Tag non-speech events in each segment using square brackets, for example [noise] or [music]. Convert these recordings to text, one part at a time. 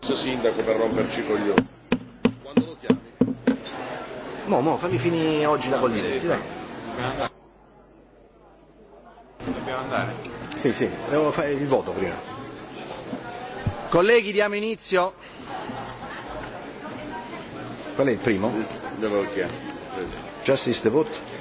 sindaco per romperci i coglioni. Quando lo chiami? Mo, mo, fammi finire oggi la Coldiretti, dai. Dobbiamo andare. Dobbiamo andare. Sì, sì, devo fare il voto prima. Colleghi, diamo inizio. Qual è il primo? Just is the vote.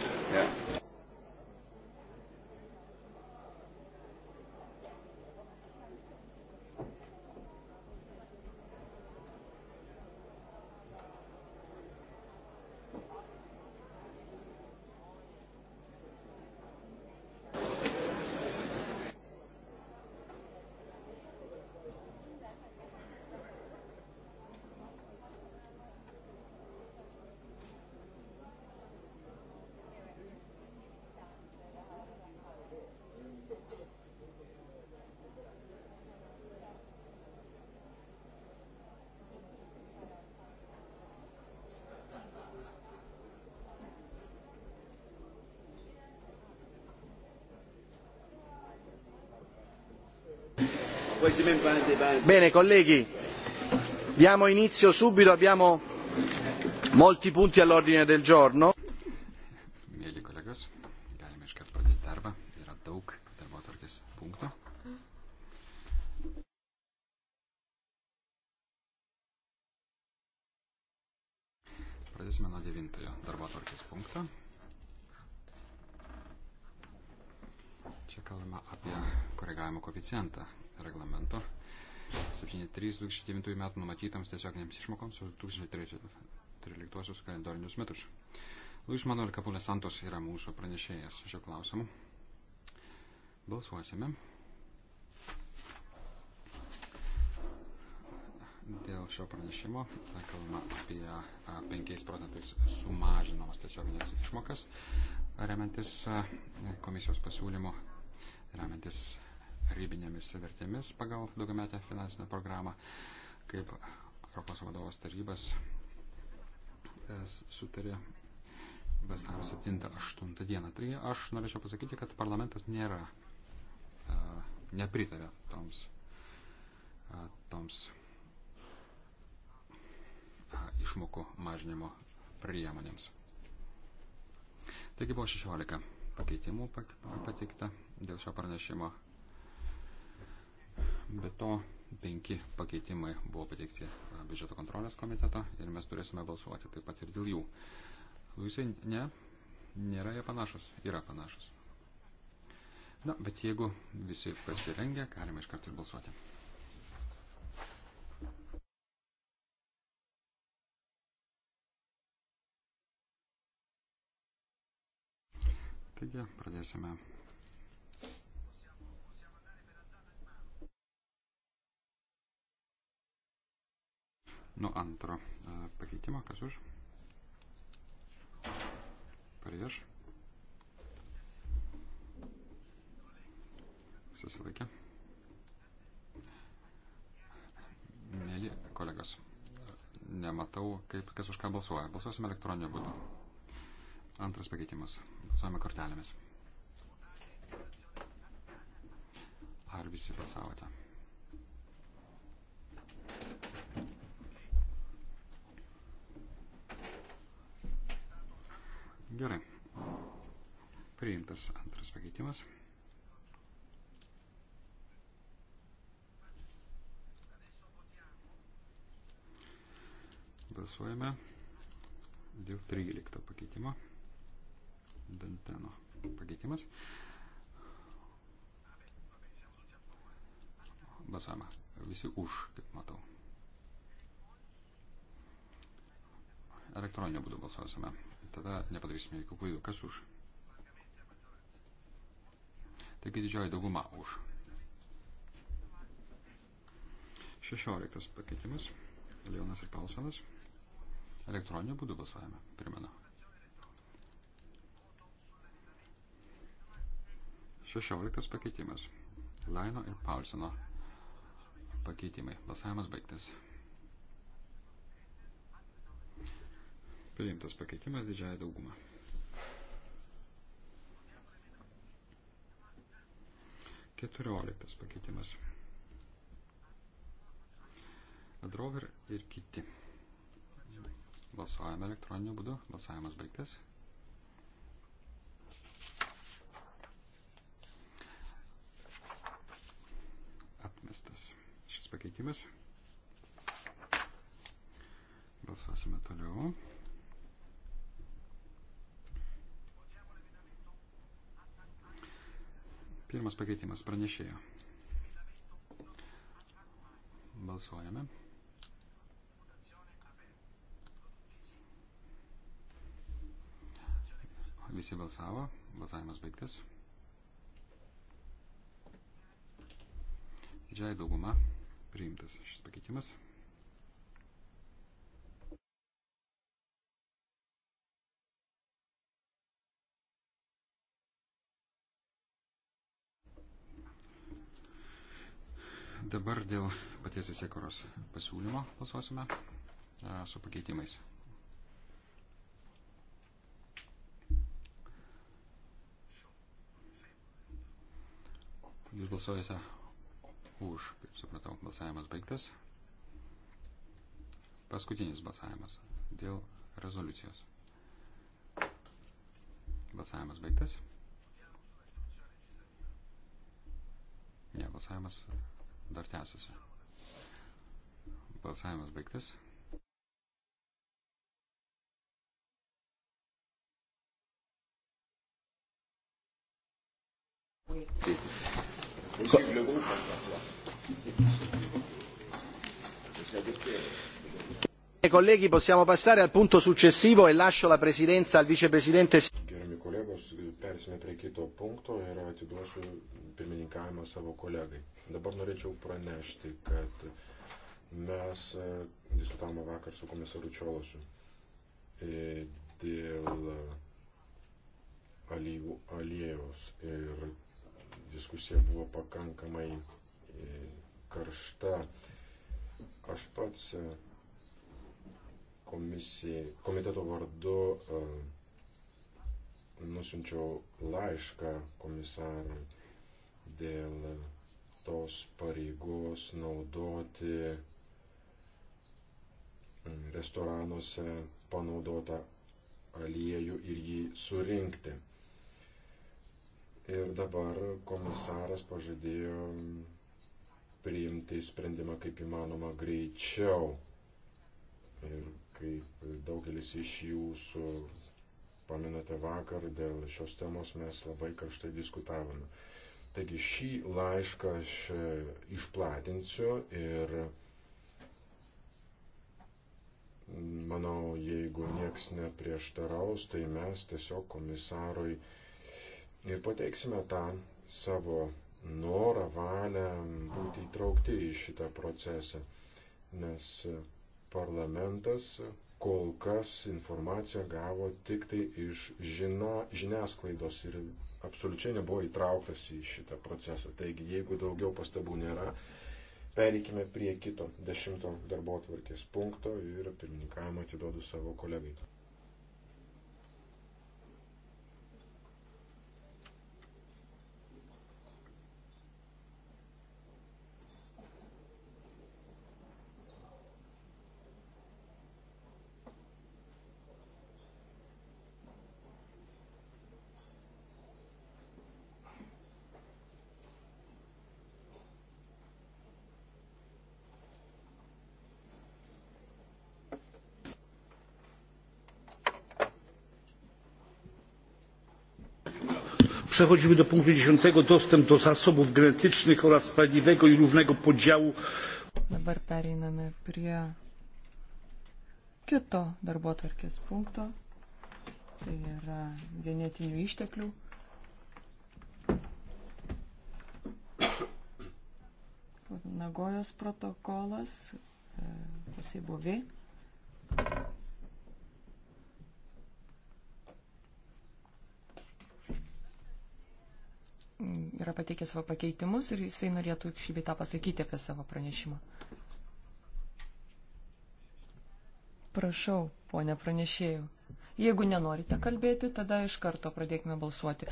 Bene, colleghi, diamo inizio subito, abbiamo molti punti all'ordine del giorno. 2009 metų numatytams tiesioginėms išmokoms už 2013 kalendorinius metus. Luis Manuel Kapulė Santos yra mūsų pranešėjas šio klausimu. Balsuosime. Dėl šio pranešimo kalbama apie 5 procentais sumažinamas tiesioginės išmokas, remiantis komisijos pasiūlymo, remiantis ribinėmis vertėmis pagal daugiametę finansinę programą, kaip Europos vadovos tarybas e, sutarė vasario 7-8 dieną. Tai aš norėčiau pasakyti, kad parlamentas nėra, e, nepritarė toms, e, toms išmokų mažinimo priemonėms. Taigi buvo 16 pakeitimų pateikta dėl šio pranešimo Be to, penki pakeitimai buvo pateikti biudžeto kontrolės komiteto ir mes turėsime balsuoti taip pat ir dėl jų. Visai ne, nėra jie panašus, yra panašus. Na, bet jeigu visi pasirengia, galime iškart ir balsuoti. Taigi, pradėsime Nuo antro e, pakeitimo, kas už? Prieš. Susilaikė. Mėly kolegos, nematau, kaip, kas už ką balsuoja. Balsuosime elektroninio būdu. Antras pakeitimas. Balsuojame kortelėmis. Ar visi balsavote? Gerai. Priimtas antras pakeitimas. Balsuojame dėl 13 pakeitimo. Danteno pakeitimas. Balsuojame. Visi už, kaip matau. Elektroninio būdu balsuosime. Tada nepadarysime jokių klaidų. Kas už? Taigi didžioji dauguma už. 16 pakeitimas. Leonas ir Paulsonas. Elektroniniu būdu balsuojame. Primenu. 16 pakeitimas. Laino ir Paulsono pakeitimai. Balsavimas baigtas. Priimtas pakeitimas didžiaja dauguma. Keturioliktas pakeitimas. Adrover ir kiti. Balsuojame elektroniniu būdu. Balsavimas baigtas. Atmestas šis pakeitimas. Balsuosime toliau. Pirmas pakeitimas pranešėjo. Balsuojame. Visi balsavo. Balsavimas baigtas. Didžiai dauguma priimtas šis pakeitimas. Dabar dėl paties įsiekoros pasiūlymo balsuosime e, su pakeitimais. Jūs balsuojate už, kaip supratau, balsavimas baigtas. Paskutinis balsavimas dėl rezoliucijos. Balsavimas baigtas. Ne, balsavimas dar tęsiasi. Balsavimas baigtas. Colleghi, possiamo passare al punto successivo e lascio la presidenza al vicepresidente netrukus persime prie kito punkto ir atiduosiu pirmininkavimą savo kolegai. Dabar norėčiau pranešti, kad mes e, diskutavome vakar su komisaru Čiolosiu e, dėl alyvų aliejaus ir diskusija buvo pakankamai e, karšta. Aš pats komisijai, komiteto vardu uh, nusinčiau laišką komisarui dėl tos pareigos naudoti mm, restoranuose panaudotą aliejų ir jį surinkti. Ir dabar komisaras pažadėjo priimti sprendimą kaip įmanoma greičiau. Ir kaip daugelis iš jūsų Pamenate, vakar dėl šios temos mes labai karštai diskutavome. Taigi šį laišką aš e, išplatinsiu ir manau, jeigu nieks neprieštaraus, tai mes tiesiog komisarui ir pateiksime tą savo norą, valią būti įtraukti į šitą procesą, nes e, parlamentas kol kas informaciją gavo tik tai iš žina, žiniasklaidos ir absoliučiai nebuvo įtrauktas į šitą procesą. Taigi, jeigu daugiau pastabų nėra, pereikime prie kito dešimto darbo atvarkės punkto ir pirmininkavimą atiduodu savo kolegai. Przechodzimy do punktu 10. Dostęp do zasobów genetycznych oraz sprawiedliwego i równego podziału. Dabar pereiname prie kito darbo tvarkės punkto. Tai yra genetinių išteklių. Nagojos protokolas, jisai e, buvo vėjai. yra pateikę savo pakeitimus ir jisai norėtų šį beitą pasakyti apie savo pranešimą. Prašau, ponė pranešėjų. Jeigu nenorite kalbėti, tada iš karto pradėkime balsuoti.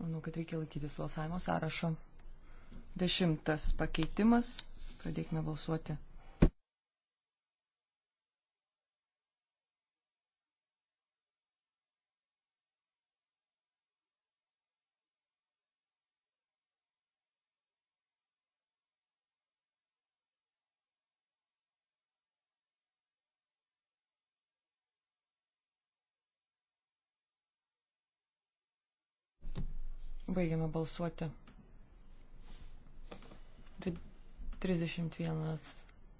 Manau, kad reikia laikytis balsavimo sąrašo. Dešimtas pakeitimas. Pradėkime balsuoti. Baigiame balsuoti. 31.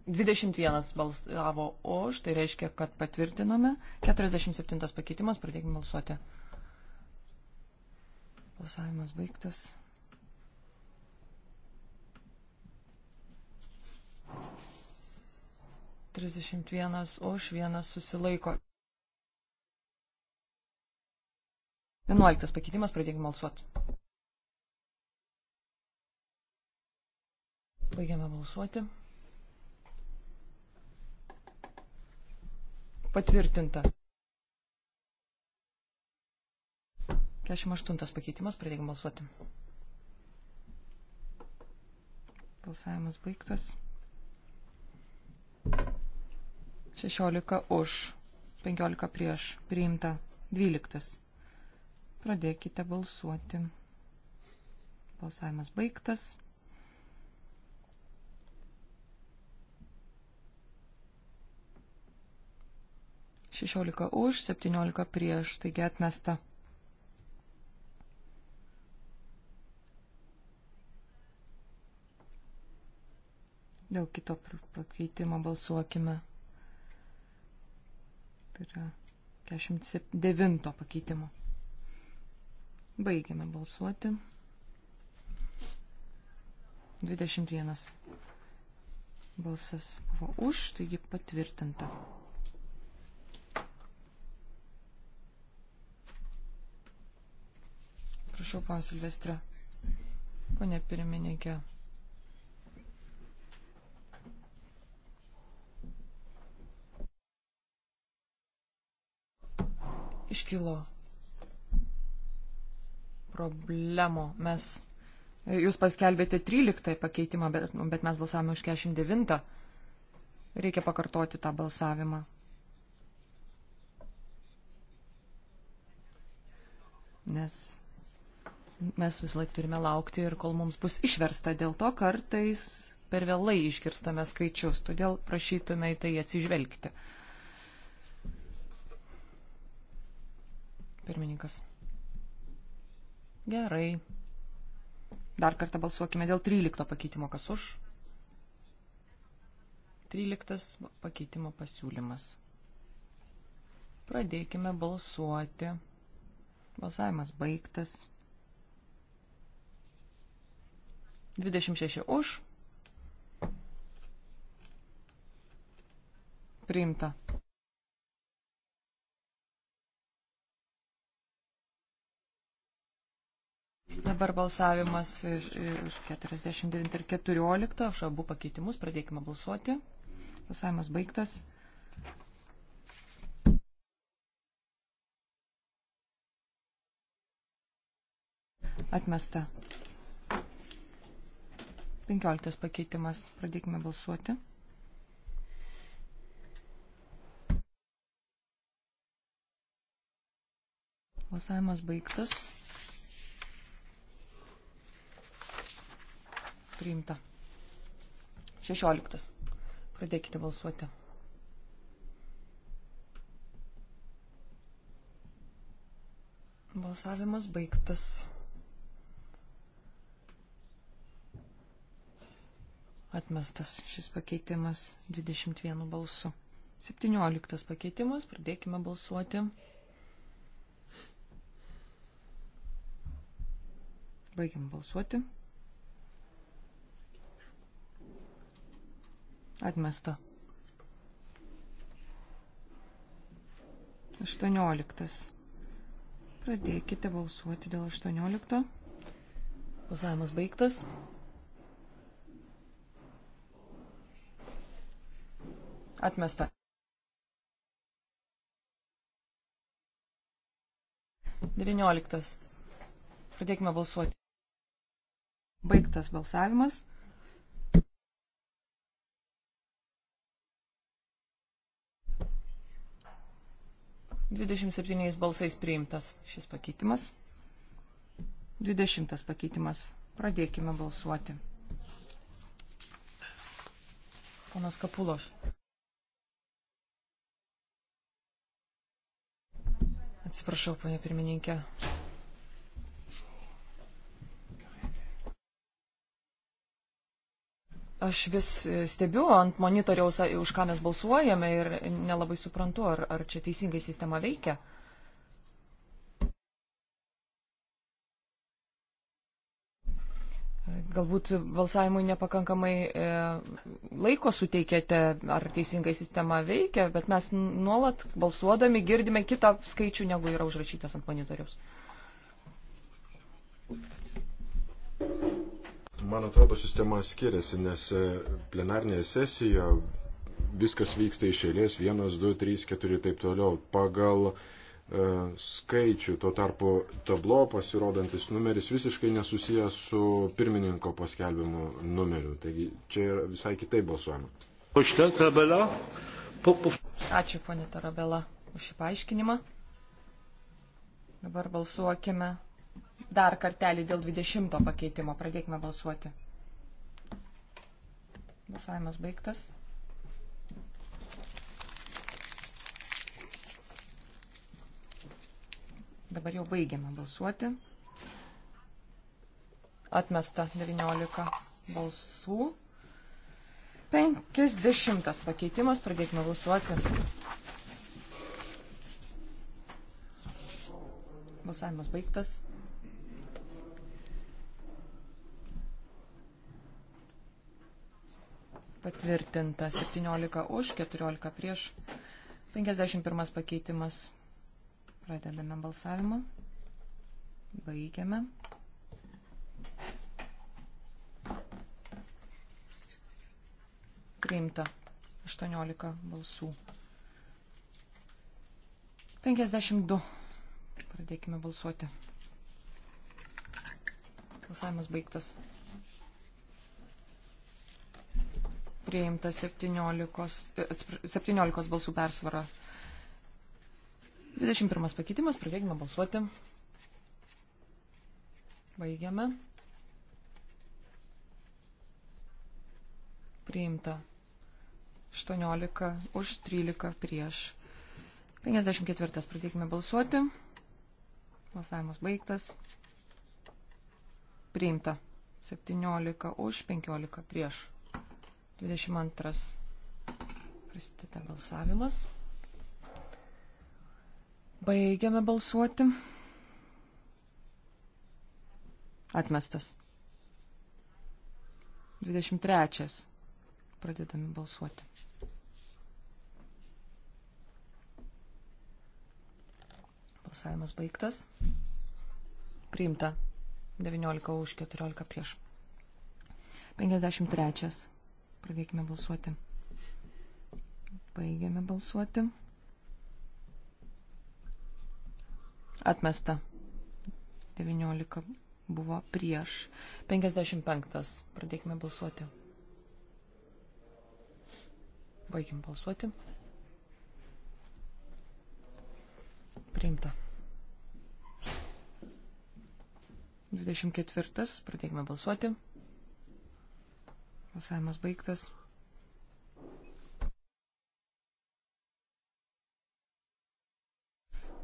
21 balsavo už, tai reiškia, kad patvirtinome. 47 pakeitimas, pradėkime balsuoti. Balsavimas baigtas. Trisdešimt vienas už, vienas susilaiko. Vienuoliktas pakeitimas, pradėkime balsuoti. Baigiame balsuoti. Patvirtinta. 48 pakeitimas, pradėkime balsuoti. Balsavimas baigtas. 16 už, 15 prieš, priimta 12. Pradėkite balsuoti. Balsavimas baigtas. 16 už, 17 prieš, taigi atmesta. Dėl kito pakeitimo balsuokime. Tai yra 49 pakeitimo. Baigiame balsuoti. 21 balsas buvo už, taigi patvirtinta. Prašau, pan Silvestra. Pone pirmininkė. Iškilo problemų. Mes, jūs paskelbėte 13 pakeitimą, bet, bet mes balsavome už 49. Reikia pakartoti tą balsavimą. Nes mes vis laik turime laukti ir kol mums bus išversta. Dėl to kartais per vėlai iškirstame skaičius, todėl prašytume į tai atsižvelgti. Pirmininkas. Gerai. Dar kartą balsuokime dėl 13 pakeitimo. Kas už? 13 pakeitimo pasiūlymas. Pradėkime balsuoti. Balsavimas baigtas. 26 už. Priimta. Dabar balsavimas iš, iš 49 ir 14, aš abu pakeitimus, pradėkime balsuoti. Balsavimas baigtas. Atmesta. 15 pakeitimas. Pradėkime balsuoti. Balsavimas baigtas. Priimta. 16. Pradėkite balsuoti. Balsavimas baigtas. Atmestas šis pakeitimas 21 balsu. 17 pakeitimas, pradėkime balsuoti. Baigiam balsuoti. Atmesta. 18. Pradėkite balsuoti dėl 18. Balsavimas baigtas. Atmesta. Devynioliktas. Pradėkime balsuoti. Baigtas balsavimas. Dvidešimt septyniais balsais priimtas šis pakeitimas. Dvidešimtas pakeitimas. Pradėkime balsuoti. Ponas Kapuloš. Atsiprašau, ponė pirmininkė. Aš vis stebiu ant monitoriaus, už ką mes balsuojame ir nelabai suprantu, ar, ar čia teisingai sistema veikia. Galbūt balsavimui nepakankamai e, laiko suteikėte, ar teisingai sistema veikia, bet mes nuolat balsuodami girdime kitą skaičių, negu yra užrašytas ant monitoriaus. Man atrodo, sistema skiriasi, nes e, plenarnėje sesijoje viskas vyksta iš eilės, vienas, du, trys, keturi ir taip toliau. Pagal uh, E, skaičių. Tuo tarpu tablo pasirodantis numeris visiškai nesusijęs su pirmininko paskelbimu numeriu. Taigi čia yra visai kitaip balsuojama. Ačiū, ponė Tarabela, už šį paaiškinimą. Dabar balsuokime dar kartelį dėl 20 pakeitimo. Pradėkime balsuoti. Balsavimas baigtas. Dabar jau baigiame balsuoti. Atmesta 19 balsų. 50 pakeitimas, pradėkime balsuoti. Balsavimas baigtas. Patvirtinta 17 už, 14 prieš. 51 pakeitimas. Pradedame balsavimą. Baigiame. Priimta 18 balsų. 52. Pradėkime balsuoti. Balsavimas baigtas. Priimta 17, 17 e, balsų persvara. 21 pakeitimas, pradėkime balsuoti. Baigiame. Priimta 18 už 13 prieš. 54 pradėkime balsuoti. Balsavimas baigtas. Priimta 17 už 15 prieš. 22 prasideda balsavimas. Baigiame balsuoti. Atmestas. 23. Pradedame balsuoti. Balsavimas baigtas. Priimta. 19 už 14 prieš. 53. Pradėkime balsuoti. Baigiame balsuoti. Atmesta. 19 buvo prieš. 55. Pradėkime balsuoti. Baigim balsuoti. Priimta. 24. Pradėkime balsuoti. Balsavimas baigtas.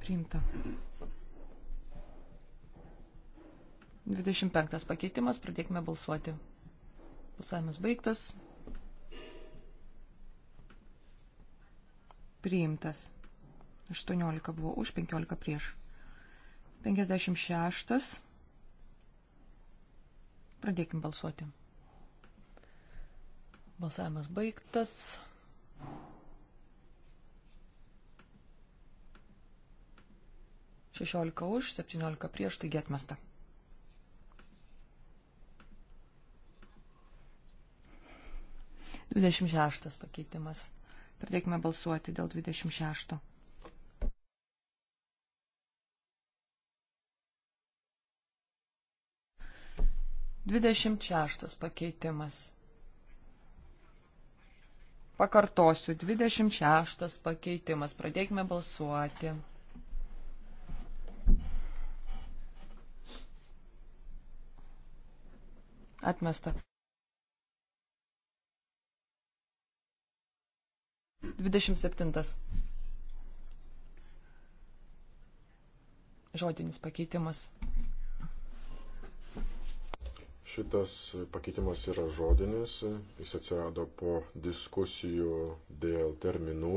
priimta. 25 pakeitimas, pradėkime balsuoti. Balsavimas baigtas. Priimtas. 18 buvo už, 15 prieš. 56. Pradėkim balsuoti. Balsavimas baigtas. 16 už, 17 prieš, taigi atmesta. Dvidešimt šeštas pakeitimas. Pradėkime balsuoti dėl dvidešimt šešto. Dvidešimt šeštas pakeitimas. Pakartosiu, 26 pakeitimas. Pradėkime balsuoti. atmesta. 27. Žodinis pakeitimas. Šitas pakeitimas yra žodinis, jis atsirado po diskusijų dėl terminų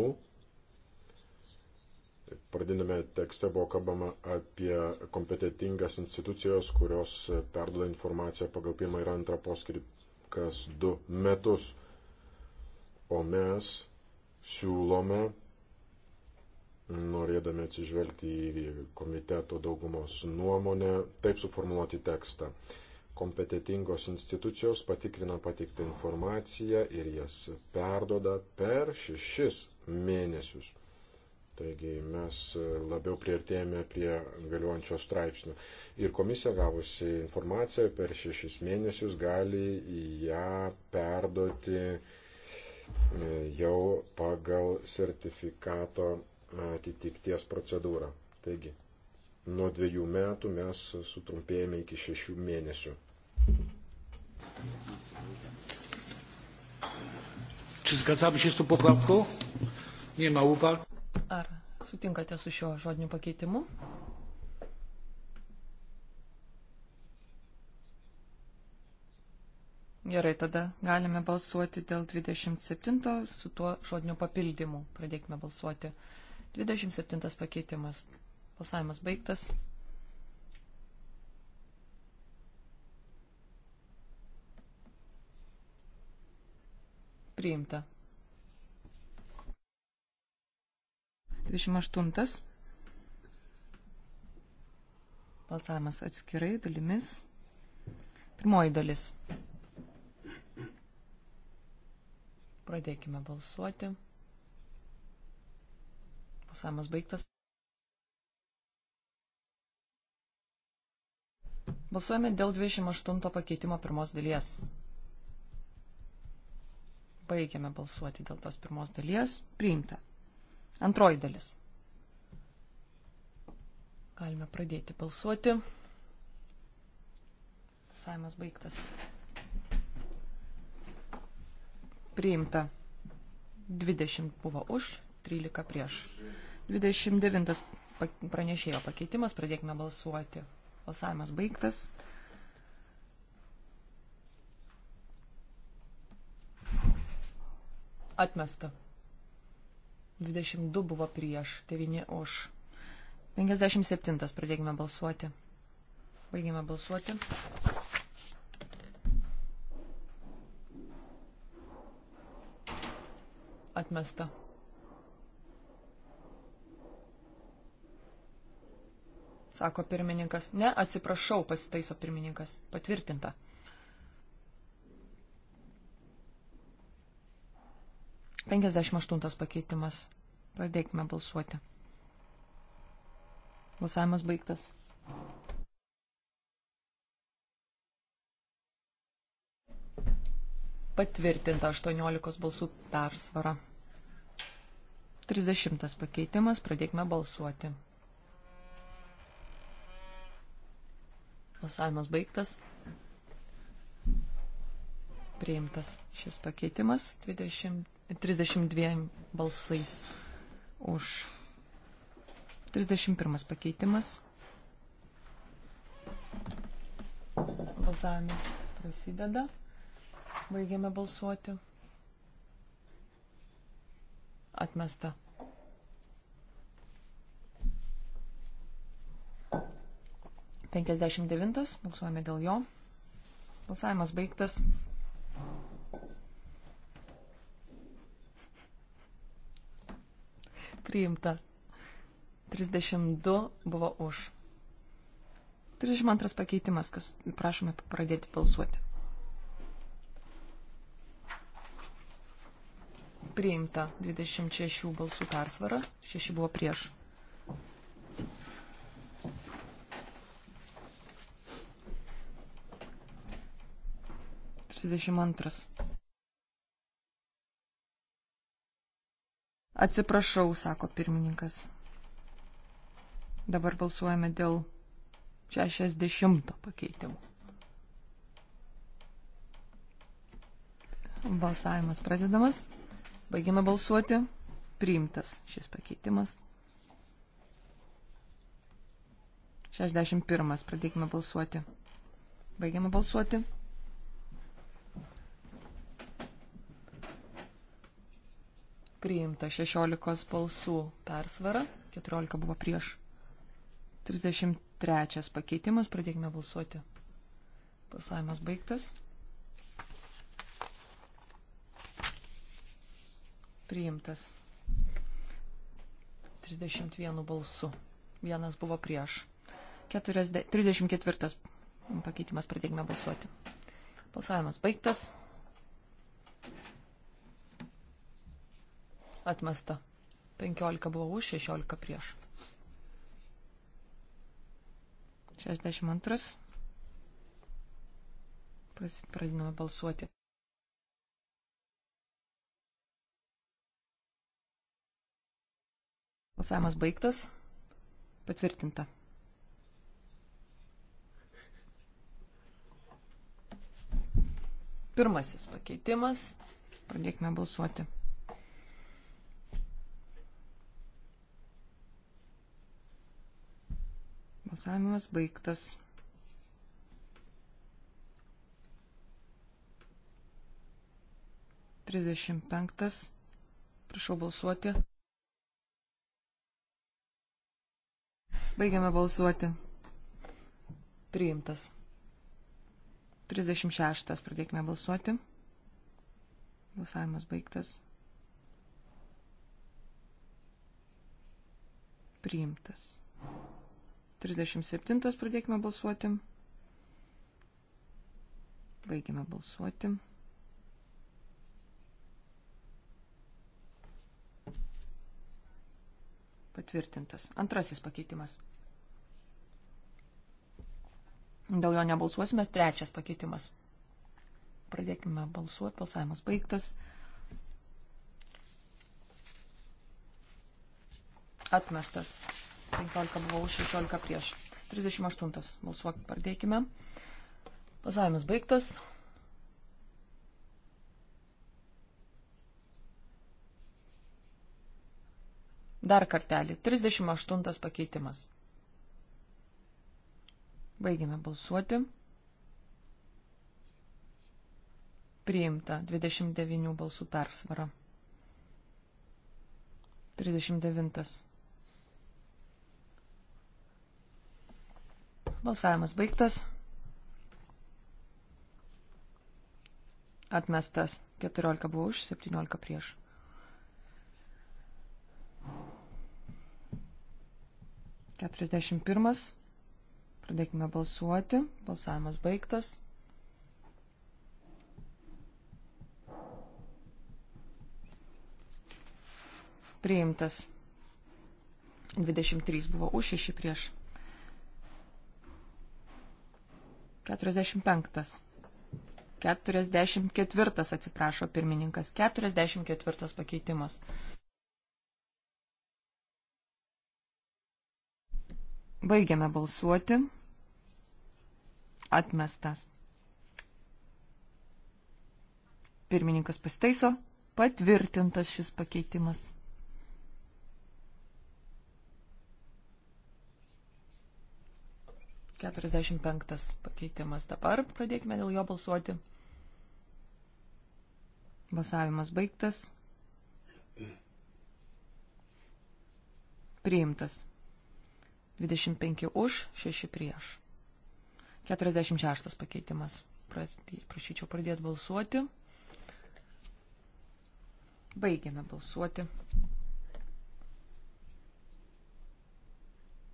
Pradinėme tekste buvo kalbama apie kompetitingas institucijos, kurios perduoda informaciją pagal pirmą ir antrą poskirį kas du metus. O mes siūlome, norėdami atsižvelgti į komiteto daugumos nuomonę, taip suformuoluoti tekstą. Kompetitingos institucijos patikrina pateiktą informaciją ir jas perdoda per šešis mėnesius. Taigi mes labiau prieartėjame prie galiuojančio straipsnio. Ir komisija gavusi informaciją per šešis mėnesius gali ją perduoti e, jau pagal sertifikato atitikties procedūrą. Taigi, nuo dviejų metų mes sutrumpėjame iki šešių mėnesių. Czy zgadzamy się z tą poprawką? Nie ma uwag. Ar sutinkate su šiuo žodiniu pakeitimu? Gerai, tada galime balsuoti dėl 27 su tuo žodiniu papildymu. Pradėkime balsuoti. 27 pakeitimas. Balsavimas baigtas. Priimta. 28. Balsavimas atskirai dalimis. Pirmoji dalis. Pradėkime balsuoti. Balsavimas baigtas. Balsuojame dėl 28 pakeitimo pirmos dalies. Baigiame balsuoti dėl tos pirmos dalies. Priimta. Antroji dalis. Galime pradėti balsuoti. Saimas baigtas. Priimta. 20 buvo už, 13 prieš. 29 pranešėjo pakeitimas, pradėkime balsuoti. Balsavimas baigtas. Atmesta. 22 buvo prieš, 9 už. 57 pradėkime balsuoti. Baigėme balsuoti. Atmesta. Sako pirmininkas. Ne, atsiprašau, pasitaiso pirmininkas. Patvirtinta. 58 pakeitimas. Pradėkime balsuoti. Balsavimas baigtas. Patvirtinta 18 balsų persvara. 30 pakeitimas, pradėkime balsuoti. Balsavimas baigtas priimtas šis pakeitimas. 20 32 balsais už. 31 pakeitimas. Balsavimas prasideda. Baigiame balsuoti. Atmesta. Penkiasdešimt devintas. Balsuojame dėl jo. Balsavimas baigtas. priimta. 32 buvo už. 32 pakeitimas, kas prašome pradėti balsuoti. Priimta 26 balsų persvara, 6 buvo prieš. Trisdešimt antras. Atsiprašau, sako pirmininkas. Dabar balsuojame dėl 60 pakeitimų. Balsavimas pradedamas. Baigiame balsuoti. Priimtas šis pakeitimas. 61. Pradėkime balsuoti. Baigiame balsuoti. priimta 16 balsų persvara, 14 buvo prieš. 33 pakeitimas, pradėkime balsuoti. Balsavimas baigtas. Priimtas 31 balsu. Vienas buvo prieš. 40, 34 pakeitimas, pradėkime balsuoti. Balsavimas baigtas. atmesta. 15 buvo už, 16 prieš. 62. Pradiname balsuoti. Balsavimas baigtas. Patvirtinta. Pirmasis pakeitimas. Pradėkime balsuoti. Balsavimas baigtas. Trisdešimt penktas. Prašau balsuoti. Baigiame balsuoti. Priimtas. 36. Pradėkime balsuoti. Balsavimas baigtas. Priimtas. 37 pradėkime balsuoti. Baigime balsuoti. Patvirtintas. Antrasis pakeitimas. Dėl jo nebalsuosime. Trečias pakeitimas. Pradėkime balsuoti. Balsavimas baigtas. Atmestas. 15 buvo už, 16 prieš. 38. Balsuok, pradėkime. Pasavimas baigtas. Dar kartelį. 38 pakeitimas. Baigime balsuoti. Priimta 29 balsų persvara. 39. Balsavimas baigtas. Atmestas. 14 buvo už, 17 prieš. Keturiasdešimt pirmas. Pradėkime balsuoti. Balsavimas baigtas. Priimtas. 23 buvo už, 6 prieš. 45. 44 atsiprašo pirmininkas. 44 pakeitimas. Baigiame balsuoti. Atmestas. Pirmininkas pastaiso. Patvirtintas šis pakeitimas. 45 pakeitimas. Dabar pradėkime dėl jo balsuoti. Balsavimas baigtas. Priimtas. 25 už, 6 prieš. 46 pakeitimas. Prašyčiau pradėti balsuoti. Baigiame balsuoti.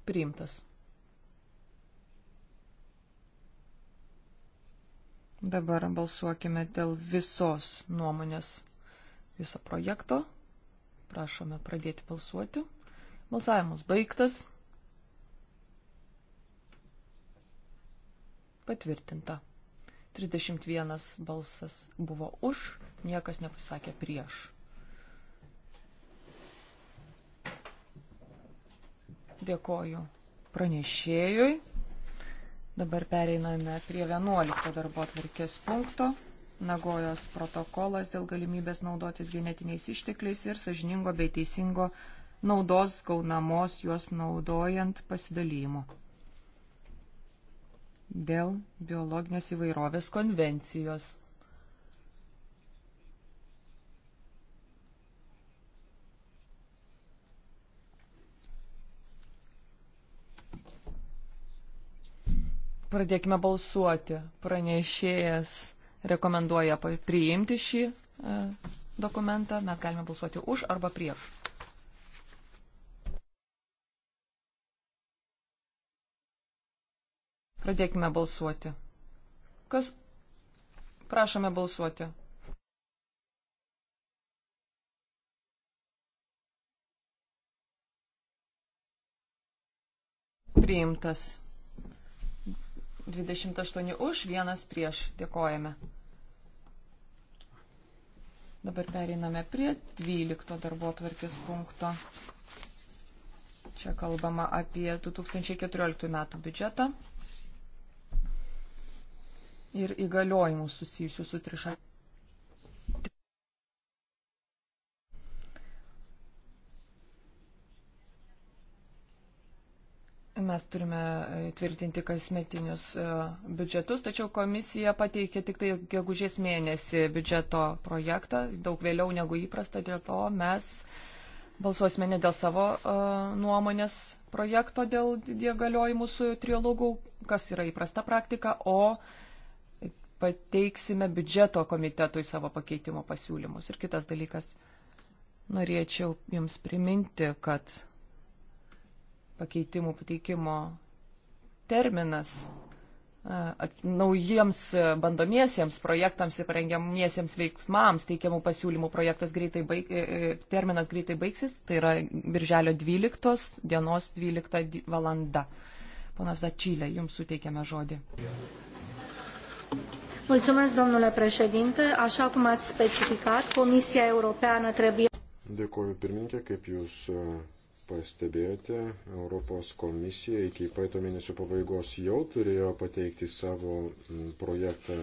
Priimtas. Dabar balsuokime dėl visos nuomonės, viso projekto. Prašome pradėti balsuoti. Balsavimas baigtas. Patvirtinta. 31 balsas buvo už, niekas nepasakė prieš. Dėkoju pranešėjui. Dabar pereiname prie 11 darbo atvarkės punkto. Nagojos protokolas dėl galimybės naudotis genetiniais ištekliais ir sažiningo bei teisingo naudos gaunamos juos naudojant pasidalymo. Dėl biologinės įvairovės konvencijos Pradėkime balsuoti. Pranešėjas rekomenduoja priimti šį e, dokumentą. Mes galime balsuoti už arba prieš. Pradėkime balsuoti. Kas? Prašome balsuoti. Priimtas. 28 už, vienas prieš. Dėkojame. Dabar pereiname prie 12 darbo tvarkės punkto. Čia kalbama apie 2014 metų biudžetą ir įgaliojimus susijusius su trišalė. mes turime e, tvirtinti kasmetinius e, biudžetus, tačiau komisija pateikė tik tai gegužės mėnesį biudžeto projektą, daug vėliau negu įprasta, dėl to mes balsuosime ne dėl savo e, nuomonės projekto, dėl galiojimų su triologų, kas yra įprasta praktika, o pateiksime biudžeto komitetui savo pakeitimo pasiūlymus. Ir kitas dalykas, norėčiau Jums priminti, kad pakeitimų pateikimo terminas e, at, naujiems e, bandomiesiems projektams ir parengiamiesiems veiksmams teikiamų pasiūlymų projektas greitai baig, e, terminas greitai baigsis, tai yra birželio 12 dienos 12 valanda. Ponas Dačylė, jums suteikiame žodį. Mulțumesc, domnule președinte. Așa cum ați specificat, Comisia Europeană trebuie... Dėkuoju, pirmininkė, kaip jūs pastebėjote, Europos komisija iki praeito mėnesio pabaigos jau turėjo pateikti savo mm, projektą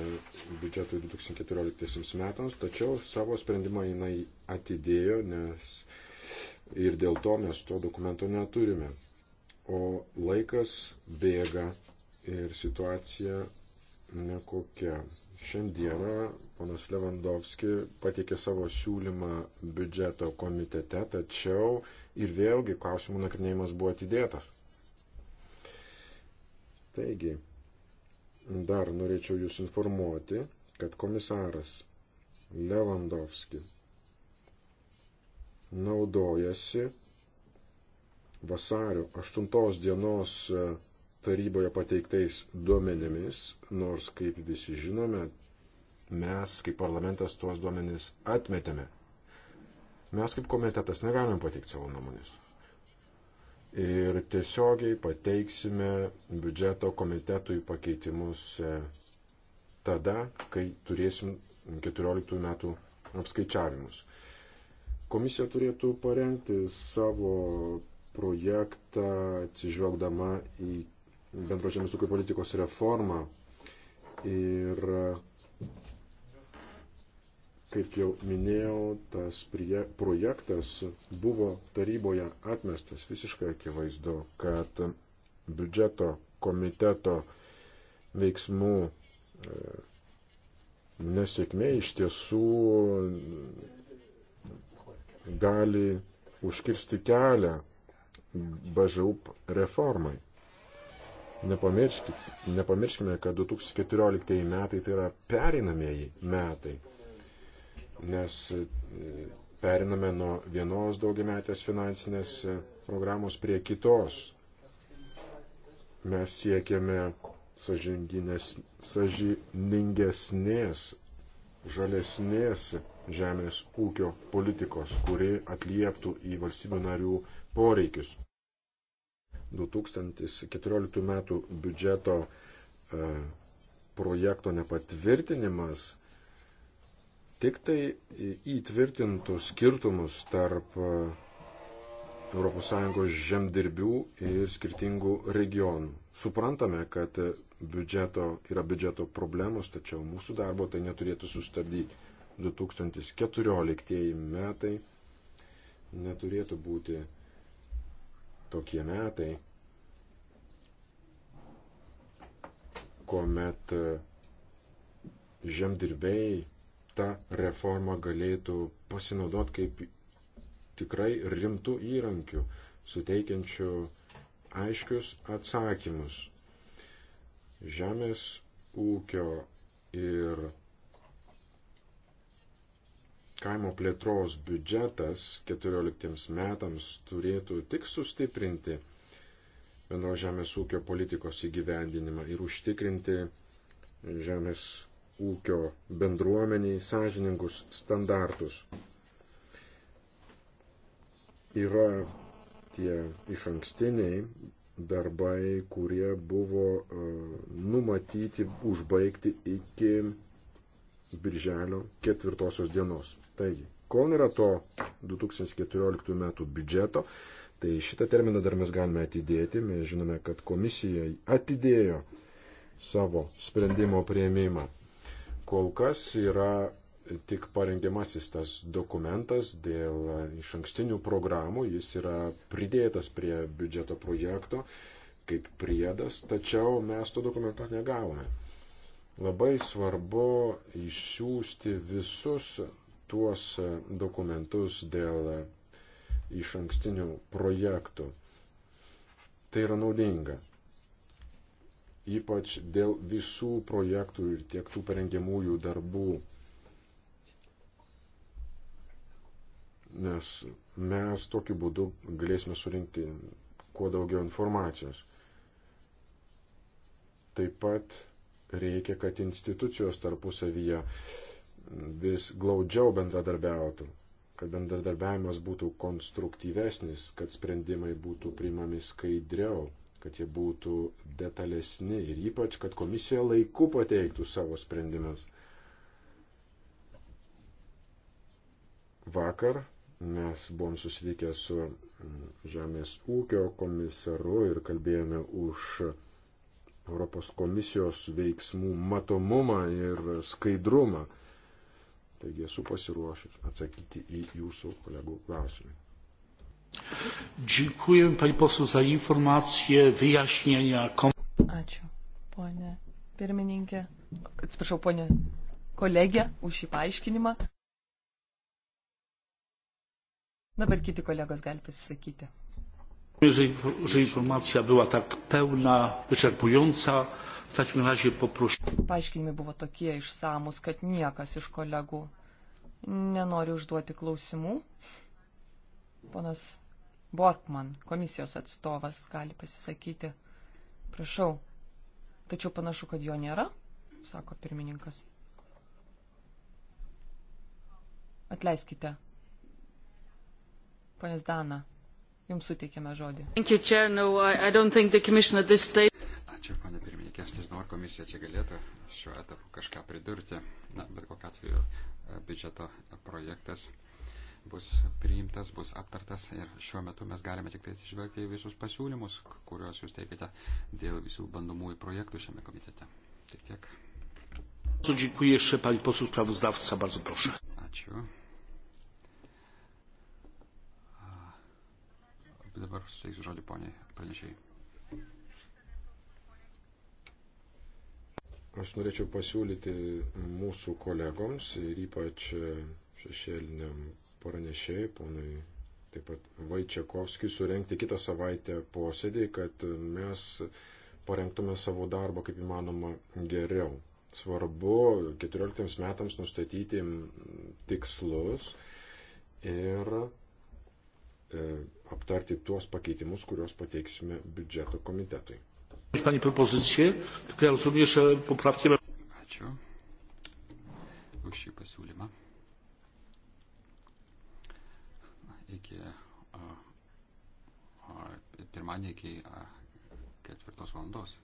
biudžetui 2014 metams, tačiau savo sprendimą jinai atidėjo, nes ir dėl to mes to dokumento neturime. O laikas bėga ir situacija nekokia. Šiandieną ponas Levandovski pateikė savo siūlymą biudžeto komitete, tačiau ir vėlgi klausimų nagrinėjimas buvo atidėtas. Taigi, dar norėčiau Jūs informuoti, kad komisaras Levandovski naudojasi vasario 8 dienos taryboje pateiktais duomenimis, nors, kaip visi žinome, mes kaip parlamentas tuos duomenis atmetėme. Mes kaip komitetas negalime pateikti savo nuomonės. Ir tiesiogiai pateiksime biudžeto komitetui pakeitimus e, tada, kai turėsim 14 metų apskaičiavimus. Komisija turėtų parengti savo projektą atsižvelgdama į bendro žemės ūkio politikos reformą ir kaip jau minėjau, tas prie, projektas buvo taryboje atmestas visiškai akivaizdu, kad biudžeto komiteto veiksmų e, nesėkmė iš tiesų gali užkirsti kelią BŽUP reformai. Nepamirškime, nepamirškime, kad 2014 metai tai yra pereinamieji metai, nes e, periname nuo vienos daugiametės finansinės e, programos prie kitos. Mes siekiame sažiningesnės, žalesnės žemės ūkio politikos, kuri atlieptų į valstybių narių poreikius. 2014 metų biudžeto e, projekto nepatvirtinimas tik tai įtvirtintų skirtumus tarp e, ES žemdirbių ir skirtingų regionų. Suprantame, kad biudžeto, yra biudžeto problemos, tačiau mūsų darbo tai neturėtų sustabdyti. 2014 metai neturėtų būti tokie metai, kuomet e, žemdirbiai tą reformą galėtų pasinaudoti kaip tikrai rimtų įrankių, suteikiančių aiškius atsakymus. Žemės ūkio ir kaimo plėtros biudžetas 14 metams turėtų tik sustiprinti bendro žemės ūkio politikos įgyvendinimą ir užtikrinti žemės ūkio bendruomeniai sąžiningus standartus. Yra tie iš ankstiniai darbai, kurie buvo e, numatyti užbaigti iki birželio ketvirtosios dienos. Taigi, kol nėra to 2014 metų biudžeto, tai šitą terminą dar mes galime atidėti. Mes žinome, kad komisija atidėjo savo sprendimo prieimimą. Kol kas yra tik parengiamasis tas dokumentas dėl iš ankstinių programų, jis yra pridėtas prie biudžeto projekto kaip priedas, tačiau mes to dokumento negavome. Labai svarbu išsiųsti visus tuos dokumentus dėl iš ankstinių projektų. Tai yra naudinga. Ypač dėl visų projektų ir tiek tų parengiamųjų darbų. Nes mes tokiu būdu galėsime surinkti kuo daugiau informacijos. Taip pat Reikia, kad institucijos tarpusavyje vis glaudžiau bendradarbiautų, kad bendradarbiavimas būtų konstruktyvesnis, kad sprendimai būtų priimami skaidriau, kad jie būtų detalesni ir ypač, kad komisija laiku pateiktų savo sprendimus. Vakar mes buvom susitikę su Žemės ūkio komisaru ir kalbėjome už Europos komisijos veiksmų matomumą ir skaidrumą. Taigi esu pasiruošęs atsakyti į jūsų kolegų klausimą. Dziękuję Pani Poseł za informację, wyjaśnienia. Ačiū, ponė pirmininkė. Atsiprašau, ponė kolegė, už šį paaiškinimą. Dabar kiti kolegos gali pasisakyti. Jeżeli informacja była tak pełna, wyczerpująca, w takim razie poproszę. Paaiškinimai buvo tokie išsamus, kad niekas iš kolegų nenori užduoti klausimų. Ponas Borkman, komisijos atstovas, gali pasisakyti. Prašau. Tačiau panašu, kad jo nėra, sako pirmininkas. Atleiskite. Ponas Dana. Jums suteikėme žodį. Ačiū, panė pirmininkė, aš nežinau, ar komisija čia galėtų šiuo etapu kažką pridurti. Na, bet kokiu atveju e, biudžeto projektas bus priimtas, bus aptartas ir šiuo metu mes galime tik tai atsižvelgti į visus pasiūlymus, kuriuos jūs teikite dėl visų bandomųjų projektų šiame komitete. Tik tiek. Ačiū. dabar suteiksiu žodį poniai pranešėjai. Aš norėčiau pasiūlyti mūsų kolegoms ir ypač šešėliniam pranešėjai, ponui taip pat Vaičiakovskijui, surenkti kitą savaitę posėdį, kad mes parengtume savo darbą kaip įmanoma geriau. Svarbu 14 metams nustatyti tikslus ir e, aptarti tuos pakeitimus, kuriuos pateiksime biudžeto komitetui. Ačiū už šį pasiūlymą. Iki pirmadienį iki ketvirtos valandos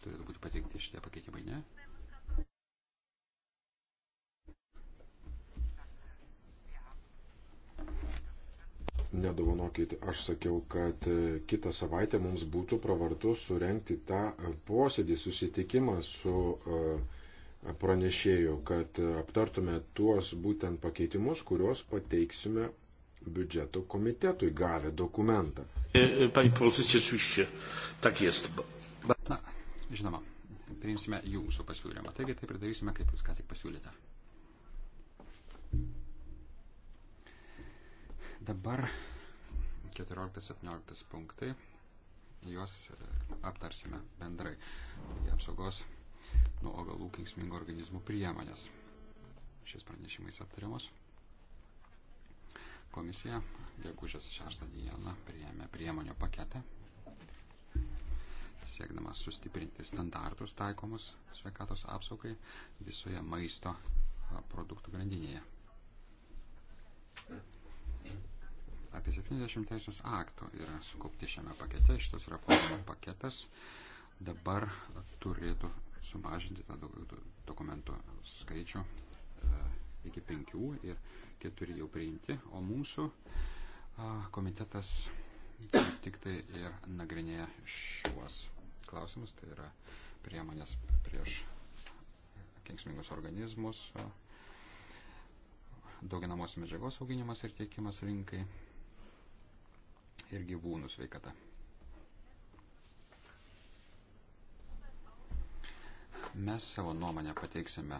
turėtų būti pateikti šitie pakeitimai, ne? nedovanokit, aš sakiau, kad e, kitą savaitę mums būtų pravartu surenkti tą e, posėdį, susitikimą su e, pranešėju, kad aptartume tuos būtent pakeitimus, kuriuos pateiksime biudžeto komitetui gavę dokumentą. Pani Polsistė, šiuščia, tak jest. Na, žinoma, priimsime jūsų pasiūlymą. Taigi taip ir darysime, kaip jūs ką tik pasiūlėte. Dabar 14-17 punktai, juos e, aptarsime bendrai. Taigi apsaugos nuo augalų kenksmingų organizmų priemonės. Šis pranešimais aptariamos. Komisija gegužės 6 dieną priėmė priemonių paketą, siekdama sustiprinti standartus taikomus sveikatos apsaugai visoje maisto produktų grandinėje. Apie 70 teisės aktų yra sukaupti šiame pakete. Šitas reformų paketas dabar turėtų sumažinti tą dokumentų skaičių e, iki penkių ir keturi jau priimti, o mūsų komitetas tik tai ir nagrinėja šiuos klausimus, tai yra priemonės prieš kenksmingus organizmus, dauginamos medžiagos auginimas ir tiekimas rinkai, ir gyvūnų sveikata. Mes savo nuomonę pateiksime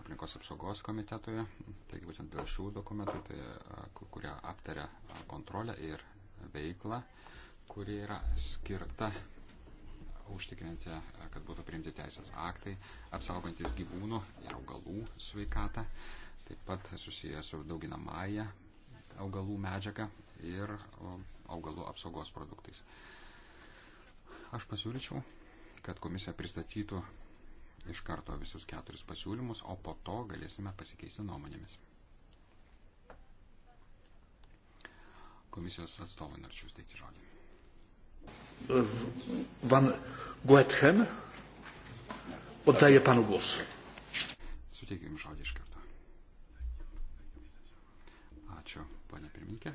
aplinkos apsaugos komitetoje, taigi būtent dėl šių dokumentų, tai, kurie aptaria kontrolę ir veiklą, kuri yra skirta užtikrinti, kad būtų priimti teisės aktai, apsaugantis gyvūnų ir augalų sveikatą, taip pat susijęs su dauginamąją augalų medžiaga ir augalų apsaugos produktais. Aš pasiūlyčiau, kad komisija pristatytų iš karto visus keturis pasiūlymus, o po to galėsime pasikeisti nuomonėmis. Komisijos atstovai norėčiau steikti žodį. Van Goethen, oddaję panu głos. Suteikiu jums žodį iš karto. Ačiū ponė pirminkė.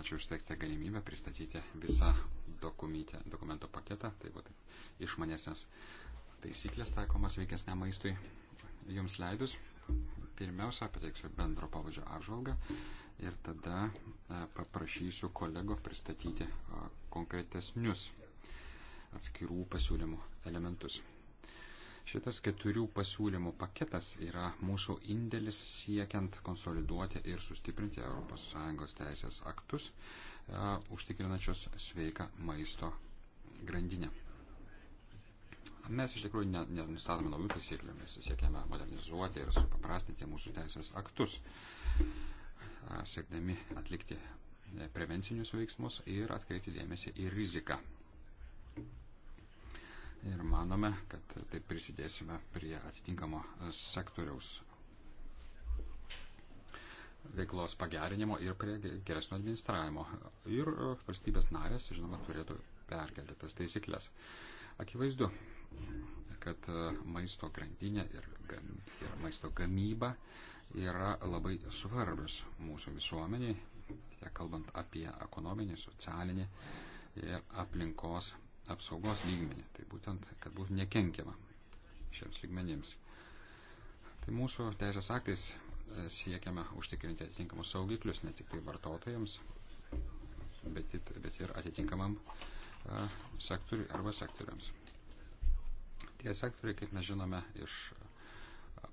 Ačiū už teiktą galimybę pristatyti visą dokumento paketą, tai vat, išmanėsias taisyklės taikomas veikesniam maistui jums leidus. Pirmiausia, pateiksiu bendro pavadžio apžvalgą ir tada e, paprašysiu kolego pristatyti e, konkretesnius atskirų pasiūlymų elementus. Šitas keturių pasiūlymų paketas yra mūsų indėlis siekiant konsoliduoti ir sustiprinti ES teisės aktus, e, užtikrinančios sveiką maisto grandinę. Mes iš tikrųjų nenustatome ne naujų taisyklių, mes siekiame modernizuoti ir supaprastinti mūsų teisės aktus, e, siekdami atlikti prevencinius veiksmus ir atkreipti dėmesį į riziką ir manome, kad taip prisidėsime prie atitinkamo e, sektoriaus veiklos pagerinimo ir prie geresnio administravimo. Ir e, valstybės narės, žinoma, turėtų perkelti tas taisyklės. Akivaizdu, kad e, maisto grandinė ir, gam, ir maisto gamyba yra labai svarbios mūsų visuomeniai, tiek kalbant apie ekonominį, socialinį ir aplinkos apsaugos lygmenį. Tai būtent, kad būtų nekenkiama šiems lygmenims. Tai mūsų teisės aktais e, siekiame užtikrinti atitinkamus saugiklius ne tik tai vartotojams, bet, bet ir atitinkamam e, sektoriui arba sektoriams. Tie sektoriai, kaip mes žinome iš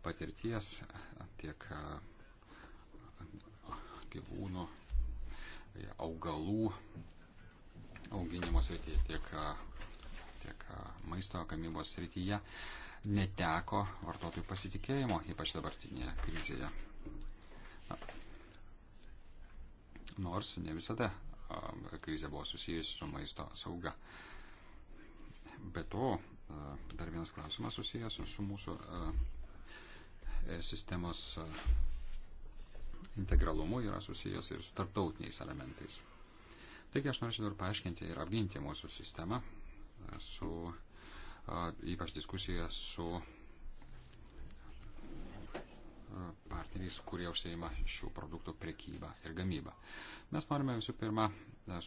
patirties, tiek e, gyvūnų, augalų auginimo srityje, tiek, tiek maisto gamybos srityje neteko vartotojų pasitikėjimo, ypač dabartinėje krizėje. Na, nors ne visada krizė buvo susijusi su maisto sauga. Be to, dar vienas klausimas susijęs su mūsų e, sistemos integralumu yra susijęs ir su tarptautiniais elementais. Taigi aš norėčiau dabar paaiškinti ir apginti mūsų sistemą, su, ypač diskusijoje su partneriais, kurie užsieima šių produktų prekybą ir gamybą. Mes norime visų pirma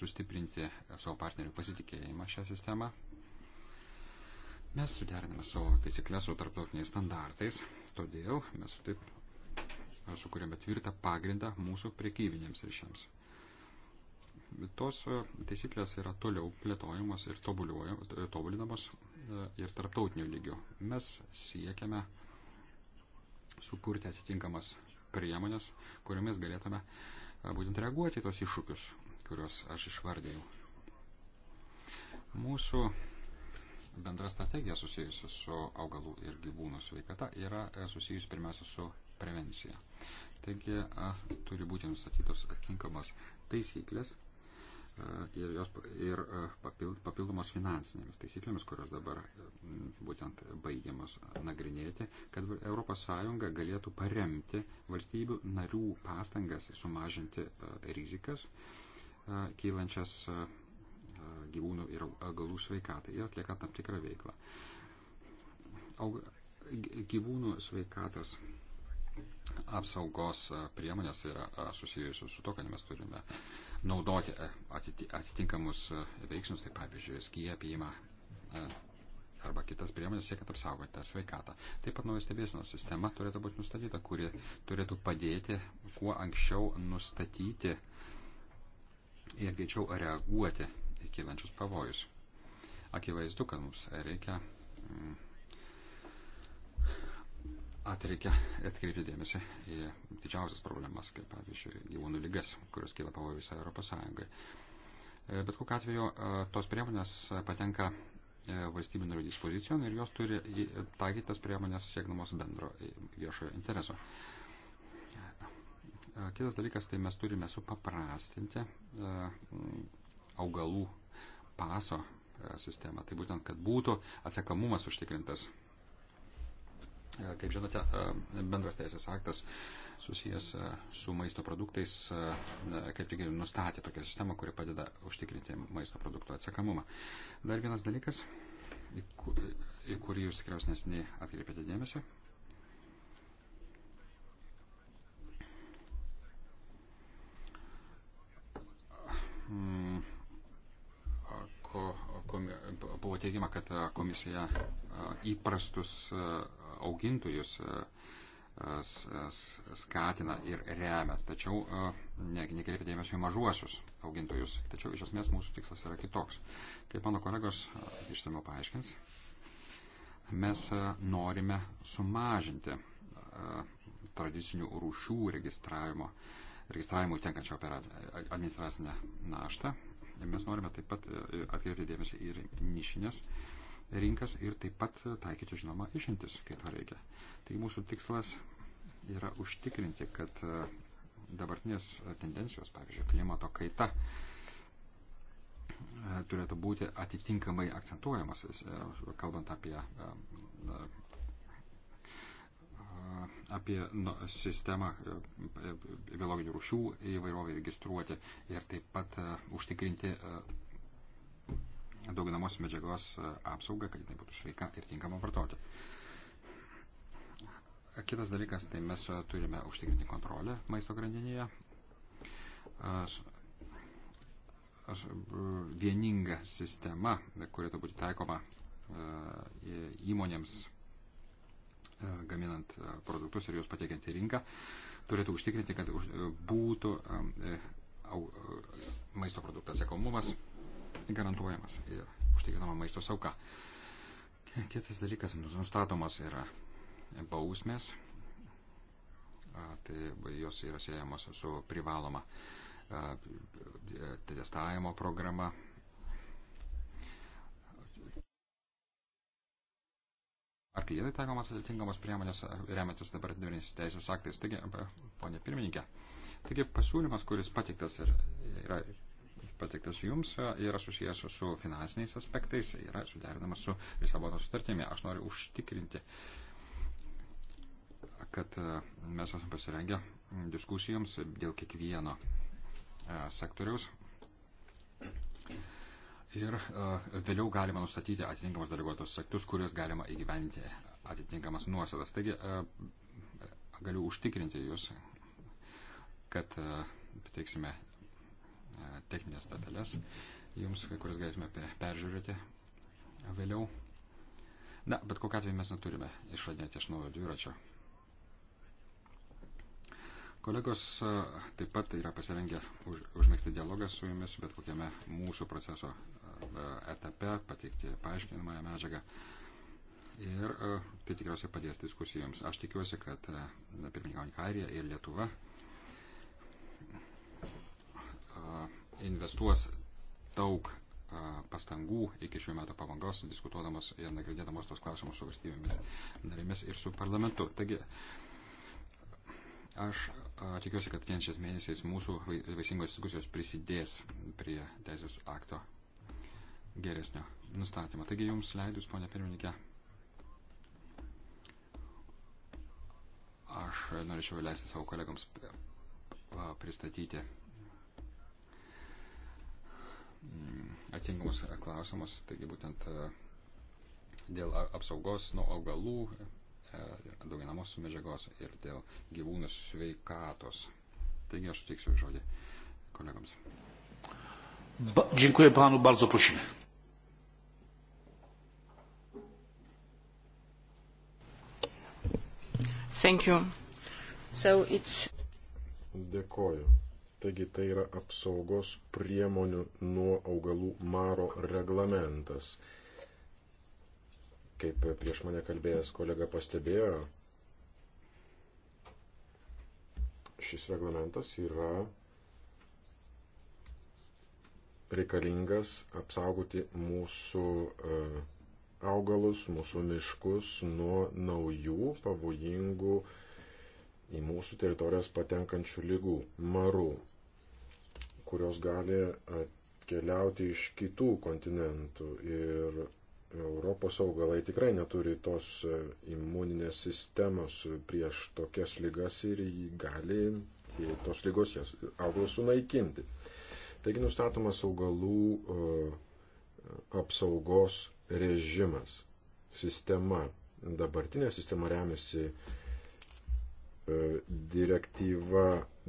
sustiprinti savo partnerių pasitikėjimą šią sistemą. Mes suderiname savo taisyklės su tarptautiniais standartais, todėl mes taip sukūrėme tvirtą pagrindą mūsų prekybinėms ryšiams. Tos e, taisyklės yra toliau plėtojamos ir e, tobulinamos e, ir tarptautinių lygių. Mes siekiame sukurti atitinkamas priemonės, kuriomis galėtume būtent reaguoti į tos iššūkius, kuriuos aš išvardėjau. Mūsų bendra strategija susijusi su augalų ir gyvūnų sveikata yra susijusi pirmiausia su prevencija. Taigi a, turi būti nustatytos atitinkamos taisyklės ir, jos, ir e, papildomos finansinėmis taisyklėmis, kurios dabar e, būtent baigiamas nagrinėti, kad ES galėtų paremti valstybių narių pastangas sumažinti e, rizikas kylančias gyvūnų ir augalų sveikatai ir atlieka tam tikrą veiklą. Auga, gyvūnų sveikatos apsaugos e, priemonės yra e, susijusios su to, kad mes turime naudoti e, atitinkamus veiksmus, tai pavyzdžiui, skiepijimą arba kitas priemonės siekiant apsaugoti tą sveikatą. Taip pat nauja stebėsinos sistema turėtų būti nustatyta, kuri turėtų padėti kuo anksčiau nustatyti ir greičiau reaguoti į kilančius pavojus. Akivaizdu, kad mums reikia mm, At reikia atkreipti dėmesį į didžiausias problemas, kaip pavyzdžiui, gyvūnų lygas, kurios kyla pavojų visai Europos Sąjungai. E, bet kokiu atveju e, tos priemonės patenka e, valstybinio narių dispozicijon ir jos turi taikyti tas priemonės siekdamos bendro viešojo intereso. Kitas dalykas, tai mes turime supaprastinti augalų paso sistemą. Tai būtent, kad būtų atsakamumas užtikrintas E, kaip žinote, e, bendras teisės aktas susijęs e, su maisto produktais, kaip tik ir nustatė tokią sistemą, kuri padeda užtikrinti maisto produktų atsekamumą. Dar vienas dalykas, į kurį jūs tikriausiai nesiniai atkreipėte dėmesį. Hmm. Ko, buvo teigiama, kad komisija įprastus augintojus skatina ir remia, tačiau nekreipia dėmesio į mažuosius augintojus. Tačiau iš esmės mūsų tikslas yra kitoks. Kaip mano kolegos išsamiau paaiškins, mes norime sumažinti tradicinių rūšių registravimo registravimui tenkančią administracinę naštą Mes norime taip pat e, atkreipti dėmesį ir nišinės rinkas ir taip pat taikyti, žinoma, išimtis, kai to reikia. Tai mūsų tikslas yra užtikrinti, kad e, dabartinės tendencijos, pavyzdžiui, klimato kaita, e, turėtų būti atitinkamai akcentuojamas, kalbant apie apie nu, sistemą e, biologinių rūšių įvairovį registruoti ir taip pat e, užtikrinti e, dauginamos medžiagos apsaugą, kad jinai būtų sveika ir tinkama vartoti. Kitas dalykas, tai mes turime užtikrinti kontrolę maisto grandinėje, vieninga sistema, kuri turbūt taikoma įmonėms E, gaminant e, produktus ir juos patiekiant į rinką, turėtų užtikrinti, kad e, būtų maisto produktų atsakomumas garantuojamas ir užtikrinama maisto sauka. Kitas dalykas, nustatomos yra bausmės, tai jos yra siejamos su privaloma testavimo programa ar klydai taikomas atitinkamos priemonės, e, remiantis dabartiniais teisės aktais. Taigi, e, ponė pirmininkė, taigi pasiūlymas, kuris patiktas ir yra patiktas jums, e, yra susijęs su finansiniais aspektais, yra suderinamas su Lisabono sutartimi. Aš noriu užtikrinti, kad mes esame pasirengę diskusijoms dėl kiekvieno sektoriaus ir e, vėliau galima nustatyti atitinkamus deleguotus aktus, kuriuos galima įgyventi atitinkamas nuosėdas. Taigi e, galiu užtikrinti jūs, kad pateiksime e, techninės detalės jums, kuris galėsime peržiūrėti vėliau. Na, bet kokią atveju mes neturime išradinėti iš naujo dviračio. Kolegos taip pat yra pasirengę už, užmėgti dialogą su jumis, bet kokiame mūsų proceso E, etape, pateikti paaiškinamąją medžiagą. Ir e, tai tikriausiai padės diskusijoms. Aš tikiuosi, kad e, pirmininkaujant Kairija ir Lietuva investuos daug pastangų iki šių metų pabangos, diskutuodamos ir nagrinėdamos tos klausimus su valstybėmis narėmis ir su parlamentu. Taigi, aš a, tikiuosi, kad kienčiais mėnesiais mūsų vaisingos diskusijos prisidės prie teisės akto geresnio nustatymo. Taigi jums leidus, ponia pirmininkė, aš norėčiau leisti savo kolegams pristatyti mm, atinkamus klausimus, taigi būtent dėl apsaugos nuo augalų, dauginamos e, medžiagos ir dėl gyvūnų sveikatos. Taigi aš suteiksiu žodį kolegams. Ba, dziękuję panu, bardzo prosimy. Thank you. So it's... Dėkoju. Taigi tai yra apsaugos priemonių nuo augalų maro reglamentas. Kaip prieš mane kalbėjęs kolega pastebėjo, šis reglamentas yra reikalingas apsaugoti mūsų e, augalus, mūsų miškus nuo naujų pavojingų į mūsų teritorijas patenkančių lygų, marų, kurios gali atkeliauti iš kitų kontinentų. Ir Europos augalai tikrai neturi tos e, imuninės sistemos prieš tokias lygas ir gali tos lygos jas augalus sunaikinti. Taigi nustatomas augalų e, apsaugos režimas, sistema. Dabartinė sistema remiasi e, direktyva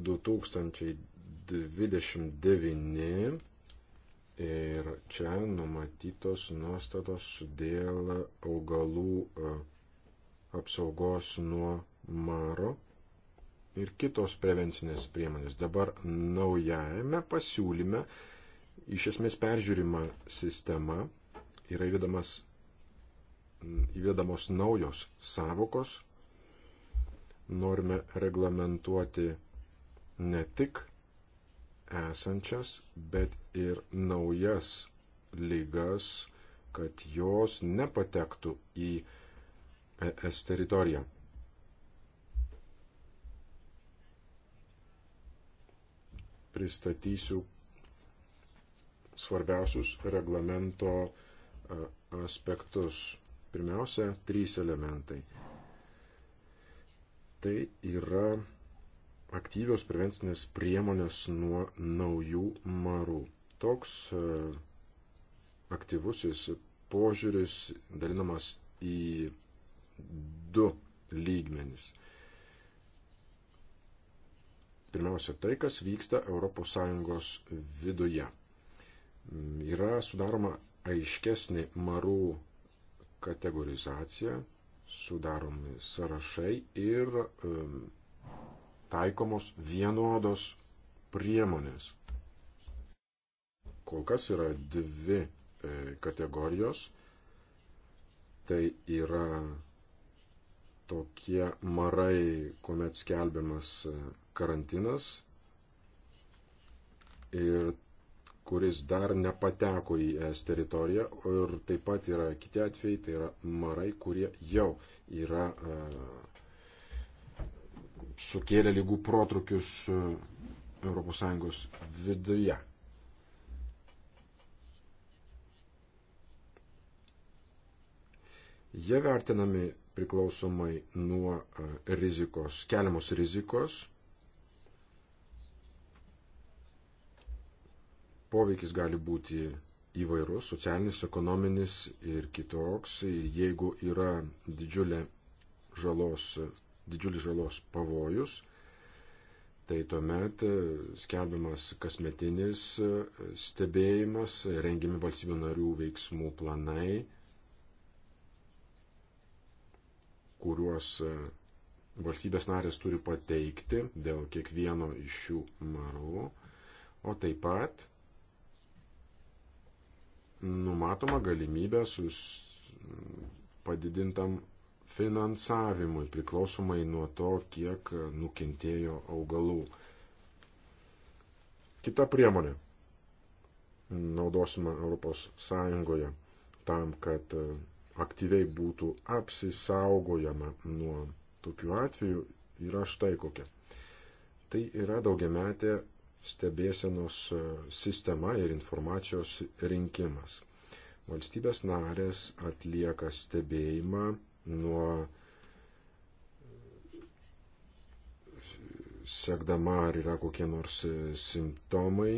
2029 ir čia numatytos nuostatos dėl augalų e, apsaugos nuo maro ir kitos prevencinės priemonės. Dabar naujajame pasiūlyme iš esmės peržiūrima sistema yra įvedamas, įvedamos naujos savokos. Norime reglamentuoti ne tik esančias, bet ir naujas lygas, kad jos nepatektų į ES teritoriją. pristatysiu svarbiausius reglamento aspektus. Pirmiausia, trys elementai. Tai yra aktyvios prevencinės priemonės nuo naujų marų. Toks aktyvusis požiūris dalinamas į du lygmenis. Pirmiausia, tai, kas vyksta ES viduje. Yra sudaroma aiškesnė marų kategorizacija, sudaromi sąrašai ir um, taikomos vienodos priemonės. Kol kas yra dvi e, kategorijos. Tai yra tokie marai, kuomet skelbiamas e, karantinas ir kuris dar nepateko į es teritoriją. Ir taip pat yra kiti atvejai, tai yra marai, kurie jau yra e, sukėlę lygų protrukius ES viduje. Jie vertinami priklausomai nuo e, rizikos, keliamos rizikos poveikis gali būti įvairus, socialinis, ekonominis ir kitoks. Jeigu yra didžiulė žalos, didžiulis žalos pavojus, tai tuomet e, skelbiamas kasmetinis e, stebėjimas, rengiami valstybių narių veiksmų planai, kuriuos e, valstybės narės turi pateikti dėl kiekvieno iš šių marų, o taip pat numatoma galimybė sus padidintam finansavimui priklausomai nuo to, kiek nukentėjo augalų. Kita priemonė naudosime ES tam, kad e, aktyviai būtų apsisaugojama nuo tokių atvejų, yra štai kokia. Tai yra daugiametė stebėsenos e, sistema ir informacijos rinkimas. Valstybės narės atlieka stebėjimą nuo sekdama, ar yra kokie nors simptomai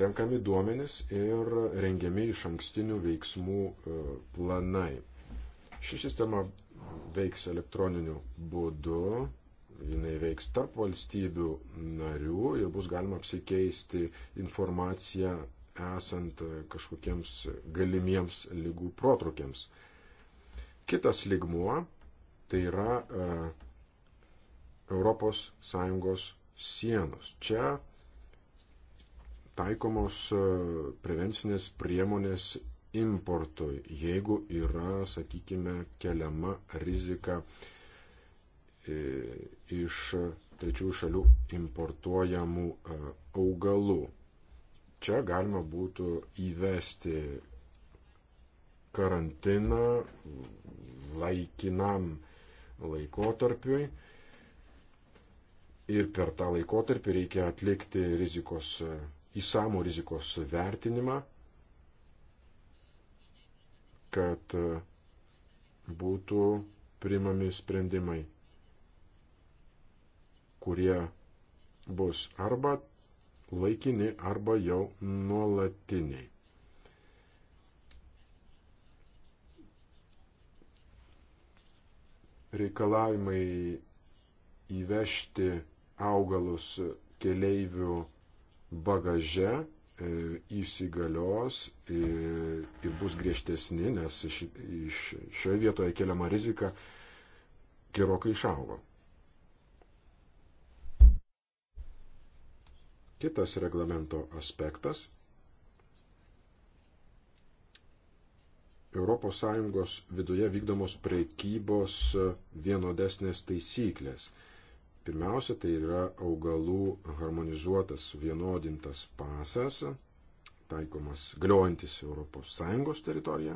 renkami duomenys ir rengiami iš ankstinių veiksmų e, planai. Ši sistema veiks elektroniniu būdu, jinai veiks tarp valstybių narių ir bus galima apsikeisti informaciją esant kažkokiems galimiems lygų protrukiams. Kitas ligmuo tai yra ES sienos. Čia taikomos e, prevencinės priemonės importui, jeigu yra, sakykime, keliama rizika e, iš trečių šalių importuojamų e, augalų. Čia galima būtų įvesti karantiną laikinam laikotarpiui ir per tą laikotarpį reikia atlikti rizikos įsamų rizikos vertinimą, kad būtų primami sprendimai, kurie bus arba laikini, arba jau nuolatiniai. Reikalavimai įvežti augalus keleivių bagaže e, įsigalios ir bus griežtesni, nes šioje vietoje keliama rizika gerokai išaugo. Kitas reglamento aspektas ES viduje vykdomos prekybos vienodesnės taisyklės – Pirmiausia, tai yra augalų harmonizuotas vienodintas pasas, taikomas galiojantis ES teritorija.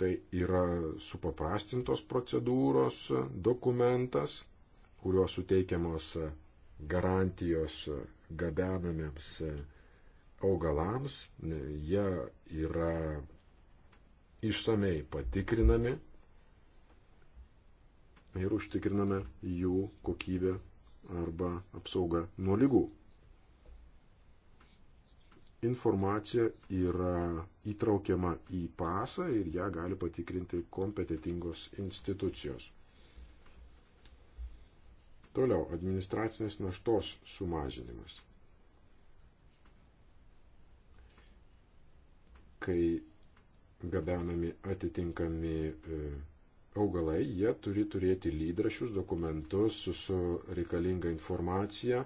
Tai yra supaprastintos procedūros dokumentas, kuriuo suteikiamos garantijos gabenamiems augalams. Jie yra išsamei patikrinami ir užtikriname jų kokybę arba apsaugą nuo lygų. Informacija yra įtraukiama į pasą ir ją gali patikrinti kompetitingos institucijos. Toliau administracinės naštos sumažinimas. Kai gabenami atitinkami e, augalai, jie turi turėti lydrašius, dokumentus su, su reikalinga informacija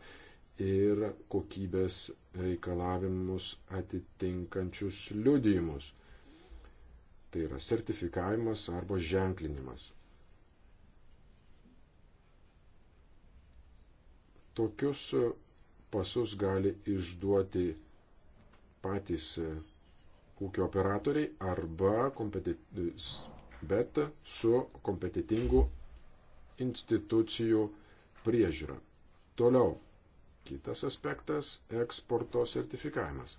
ir kokybės reikalavimus atitinkančius liudijimus. Tai yra sertifikavimas arba ženklinimas. Tokius pasus gali išduoti patys ūkio operatoriai arba kompetit bet su kompetitingų institucijų priežiūra. Toliau, kitas aspektas - eksporto sertifikavimas.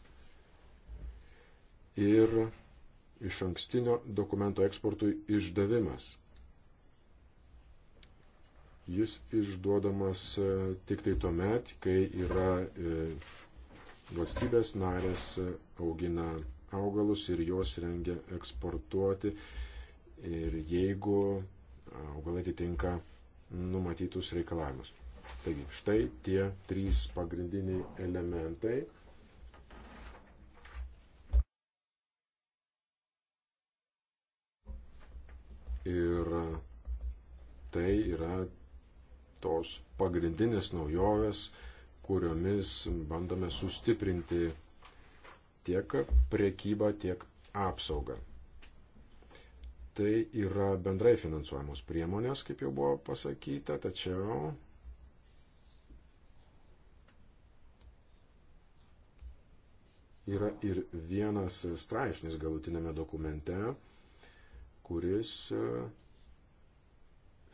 Ir iš ankstinio dokumento eksportui išdavimas. Jis išduodamas e, tik tai tuo met, kai yra e, valstybės narės e, augina augalus ir juos rengia eksportuoti ir jeigu augalai atitinka numatytus reikalavimus. Taigi, štai tie trys pagrindiniai elementai. Ir tai yra tos pagrindinės naujovės, kuriomis bandome sustiprinti tiek priekybą, tiek apsaugą. Tai yra bendrai finansuojamos priemonės, kaip jau buvo pasakyta, tačiau yra ir vienas straipsnis galutinėme dokumente, kuris e,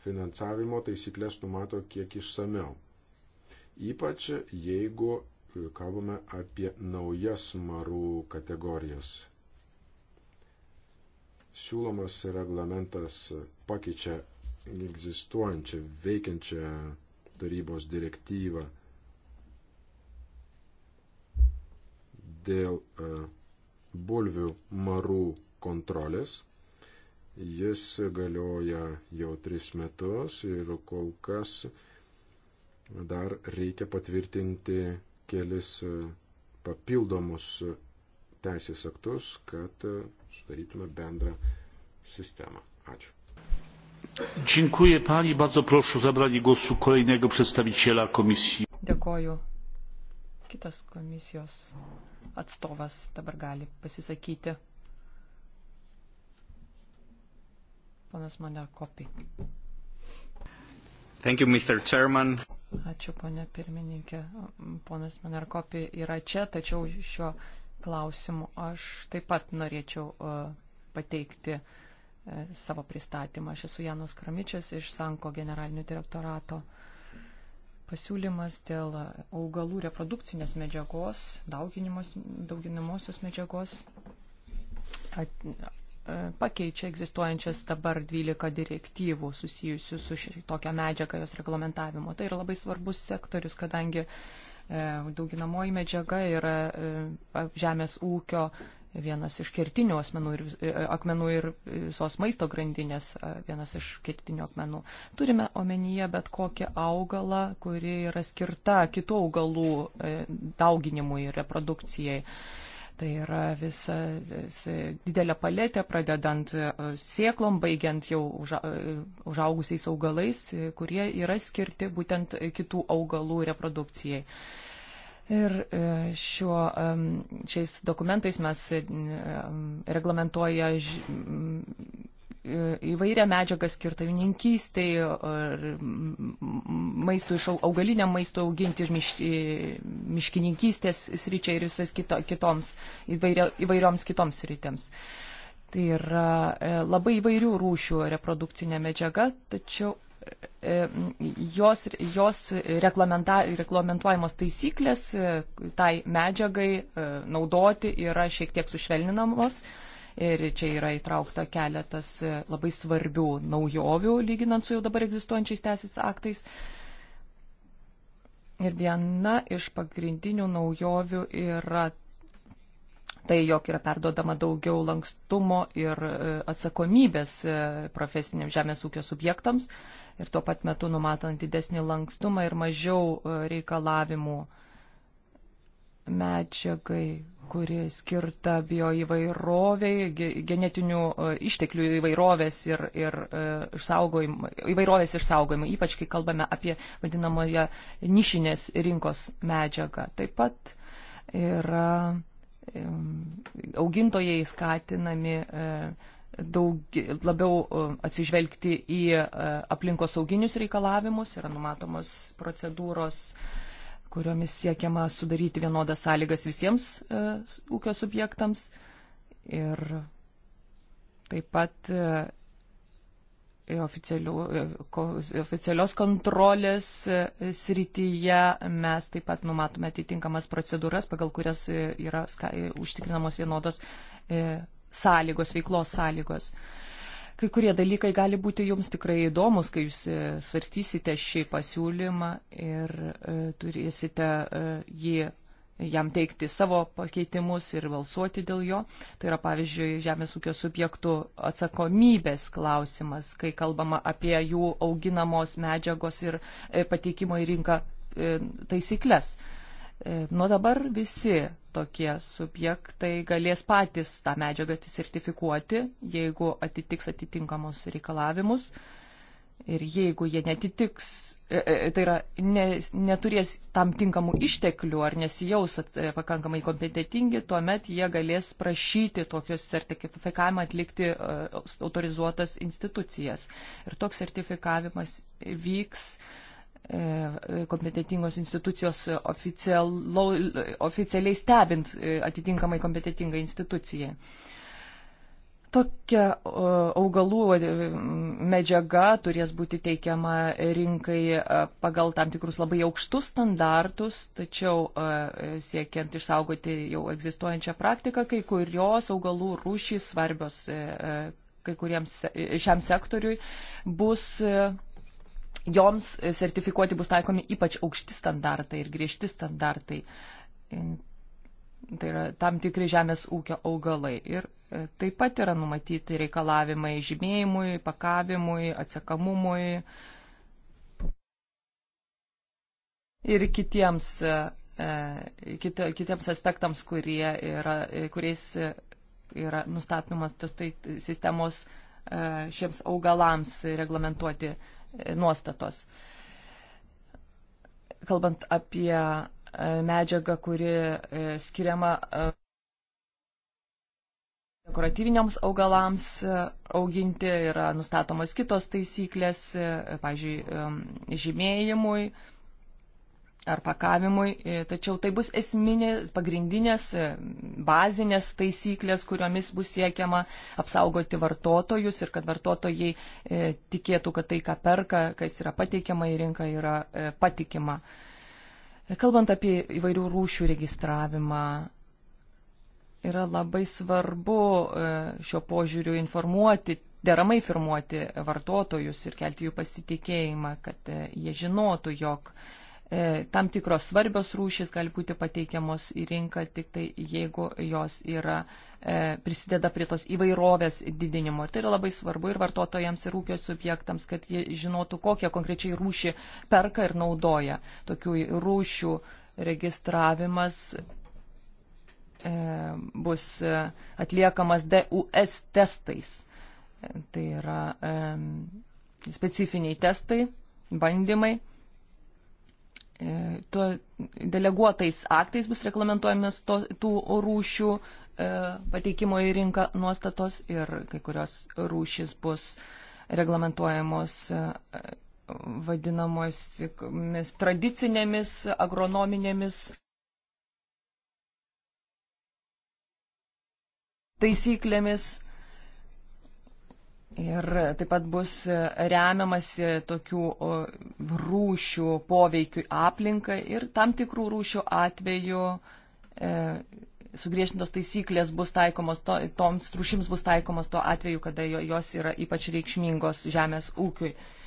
finansavimo taisyklės numato kiek išsameu. Ypač jeigu e, kalbame apie naujas marų kategorijas Siūlomas reglamentas pakeičia egzistuojančią veikiančią tarybos direktyvą dėl e, bulvių marų kontrolės. Jis galioja jau tris metus ir kol kas dar reikia patvirtinti kelis papildomus teisės aktus, kad sudarytume bendrą sistemą. Ačiū. Dziękuję Pani. Bardzo proszę o zabranie głosu kolejnego przedstawiciela komisji. Dėkoju. Kitas komisijos atstovas dabar gali pasisakyti. Ponas Manerkopi. Thank you, Mr. Chairman. Ačiū, ponė pirmininkė. Ponas Manerkopi yra čia, tačiau šiuo klausimų aš taip pat norėčiau e, pateikti e, savo pristatymą. Aš esu Janus Kramičias iš Sanko generalinio direktorato. Pasiūlymas dėl augalų reprodukcinės medžiagos, dauginamosios medžiagos at, e, pakeičia egzistuojančias dabar 12 direktyvų susijusių su ši, tokia medžiaga jos reglamentavimo. Tai yra labai svarbus sektorius, kadangi E, dauginamoji medžiaga yra e, žemės ūkio vienas iš kertinių asmenų ir, e, akmenų ir visos maisto grandinės vienas iš kertinių akmenų. Turime omenyje bet kokį augalą, kuri yra skirta kitų augalų dauginimui ir reprodukcijai. Tai yra visa didelė paletė, pradedant e, sieklom, baigiant jau e, užaugusiais augalais, e, kurie yra skirti būtent kitų augalų reprodukcijai. Ir šiuo, šiais dokumentais mes reglamentoja įvairią medžiagą skirtą juninkystai, maistų iš augaliniam maisto auginti, miš, miškininkystės sričiai ir visas kito, kitoms, įvairia, įvairioms kitoms sritėms. Tai yra e, labai įvairių rūšių reprodukcinė medžiaga, tačiau e, jos, jos reglamentuojamos taisyklės e, tai medžiagai naudoti yra šiek tiek sušvelninamos ir čia yra įtraukta keletas labai svarbių naujovių, lyginant su jau dabar egzistuojančiais teisės aktais. Ir viena iš pagrindinių naujovių yra tai, jog yra perduodama daugiau lankstumo ir e, atsakomybės e, profesiniam žemės ūkio subjektams ir tuo pat metu numatant didesnį lankstumą ir mažiau e, reikalavimų medžiagai, kuri skirta bioįvairoviai, genetinių e, išteklių įvairovės ir, ir e, išsaugojimui, įvairovės išsaugojimui, ypač kai kalbame apie vadinamoje nišinės rinkos medžiagą. Taip pat yra augintojai skatinami e, daug, labiau atsižvelgti į aplinkosauginius reikalavimus, yra numatomos procedūros kuriomis siekiama sudaryti vienodas sąlygas visiems e, ūkio subjektams ir taip pat e, e oficialių, e, ko, e, oficialios kontrolės srityje mes taip pat numatome atitinkamas procedūras, pagal kurias yra ska, užtikrinamos vienodos e, sąlygos, veiklos sąlygos. E, Kai kurie dalykai gali būti jums tikrai įdomus, kai jūs e, svarstysite šį pasiūlymą ir e, turėsite e, jį jam teikti savo pakeitimus ir balsuoti dėl jo. Tai yra, pavyzdžiui, žemės ūkio subjektų atsakomybės klausimas, kai kalbama apie jų auginamos medžiagos ir pateikimo į rinką taisyklės. E, nuo dabar visi tokie subjektai galės patys tą medžiagą sertifikuoti, jeigu atitiks atitinkamus reikalavimus. Ir jeigu jie netitiks, e, e, tai yra ne, neturės tam tinkamų išteklių ar nesijaus pakankamai kompetitingi, tuomet jie galės prašyti tokios sertifikavimą atlikti autorizuotas institucijas. Ir toks sertifikavimas vyks uh, E, kompetitingos institucijos oficialo, oficialiai stebint e, atitinkamai kompetitingą instituciją. Tokia e, augalų medžiaga turės būti teikiama rinkai pagal tam tikrus labai aukštus standartus, tačiau siekiant išsaugoti jau egzistuojančią praktiką, kai kurios augalų rūšys svarbios kai kuriems šiam sektoriui bus joms sertifikuoti bus taikomi ypač aukšti standartai ir griežti standartai. Tai yra tam tikri žemės ūkio augalai. Ir e, taip pat yra numatyti reikalavimai žymėjimui, pakavimui, atsekamumui ir kitiems, e, e, kit, kitiems aspektams, kurie yra, kuriais yra nustatomas tos tai sistemos šiems augalams reglamentuoti nuostatos. Kalbant apie e, medžiagą, kuri e, skiriama e, dekoratyviniams augalams auginti, yra nustatomos kitos taisyklės, pavyzdžiui, žymėjimui ar pakavimui, e, tačiau tai bus esminė, pagrindinės, e, bazinės taisyklės, kuriomis bus siekiama apsaugoti vartotojus ir kad vartotojai e, tikėtų, kad tai, ką perka, kas yra pateikiama į rinką, yra patikima. Kalbant apie įvairių rūšių registravimą, yra labai svarbu šio požiūriu informuoti deramai firmuoti vartotojus ir kelti jų pasitikėjimą, kad jie žinotų, jog uh, E, tam tikros svarbios rūšys gali būti pateikiamos į rinką tik tai jeigu jos yra e, prisideda prie tos įvairovės didinimo. Ir tai yra labai svarbu ir vartotojams, ir ūkio subjektams, kad jie žinotų, kokią konkrečiai rūšį perka ir naudoja. Tokių rūšių registravimas e, bus atliekamas DUS testais. Tai yra specifiniai testai, bandymai E, tuo deleguotais aktais bus reglamentuojamas to, tų rūšių e, pateikimo į rinką nuostatos ir kai kurios rūšis bus reglamentuojamos e, vadinamomis tradicinėmis agronominėmis taisyklėmis Ir taip pat bus remiamasi tokių rūšių poveikiu aplinkai ir tam tikrų rūšių atveju e, sugriežtintos taisyklės bus taikomos, to, toms rūšims bus taikomos tuo atveju, kada jos yra ypač reikšmingos žemės ūkiui. E,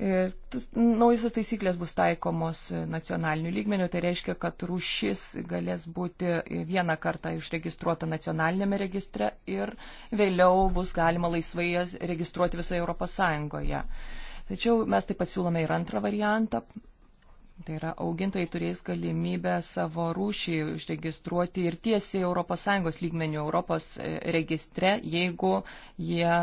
Naujusios taisyklės bus taikomos nacionaliniu lygmeniu, tai reiškia, kad rūšis galės būti vieną kartą išregistruota nacionalinėme registre ir vėliau bus galima laisvai registruoti visoje Europos Sąjungoje. Tačiau mes taip pat siūlome ir antrą variantą. Tai yra augintojai turės galimybę savo rūšį išregistruoti ir tiesiai ES lygmenių Europos e, registre, jeigu jie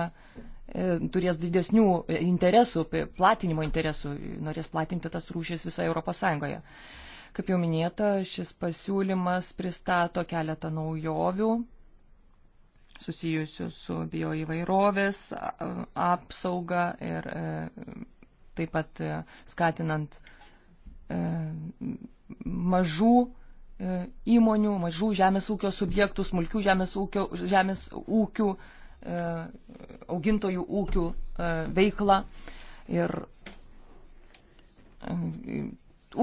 E, turės didesnių interesų, platinimo interesų, norės platinti tas rūšis visoje Europos Sąjungoje. Kaip jau minėta, šis pasiūlymas pristato keletą naujovių susijusių su bioįvairovės apsauga ir e, taip pat e, skatinant mažų įmonių, mažų žemės ūkio subjektų, smulkių žemės ūkio, žemės ūkių E, augintojų ūkių e, veiklą ir e,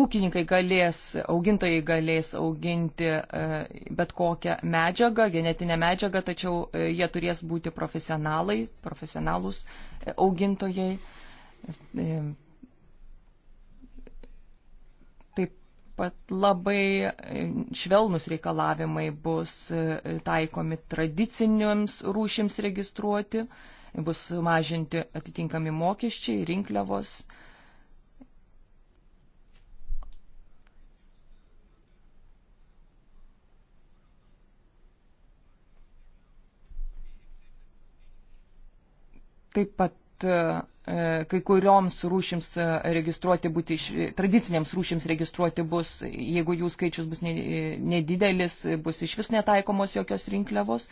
ūkininkai galės, augintojai galės auginti bet kokią medžiagą, genetinę medžiagą, tačiau jie turės būti profesionalai, profesionalūs augintojai. pat labai e, švelnus reikalavimai bus e, taikomi tradiciniams rūšims registruoti, bus mažinti atitinkami mokesčiai, rinkliavos. Taip pat kad e, kai kurioms rūšims e, registruoti būti, tradicinėms rūšims registruoti bus, jeigu jų skaičius bus nedidelis, bus iš vis netaikomos jokios rinkliavos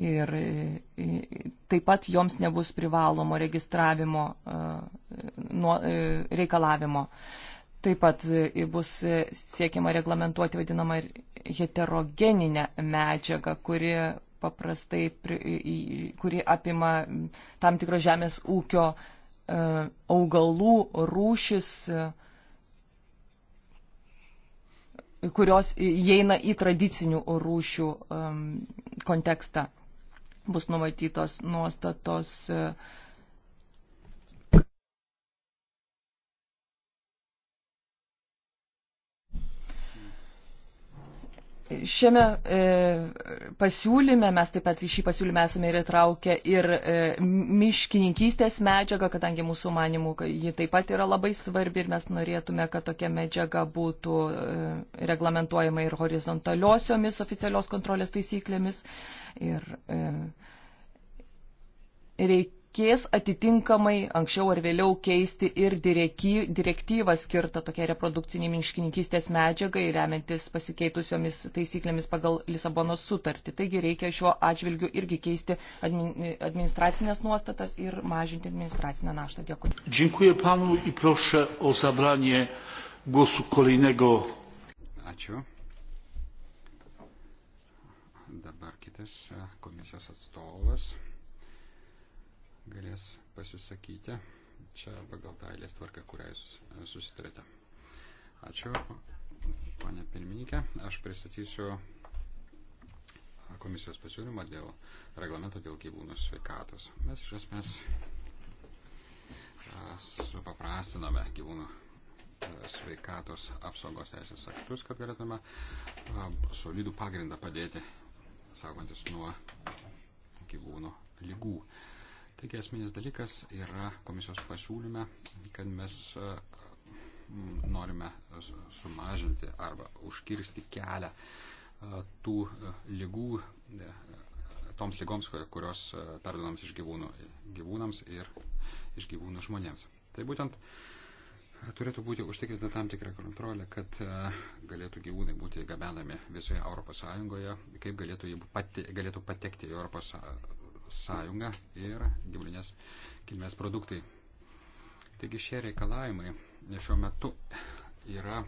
ir e, taip pat joms nebus privalomo registravimo nuo, reikalavimo. Taip pat bus siekiama reglamentuoti vadinamą heterogeninę medžiagą, kuri paprastai, kuri apima tam tikros žemės ūkio e, augalų rūšis, e, kurios įeina į tradicinių rūšių e, kontekstą. Bus numatytos nuostatos uh, Šiame e, pasiūlyme mes taip pat į šį pasiūlymą esame ir įtraukę ir e, miškininkystės medžiagą, kadangi mūsų manimų ji taip pat yra labai svarbi ir mes norėtume, kad tokia medžiaga būtų e, reglamentuojama ir horizontaliosiomis oficialios kontrolės taisyklėmis. Ir, e, reik, reikės atitinkamai anksčiau ar vėliau keisti ir direktyvą skirtą tokiai reprodukciniai miškininkystės medžiagai, remiantis pasikeitusiomis taisyklėmis pagal Lisabonos sutartį. Taigi reikia šiuo atžvilgiu irgi keisti administracinės nuostatas ir mažinti administracinę naštą. Dėkui. Dziękuję panu i proszę o zabranie głosu kolejnego. Ačiū. Dabar kitas e, komisijos atstovas galės pasisakyti čia pagal tą eilės tvarką, kurią jūs e, susitarėte. Ačiū, ponė pirmininkė. Aš pristatysiu komisijos pasiūlymą dėl reglamento dėl gyvūnų sveikatos. Mes iš esmės e, supaprastiname gyvūnų e, sveikatos apsaugos teisės aktus, kad galėtume solidų pagrindą padėti saugantis nuo gyvūnų lygų. Uh, Taigi esminis dalykas yra komisijos pasiūlyme, kad mes e, norime sumažinti arba užkirsti kelią e, tų e, lygų, toms lygoms, kurios perdodamos iš gyvūnų gyvūnams ir iš gyvūnų žmonėms. Tai būtent turėtų būti užtikrinta tam tikra kontrolė, kad galėtų gyvūnai būti gabenami visoje ES, kaip galėtų, pati, galėtų patekti į ES sąjunga ir gyvulinės kilmės produktai. Taigi šie reikalavimai šiuo metu yra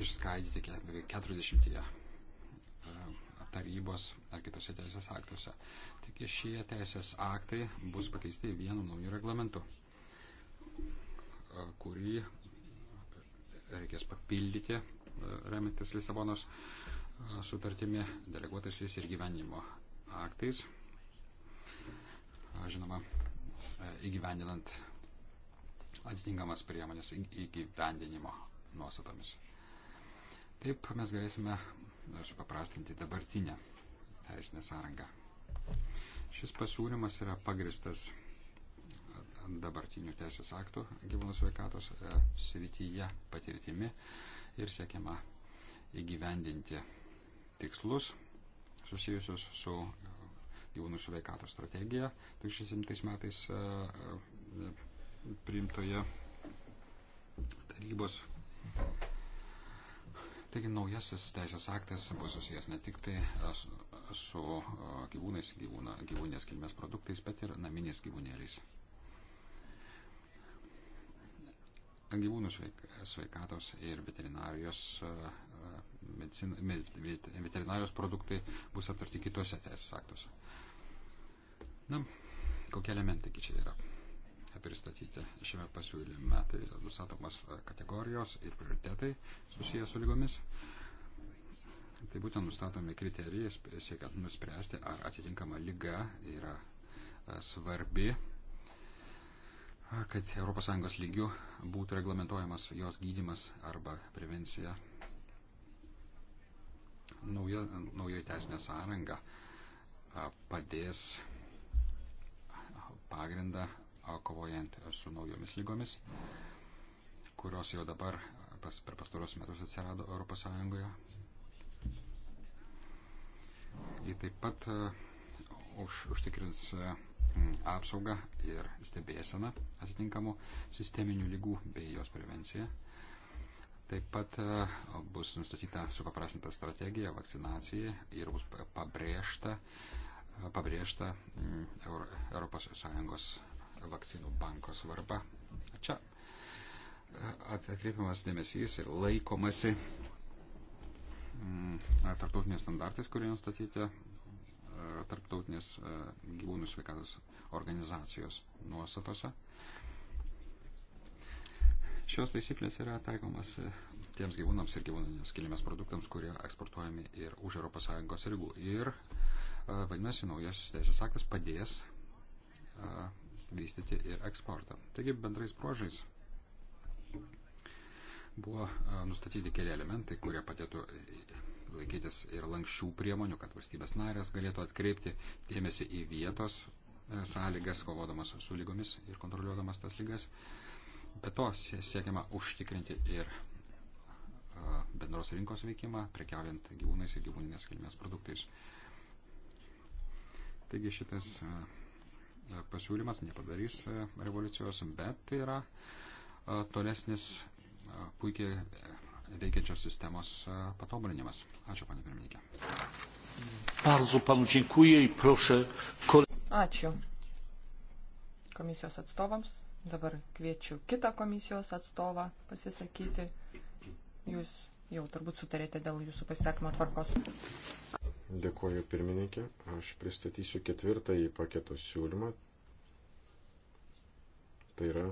išskaidyti beveik 40 e, tarybos ar kitose teisės aktuose. Taigi šie teisės aktai bus pakeisti vienu nauju reglamentu, e, kurį reikės papildyti e, remiantis Lisabonos sutartimi, deleguotaisiais ir gyvenimo aktais. Žinoma, e, įgyvendinant atitinkamas priemonės įgyvendinimo nuostatomis. Taip mes galėsime supaprastinti dabartinę teisinę sąrangą. Šis pasiūlymas yra pagristas dabartinių teisės aktų gyvūnų sveikatos e, srityje patirtimi ir siekiama įgyvendinti tikslus susijusius su gyvūnų sveikatos strategija 2007 metais e, e, priimtoje tarybos. Taigi naujasis teisės aktas bus susijęs ne tik tai e, su gyvūnais, gyvūna, gyvūnės kilmės produktais, bet ir naminiais gyvūnėliais. Gyvūnų sveikatos ir veterinarijos medicin, med, veterinarijos produktai bus aptarti kitose teisės aktuose. Na, kokie elementai čia yra pristatyti šiame pasiūlyme. Tai nustatomas e, kategorijos ir prioritetai susijęs su lygomis. Tai būtent nustatomi kriterijai, siekiant nuspręsti, ar atitinkama lyga yra e, svarbi, kad ES lygių būtų reglamentojamas jos gydimas arba prevencija nauja, nauja teisinė sąranga padės pagrindą kovojant su naujomis lygomis, kurios jau dabar pas, per pastaros metus atsirado ES. Ji taip pat už, užtikrins apsaugą ir stebėseną atitinkamų sisteminių lygų bei jos prevenciją Taip pat e, bus nustatyta supaprastinta strategija vakcinacijai ir bus pabrėžta, e, pabrėžta ES vakcinų banko svarba. Čia e, atkreipiamas dėmesys ir laikomasi tarptautinės standartais, kurie nustatyti tarptautinės gyvūnų sveikatos organizacijos nuostatose. Šios taisyklės yra taikomas e, tiems gyvūnams ir gyvūninės kilmės produktams, kurie eksportuojami ir už ES ribų. Ir e, vadinasi, naujasis teisės aktas padės e, vystyti ir eksportą. Taigi bendrais prožais buvo nustatyti keli elementai, kurie patėtų laikytis ir lankščių priemonių, kad valstybės narės galėtų atkreipti dėmesį į vietos sąlygas, kovodamas su lygomis ir kontroliuodamas tas lygas. Uh, Be to siekiama užtikrinti ir bendros rinkos veikimą, prekiaujant gyvūnais ir gyvūninės kilmės produktais. Taigi šitas pasiūlymas nepadarys revoliucijos, bet tai yra tolesnis puikiai e, veikiančios sistemos patobulinimas. Ačiū, panė pirmininkė. Bardzo panu dziękuję i proszę. Ačiū komisijos atstovams. Dabar kviečiu kitą komisijos atstovą pasisakyti. Jūs jau turbūt sutarėte dėl jūsų pasisakymo tvarkos. Dėkuoju pirmininkė. Aš pristatysiu ketvirtąjį paketo siūlymą. Tai yra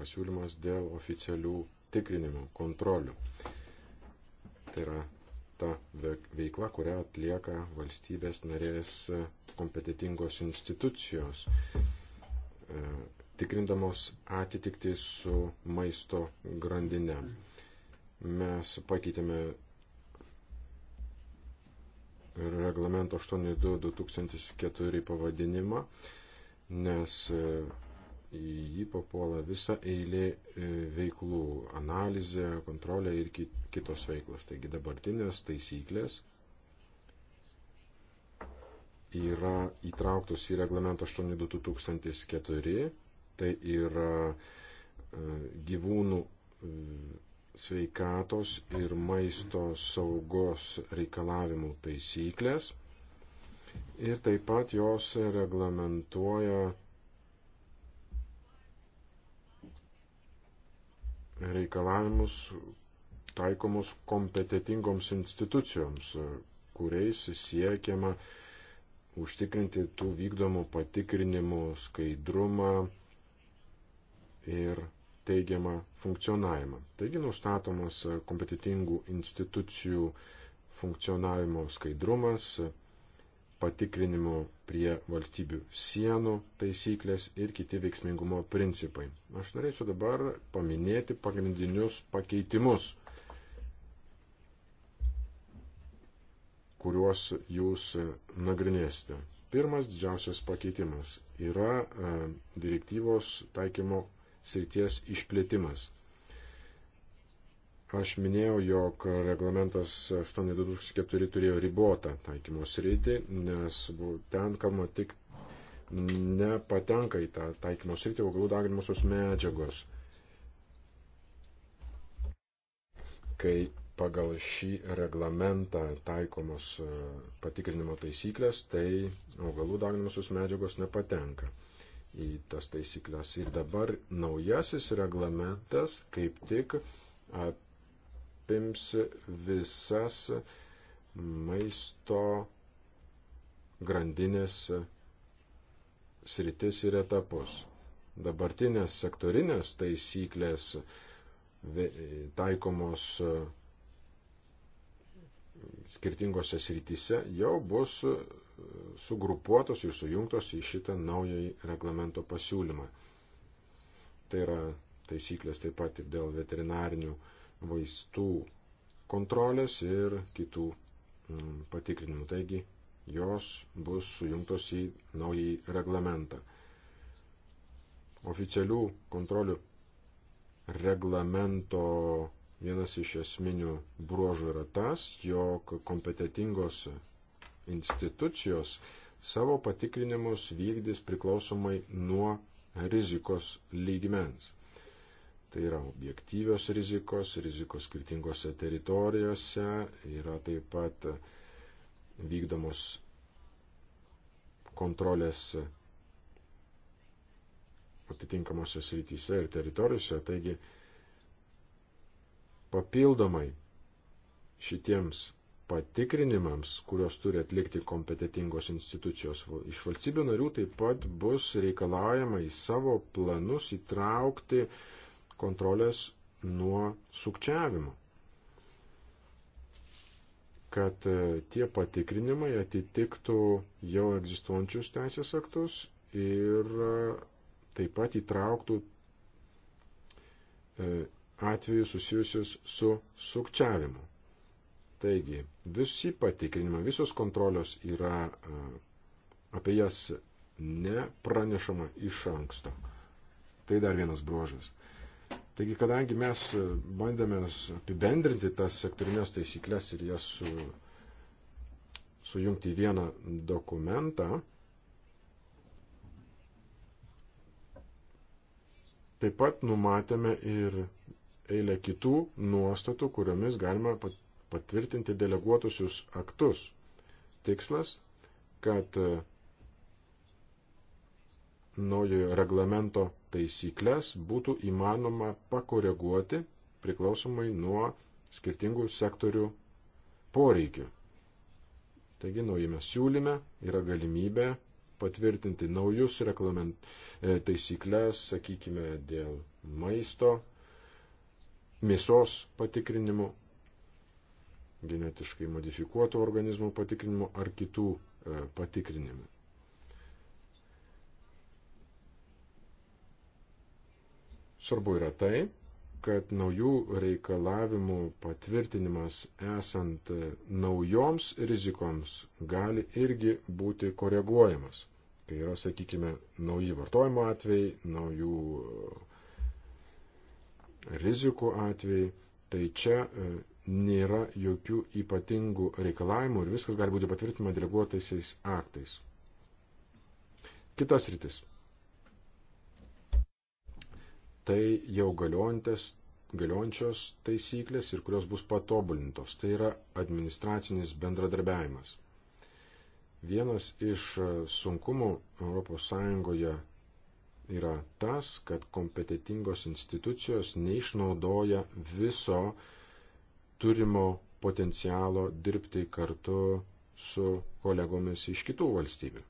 pasiūlymas dėl oficialių tikrinimų, kontrolių. Tai yra ta veikla, kurią atlieka valstybės narės kompetitingos institucijos e, tikrindamos atitikti su maisto grandinė. Mes pakeitėme reglamento 82-2004 pavadinimą, nes į e, jį papuola visa eilė e, veiklų - analizė, kontrolė ir kitos veiklos. Taigi dabartinės taisyklės yra įtrauktos į reglamentą 8204 Tai yra e, gyvūnų e, sveikatos ir maisto saugos reikalavimų taisyklės. Ir taip pat jos reglamentuoja reikalavimus taikomus kompetitingoms institucijoms, kuriais siekiama užtikrinti tų vykdomų patikrinimų skaidrumą, ir teigiamą funkcionavimą. Taigi nustatomas kompetitingų institucijų funkcionavimo skaidrumas, patikrinimo prie valstybių sienų taisyklės ir kiti veiksmingumo principai. Aš norėčiau dabar paminėti pagrindinius pakeitimus, kuriuos jūs nagrinėsite. Pirmas didžiausias pakeitimas yra e, direktyvos taikymo srities išplėtimas. Aš minėjau, jog reglamentas 8204 turėjo ribotą taikymo sritį, nes ten kalbama tik nepatenka į tą taikymo sritį augalų daginimosios medžiagos. Kai pagal šį reglamentą taikomos e, patikrinimo taisyklės, tai augalų daginamosios medžiagos nepatenka į tas taisyklės. Ir dabar naujasis reglamentas kaip tik apims visas maisto grandinės sritis ir etapus. Dabartinės sektorinės taisyklės taikomos skirtingose srityse jau bus sugrupuotos ir sujungtos į šitą naująjį reglamento pasiūlymą. Tai yra taisyklės taip pat ir dėl veterinarinių vaistų kontrolės ir kitų mm, patikrinimų. Taigi jos bus sujungtos į naująjį reglamentą. Oficialių kontrolių reglamento vienas iš esminių bruožų yra tas, jog kompetitingos institucijos savo patikrinimus vykdys priklausomai nuo rizikos lygmens. Tai yra objektyvios rizikos, rizikos skirtingose teritorijose, yra taip pat vykdomos kontrolės atitinkamosios srityse ir teritorijose. Taigi papildomai šitiems patikrinimams, kuriuos turi atlikti kompetitingos institucijos iš valstybių narių, taip pat bus reikalaujama į savo planus įtraukti kontrolės nuo sukčiavimo. Kad e, tie patikrinimai atitiktų jau egzistuojančius teisės aktus ir e, taip pat įtrauktų e, atvejus susijusius su sukčiavimu. Taigi, visi patikrinimai, visos kontrolios yra, e, apie jas nepranešama iš anksto. Tai dar vienas bruožas. Taigi, kadangi mes e, bandėme apibendrinti tas sektorinės taisyklės ir jas su, sujungti į vieną dokumentą, taip pat numatėme ir eilę kitų nuostatų, kuriomis galima pat patvirtinti deleguotusius aktus. Tikslas, kad e, naujojo reglamento taisyklės būtų įmanoma pakoreguoti priklausomai nuo skirtingų sektorių poreikių. Taigi naujame siūlyme yra galimybė patvirtinti naujus reglament, e, taisyklės, sakykime, dėl maisto, mėsos patikrinimų genetiškai modifikuotų organizmų patikrinimų ar kitų e, patikrinimų. Svarbu yra tai, kad naujų reikalavimų patvirtinimas esant e, naujoms rizikoms gali irgi būti koreguojamas. Tai yra, sakykime, nauji vartojimo atvejai, naujų e, rizikų atvejai. Tai čia nėra jokių ypatingų reikalavimų ir viskas gali būti patvirtinama deleguotaisiais aktais. Kitas rytis. Tai jau galiojantis galiojančios taisyklės ir kurios bus patobulintos. Tai yra administracinis bendradarbiavimas. Vienas iš sunkumų ES yra tas, kad kompetitingos institucijos neišnaudoja viso uh, turimo potencialo dirbti kartu su kolegomis iš kitų valstybių.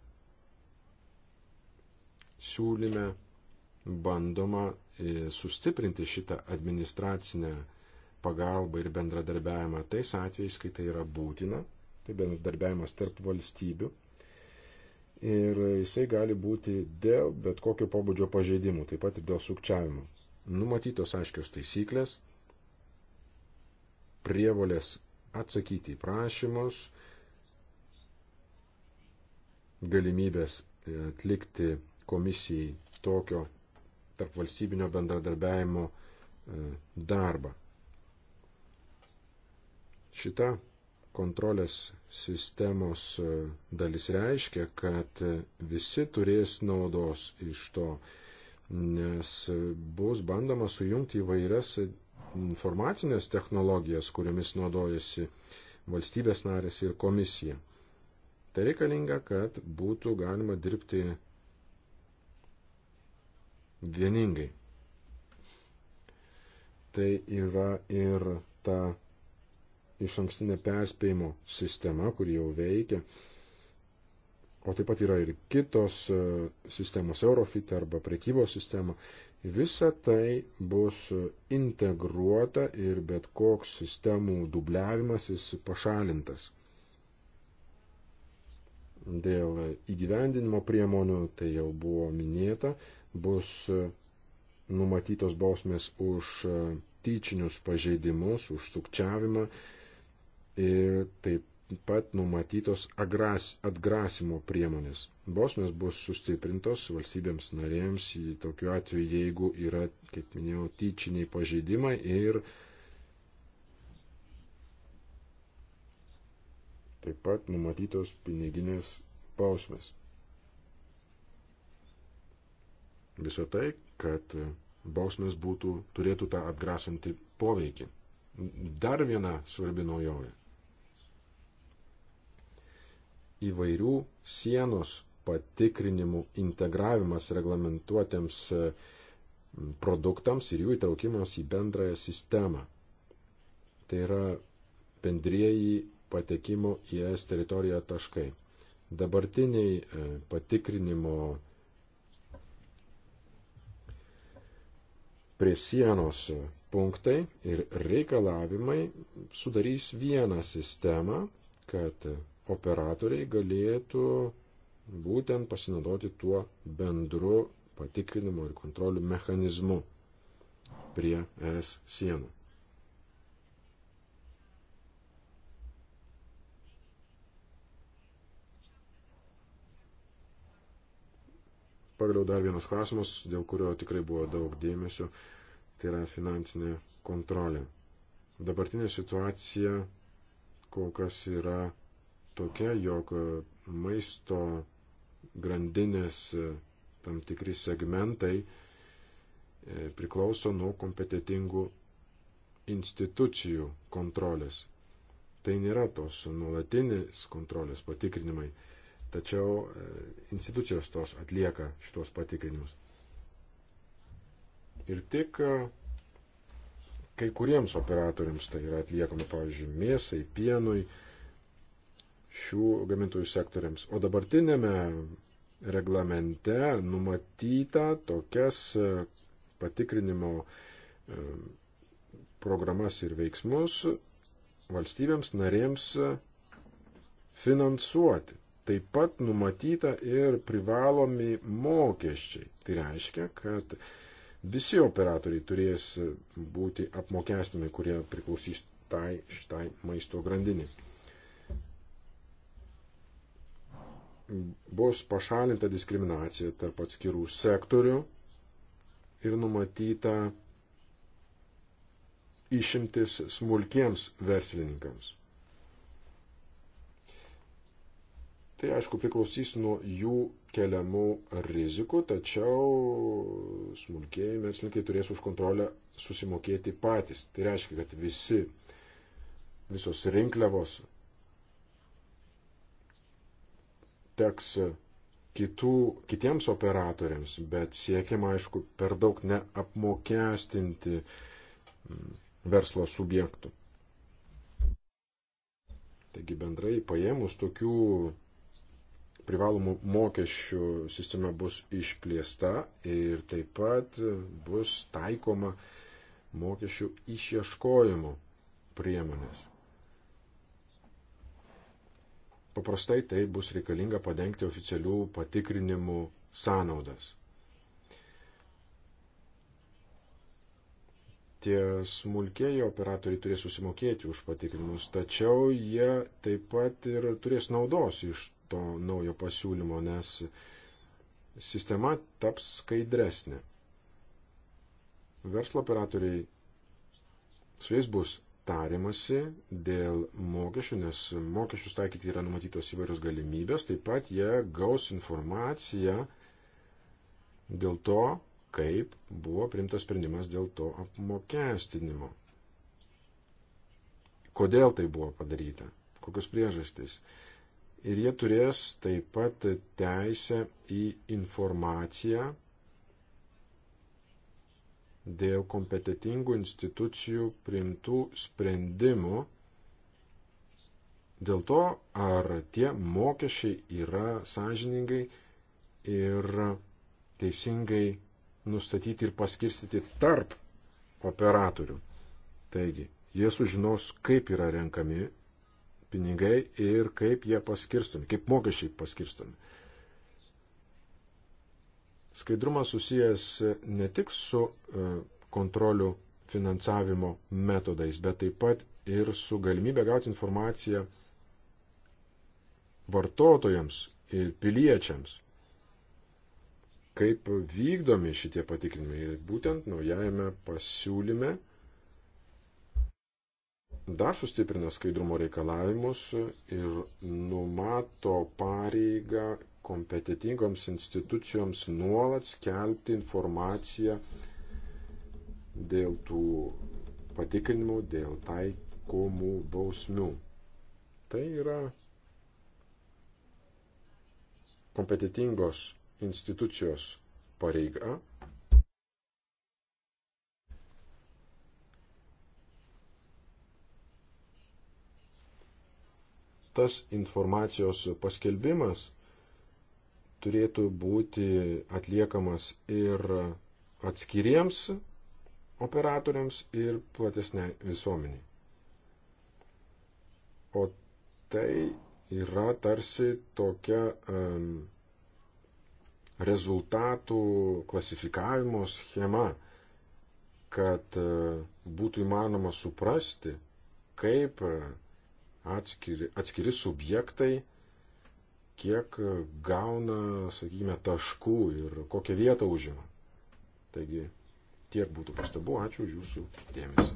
Siūlyme bandoma e, sustiprinti šitą administracinę pagalbą ir bendradarbiavimą tais atvejais, kai tai yra būtina, tai bendradarbiavimas tarp valstybių. Ir jisai gali būti dėl bet kokio pobūdžio pažeidimų, taip pat ir dėl sukčiavimo. Numatytos aiškios taisyklės, prievolės atsakyti į prašymus, galimybės atlikti komisijai tokio tarp valstybinio bendradarbiajimo e, darbą. Šita kontrolės sistemos e, dalis reiškia, kad visi turės naudos iš to, nes bus bandoma sujungti įvairias informacinės technologijas, kuriomis naudojasi valstybės narės ir komisija. Tai reikalinga, kad būtų galima dirbti vieningai. Tai yra ir ta iš ankstinė perspėjimo sistema, kuri jau veikia, o taip pat yra ir kitos e, sistemos Eurofit arba prekybos sistema, Visa tai bus integruota ir bet koks sistemų dubliavimas jis pašalintas. Dėl įgyvendinimo priemonių, tai jau buvo minėta, bus numatytos bausmės už tyčinius pažeidimus, už sukčiavimą ir taip pat numatytos agras, atgrasimo priemonės. Bausmės bus sustiprintos valstybėms narėms į tokiu atveju, jeigu yra, kaip minėjau, tyčiniai pažeidimai ir taip pat numatytos piniginės bausmės. Visą tai, kad bausmės būtų, turėtų tą atgrasantį poveikį. Dar viena svarbi naujovė įvairių sienos patikrinimų integravimas reglamentuotiems e, produktams ir jų įtraukimas į bendrąją sistemą. Tai yra bendrieji patekimo į ES teritoriją taškai. Dabartiniai e, patikrinimo prie sienos punktai ir reikalavimai sudarys vieną sistemą, kad operatoriai galėtų būtent pasinaudoti tuo bendru patikrinimo ir kontrolių mechanizmu prie ES sienų. Pagaliau dar vienas klausimas, dėl kurio tikrai buvo daug dėmesio, tai yra finansinė kontrolė. Dabartinė situacija kol kas yra tokia, jog e, maisto grandinės e, tam tikri segmentai e, priklauso nuo kompetitingų institucijų kontrolės. Tai nėra tos nuolatinės kontrolės patikrinimai, tačiau institucijos tos atlieka šitos patikrinimus. Ir tik kai kuriems operatoriams tai yra atliekama, pavyzdžiui, mėsai, pienui, šių gamintojų sektoriams. O dabartinėme reglamente numatyta tokias e, patikrinimo e, programas ir veiksmus valstybėms narėms e, finansuoti. Taip pat numatyta ir privalomi mokesčiai. Tai reiškia, kad visi operatoriai turės būti apmokestinami, kurie priklausys tai šitai maisto grandiniai. bus pašalinta diskriminacija tarp atskirų sektorių ir numatyta išimtis smulkiems verslininkams. Tai aišku priklausys nuo jų keliamų rizikų, tačiau smulkėjai verslininkai turės už kontrolę susimokėti patys. Tai reiškia, kad visi, visos rinkliavos teks kitų, kitiems operatoriams, bet siekiama, aišku, per daug neapmokestinti mm, verslo subjektų. Taigi bendrai paėmus tokių privalomų mokesčių sistema bus išplėsta ir taip pat bus taikoma mokesčių išieškojimo priemonės. Paprastai tai bus reikalinga padengti oficialių patikrinimų sąnaudas. Tie smulkėjai operatoriai turės susimokėti už patikrinimus, tačiau jie taip pat ir turės naudos iš to naujo pasiūlymo, nes sistema taps skaidresnė. Verslo operatoriai su jais bus tarimasi dėl mokesčių, nes mokesčius taikyti yra numatytos įvairios galimybės, taip pat jie gaus informaciją dėl to, kaip buvo primtas sprendimas dėl to apmokestinimo. Kodėl tai buvo padaryta, kokios priežastys. Ir jie turės taip pat teisę į informaciją dėl kompetitingų institucijų priimtų sprendimų dėl to, ar tie mokesčiai yra sąžiningai ir teisingai nustatyti ir paskirstyti tarp operatorių. Taigi, jie sužinos, kaip yra renkami pinigai ir kaip jie paskirstomi, kaip mokesčiai paskirstomi. Skaidrumas susijęs ne tik su e, kontrolių finansavimo metodais, bet taip pat ir su galimybė gauti informaciją vartotojams ir piliečiams, kaip vykdomi šitie patikrinimai. Ir būtent naujajame pasiūlyme dar sustiprina skaidrumo reikalavimus ir numato pareigą kompetitingoms institucijoms nuolat skelbti informaciją dėl tų patikrinimų, dėl taikomų bausmių. Tai yra kompetitingos institucijos pareiga. Tas informacijos paskelbimas turėtų būti atliekamas ir atskiriems operatoriams ir platesniai visuomeniai. O tai yra tarsi tokia um, rezultatų klasifikavimo schema, kad uh, būtų įmanoma suprasti, kaip atskiri, atskiri subjektai uh, kiek gauna, sakykime, taškų ir kokią vietą užima. Taigi tiek būtų pastabų, ačiū už jūsų dėmesį.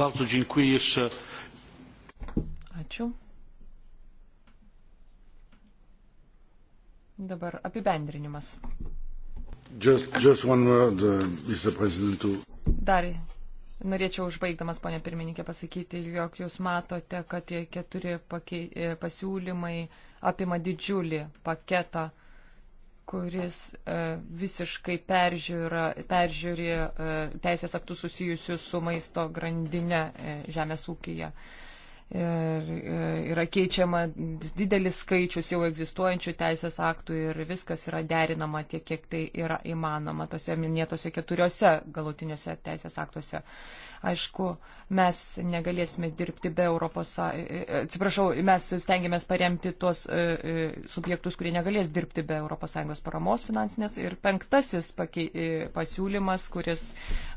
Bardzo dziękuję jeszcze. Ačiū. Dabar apibendrinimas. Just, just one word, uh, Mr. President. To... Dar Norėčiau užbaigdamas, ponė pirmininkė, pasakyti, jog jūs matote, kad tie keturi pakei, e, pasiūlymai apima didžiulį paketą, kuris e, visiškai peržiūra, peržiūri e, teisės aktus susijusius su maisto grandinė e, žemės ūkija. E, E, yra keičiama didelis skaičius jau egzistuojančių teisės aktų ir viskas yra derinama tiek, kiek tai yra įmanoma tose minėtose keturiose galutiniuose teisės aktuose. Aišku, mes negalėsime dirbti be Europos, e, e, atsiprašau, mes stengiamės paremti tuos subjektus, kurie negalės dirbti be ES paramos finansinės. Ir penktasis pasiūlymas, kuris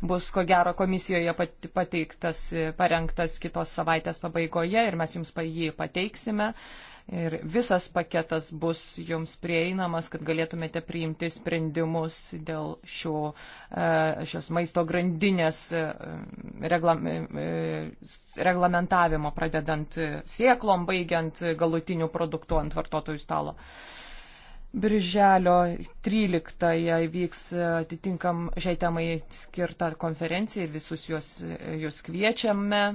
bus ko gero komisijoje pateiktas, parengtas kitos savaitės pabaigoje pabaigoje ir mes jums jį pateiksime. Ir visas paketas bus jums prieinamas, kad galėtumėte priimti sprendimus dėl šio, e, šios maisto grandinės e, regla, e, reglamentavimo, pradedant sieklom, baigiant galutinių produktų ant vartotojų stalo. Birželio 13-ąją vyks atitinkam šiai temai skirta konferencija, visus juos, jūs kviečiame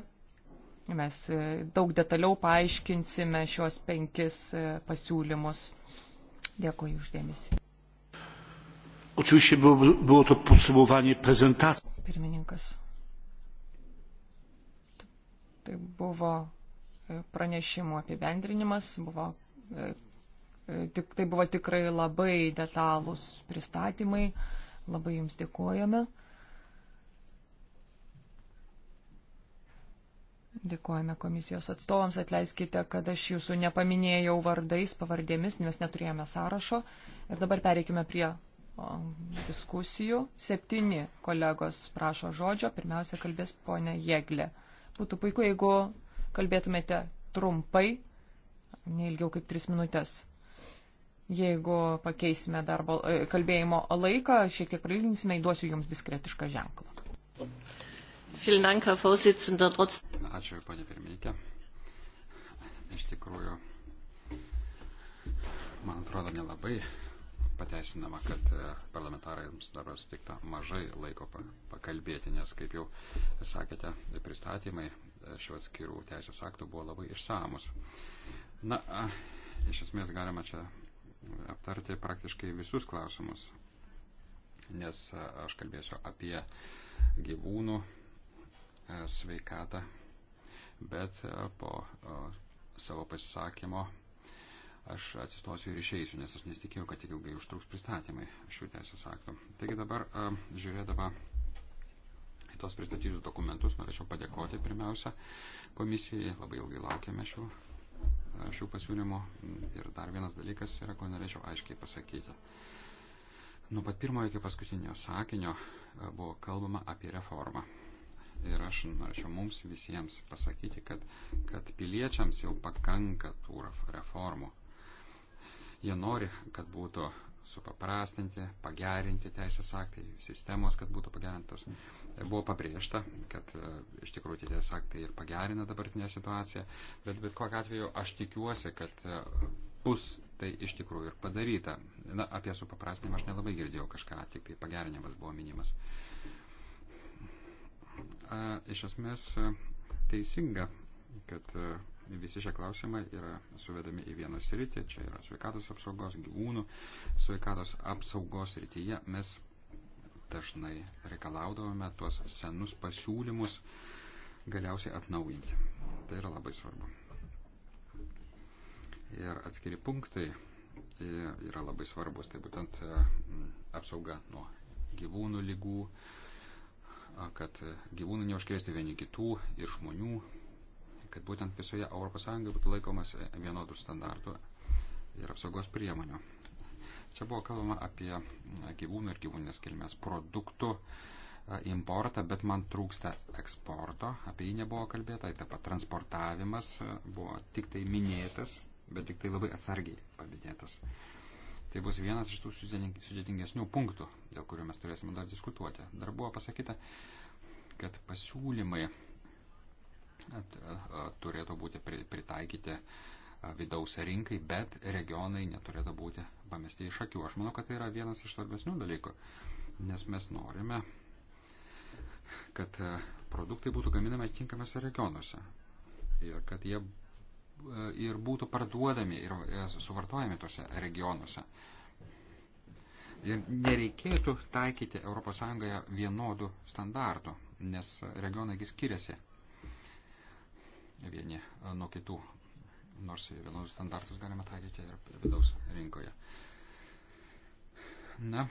Mes e, daug detaliau paaiškinsime šios penkis e, pasiūlymus. Dėkuoju uždėmesi. Oczywiście było, było to podsumowanie prezentacji. Pirmininkas. Tai buvo e, pranešimų apibendrinimas, buvo, tai buvo tikrai labai detalūs pristatymai. Labai Jums dėkojame. Dėkojame komisijos atstovams, atleiskite, kad aš jūsų nepaminėjau vardais, pavardėmis, nes neturėjome sąrašo. Ir dabar pereikime prie o, diskusijų. Septyni kolegos prašo žodžio, pirmiausia kalbės ponė Jėglė. Būtų puiku, jeigu kalbėtumėte trumpai, neilgiau kaip tris minutės. Jeigu pakeisime darbo, e, kalbėjimo laiką, šiek tiek prilginsime, įduosiu jums diskretišką ženklą. Ačiū, ponė pirmininkė. Iš tikrųjų, man atrodo, nelabai pateisinama, kad e, parlamentarams dar sutikta mažai laiko pakalbėti, nes, kaip jau sakėte, pristatymai e, šių atskirų teisės aktų buvo labai išsamus. Na, iš esmės galima čia aptarti praktiškai visus klausimus, nes aš kalbėsiu apie gyvūnų E, sveikatą, bet e, po e, savo pasisakymo aš atsistosiu ir išeisiu, nes aš nesitikėjau, kad tiek ilgai užtruks pristatymai šių teisės aktų. Taigi dabar žiūrėdama į tos pristatytus dokumentus norėčiau padėkoti pirmiausia komisijai, labai ilgai laukėme šių, šių pasiūlymų ir dar vienas dalykas yra, ko norėčiau aiškiai pasakyti. Nuo pat pirmojo iki paskutinio sakinio buvo kalbama apie reformą. Ir aš norėčiau mums visiems pasakyti, kad, kad piliečiams jau pakanka tų reformų. Jie nori, kad būtų supaprastinti, pagerinti teisės aktai, sistemos, kad būtų pagerintos. Buvo pabrėžta, kad e, iš tikrųjų teisės aktai ir pagerina dabartinę situaciją, bet bet kokiu atveju aš tikiuosi, kad e, bus tai iš tikrųjų ir padaryta. Na, apie supaprastinimą aš nelabai girdėjau kažką, tik tai pagerinimas buvo minimas. Uh, iš esmės teisinga, kad visi šie klausimai yra suvedami į vieną sritį, čia yra sveikatos apsaugos, gyvūnų sveikatos apsaugos srityje. Mes dažnai reikalaudavome tuos senus pasiūlymus galiausiai atnaujinti. Tai yra labai svarbu. Ir atskiri punktai e, yra labai svarbus, tai būtent e, apsauga nuo gyvūnų lygų, kad e, gyvūnai neužkrėstų vieni kitų ir žmonių, kad būtent visoje ES būtų laikomas e, vienodų standartų ir apsaugos priemonių. Čia buvo kalbama apie gyvūnų ir gyvūninės kilmės produktų e, importą, bet man trūksta eksporto, apie jį nebuvo kalbėta, taip pat transportavimas buvo tik tai minėtas, bet tik tai labai atsargiai paminėtas. Uh, Tai bus vienas iš tų sudėtingesnių punktų, dėl kurių mes turėsime dar diskutuoti. Dar buvo pasakyta, kad pasiūlymai turėtų būti pritaikyti vidaus rinkai, bet regionai neturėtų būti pamesti iš akių. Aš manau, kad tai yra vienas iš svarbesnių dalykų, nes mes norime, kad produktai būtų gaminami atitinkamėse regionuose ir kad jie E, ir būtų parduodami ir e, suvartojami tose regionuose. Ir nereikėtų taikyti ES vienodų standartų, nes regionaigi skiriasi vieni nuo kitų, nors vienodus standartus galima taikyti ir vidaus rinkoje. Na,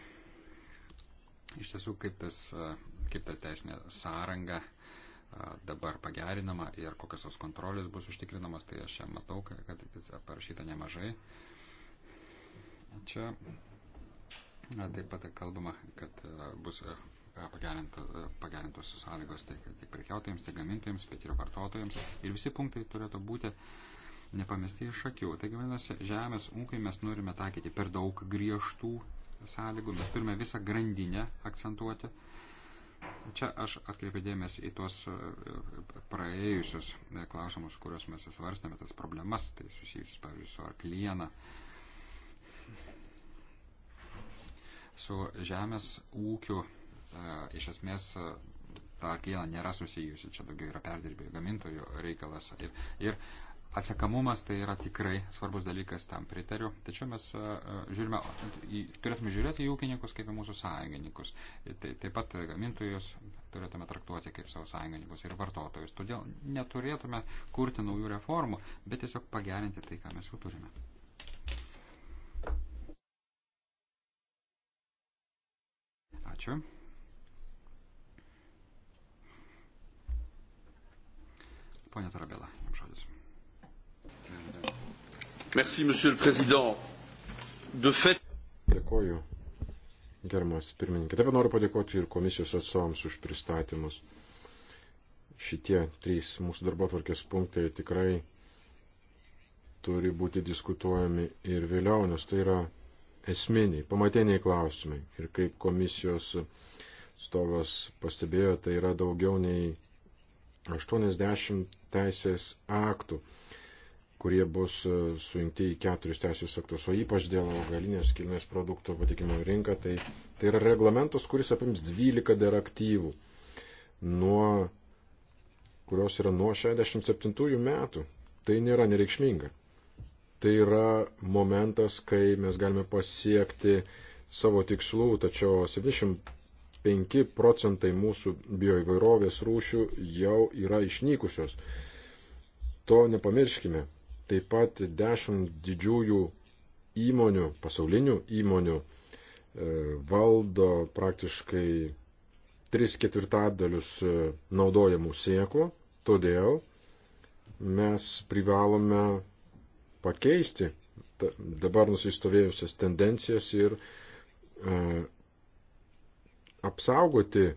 iš tiesų, kaip, tas, kaip ta teisinė sąranga uh, dabar pagerinama ir kokios tos kontrolės bus užtikrinamos, tai aš čia matau, kad parašyta nemažai. Čia taip pat kalbama, kad bus pagerintos sąlygos tiek, tiek prekiautojams, tiek gamintojams, bet ir vartotojams. Ir visi punktai turėtų būti nepamesti iš akių. Taigi, vadinasi, žemės ūkiai mes norime taikyti per daug griežtų sąlygų, mes turime visą grandinę akcentuoti. Uh, Čia aš atkreipiu dėmesį į tuos e, praėjusius e, klausimus, kuriuos mes svarstėme, tas problemas, tai susijusius, pavyzdžiui, su arklieną, su žemės ūkiu, e, iš esmės ta arklieną nėra susijusi, čia daugiau yra perdirbėjų gamintojų reikalas. Ir, ir Atsakamumas tai yra tikrai svarbus dalykas, tam pritariu. Tačiau mes e, e, žiūrime, turėtume žiūrėti į ūkininkus kaip į mūsų sąjungininkus. E, tai, taip pat gamintojus turėtume traktuoti kaip savo sąjungininkus ir vartotojus. Todėl neturėtume kurti naujų reformų, bet tiesiog pagerinti tai, ką mes jau turime. Ačiū. Pone Tarabela, jums žodis. Merci, monsieur le président. De fait. Dėkoju, gerbiamas pirmininkė. Taip pat noriu padėkoti ir komisijos atstovams už pristatymus. Šitie trys mūsų darbo tvarkės punktai tikrai turi būti diskutuojami ir vėliau, nes tai yra esminiai, pamatiniai klausimai. Ir kaip komisijos stovas pastebėjo, tai yra daugiau nei 80 teisės aktų kurie bus e, suimti į keturis teisės aktus, o ypač dėl augalinės kilmės produkto patikimo į rinką, tai, tai yra reglamentas, kuris apims 12 direktyvų, nuo, kurios yra nuo 67 metų. Tai nėra nereikšminga. Tai yra momentas, kai mes galime pasiekti savo tikslų, tačiau 75 procentai mūsų bioįvairovės rūšių jau yra išnykusios. To nepamirškime. Taip pat dešimt didžiųjų įmonių, pasaulinių įmonių e, valdo praktiškai tris ketvirtadalius e, naudojamų sėklų, todėl mes privalome pakeisti dabar nusistovėjusias tendencijas ir e, apsaugoti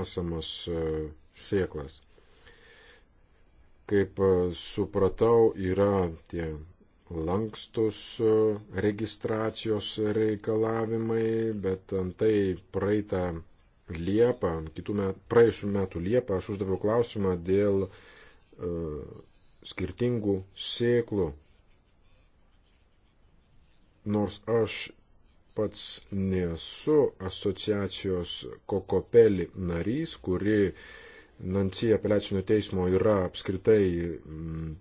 esamas sėklas kaip e, supratau, yra tie lankstus e, registracijos reikalavimai, bet antai praeitą Liepą, kitų met, praėjusių metų Liepą aš uždaviau klausimą dėl uh, skirtingų sėklų. Nors aš pats nesu asociacijos kokopelį narys, kuri uh, Nancy apeliacinio teismo yra apskritai mm,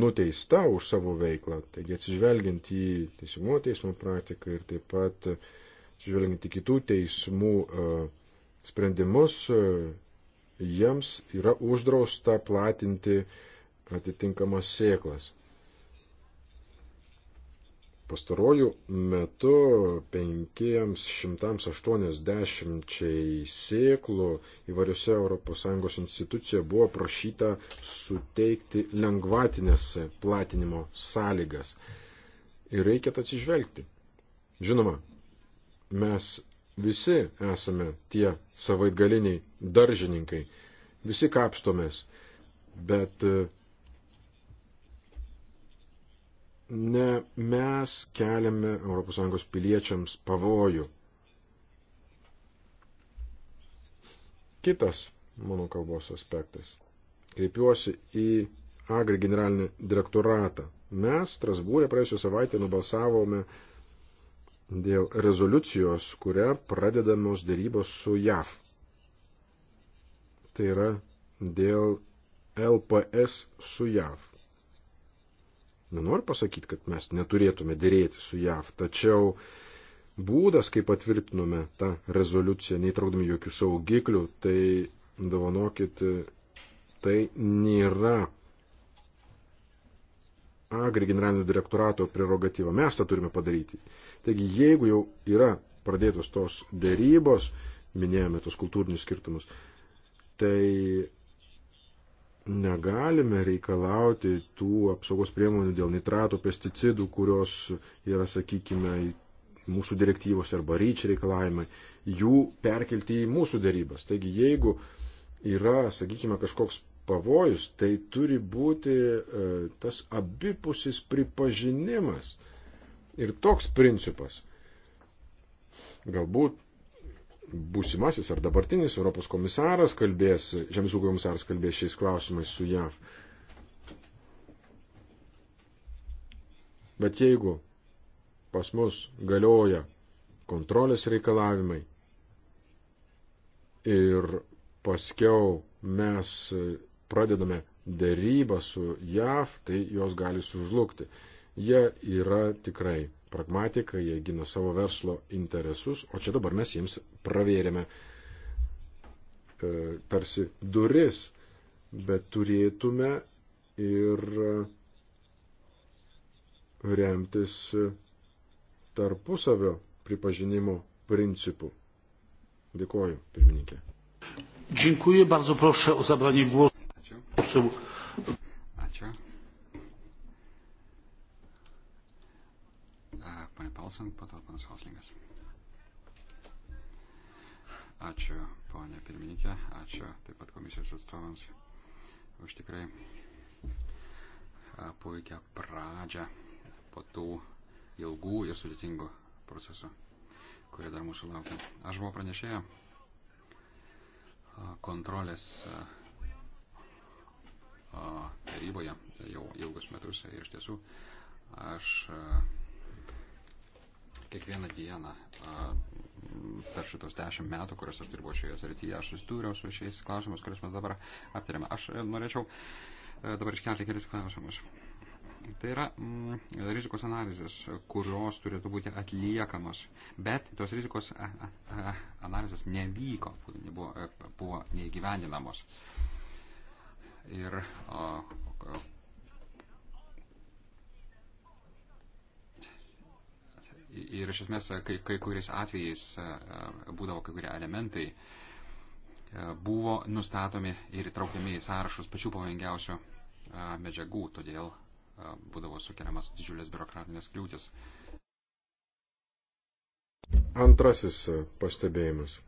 nuteista už savo veiklą, taigi atsižvelgiant į teisingumo teismo praktiką ir taip pat atsižvelgiant į kitų teismų e, sprendimus, e, jiems yra uždrausta platinti atitinkamas sėklas. Pastarojų metu 580 sėklų įvairiose ES institucijoje buvo prašyta suteikti lengvatinės platinimo sąlygas. Ir reikia atsižvelgti. Žinoma, mes visi esame tie savaitgaliniai daržininkai, visi kapstomės, bet Ne mes keliame ES piliečiams pavojų. Kitas mano kalbos aspektas. Kreipiuosi į Agri generalinį direktoratą. Mes Strasbūrė praėjusią savaitę nubalsavome dėl rezoliucijos, kuria pradedamos dėrybos su JAV. Tai yra dėl LPS su JAV. Nenoriu nu, pasakyti, kad mes neturėtume dėrėti su JAV, tačiau būdas, kaip patvirtinome tą rezoliuciją, neįtraukdami jokių saugiklių, tai davonokit, tai nėra agri generalinio direktorato prerogatyva. Mes tą turime padaryti. Taigi, jeigu jau yra pradėtos tos dėrybos, minėjome tos kultūrinius skirtumus, tai negalime reikalauti tų apsaugos priemonių dėl nitratų, pesticidų, kurios yra, sakykime, mūsų direktyvos arba ryč reikalavimai, jų perkelti į mūsų darybas. Taigi, jeigu yra, sakykime, kažkoks pavojus, tai turi būti e, tas abipusis pripažinimas ir toks principas. Galbūt būsimasis ar dabartinis Europos komisaras kalbės, Žemės ūkio komisaras kalbės šiais klausimais su JAV. Bet jeigu pas mus galioja kontrolės reikalavimai ir paskiau mes pradedame dėrybą su JAV, tai jos gali sužlugti. Jie yra tikrai pragmatikai, jie gina savo verslo interesus, o čia dabar mes jiems pravėrėme e, tarsi duris, bet turėtume ir remtis tarpusavio pripažinimo principu. Dėkoju, pirmininkė. Dziękuję, bardzo proszę o zabranie głosu. Ačiū. Ačiū. Pane Palsan, patalpanas Hoslingas. Ačiū, ponė pirmininkė, ačiū taip pat komisijos atstovams už tikrai puikią pradžią po tų ilgų ir sudėtingų procesų, kurie dar mūsų laukia. Aš buvau pranešėję kontrolės taryboje jau ilgus metus ir iš tiesų aš kiekvieną dieną per šitos dešimt metų, kuriuos aš dirbau šioje srityje, aš susidūriau su šiais klausimais, kuriuos mes dabar aptarėme. Aš e, norėčiau e, dabar iškelti kelis klausimus. Tai yra m, mm, rizikos analizės, kurios turėtų būti atliekamos, bet tos rizikos a, a, analizės nevyko, buvo, e, buvo neįgyvendinamos. Ir a, a, ir iš esmės kai, kai kuriais atvejais būdavo kai kurie elementai buvo nustatomi ir įtraukiami į sąrašus pačių pavojingiausių medžiagų, todėl būdavo sukeliamas didžiulės biurokratinės kliūtis. Antrasis pastebėjimas.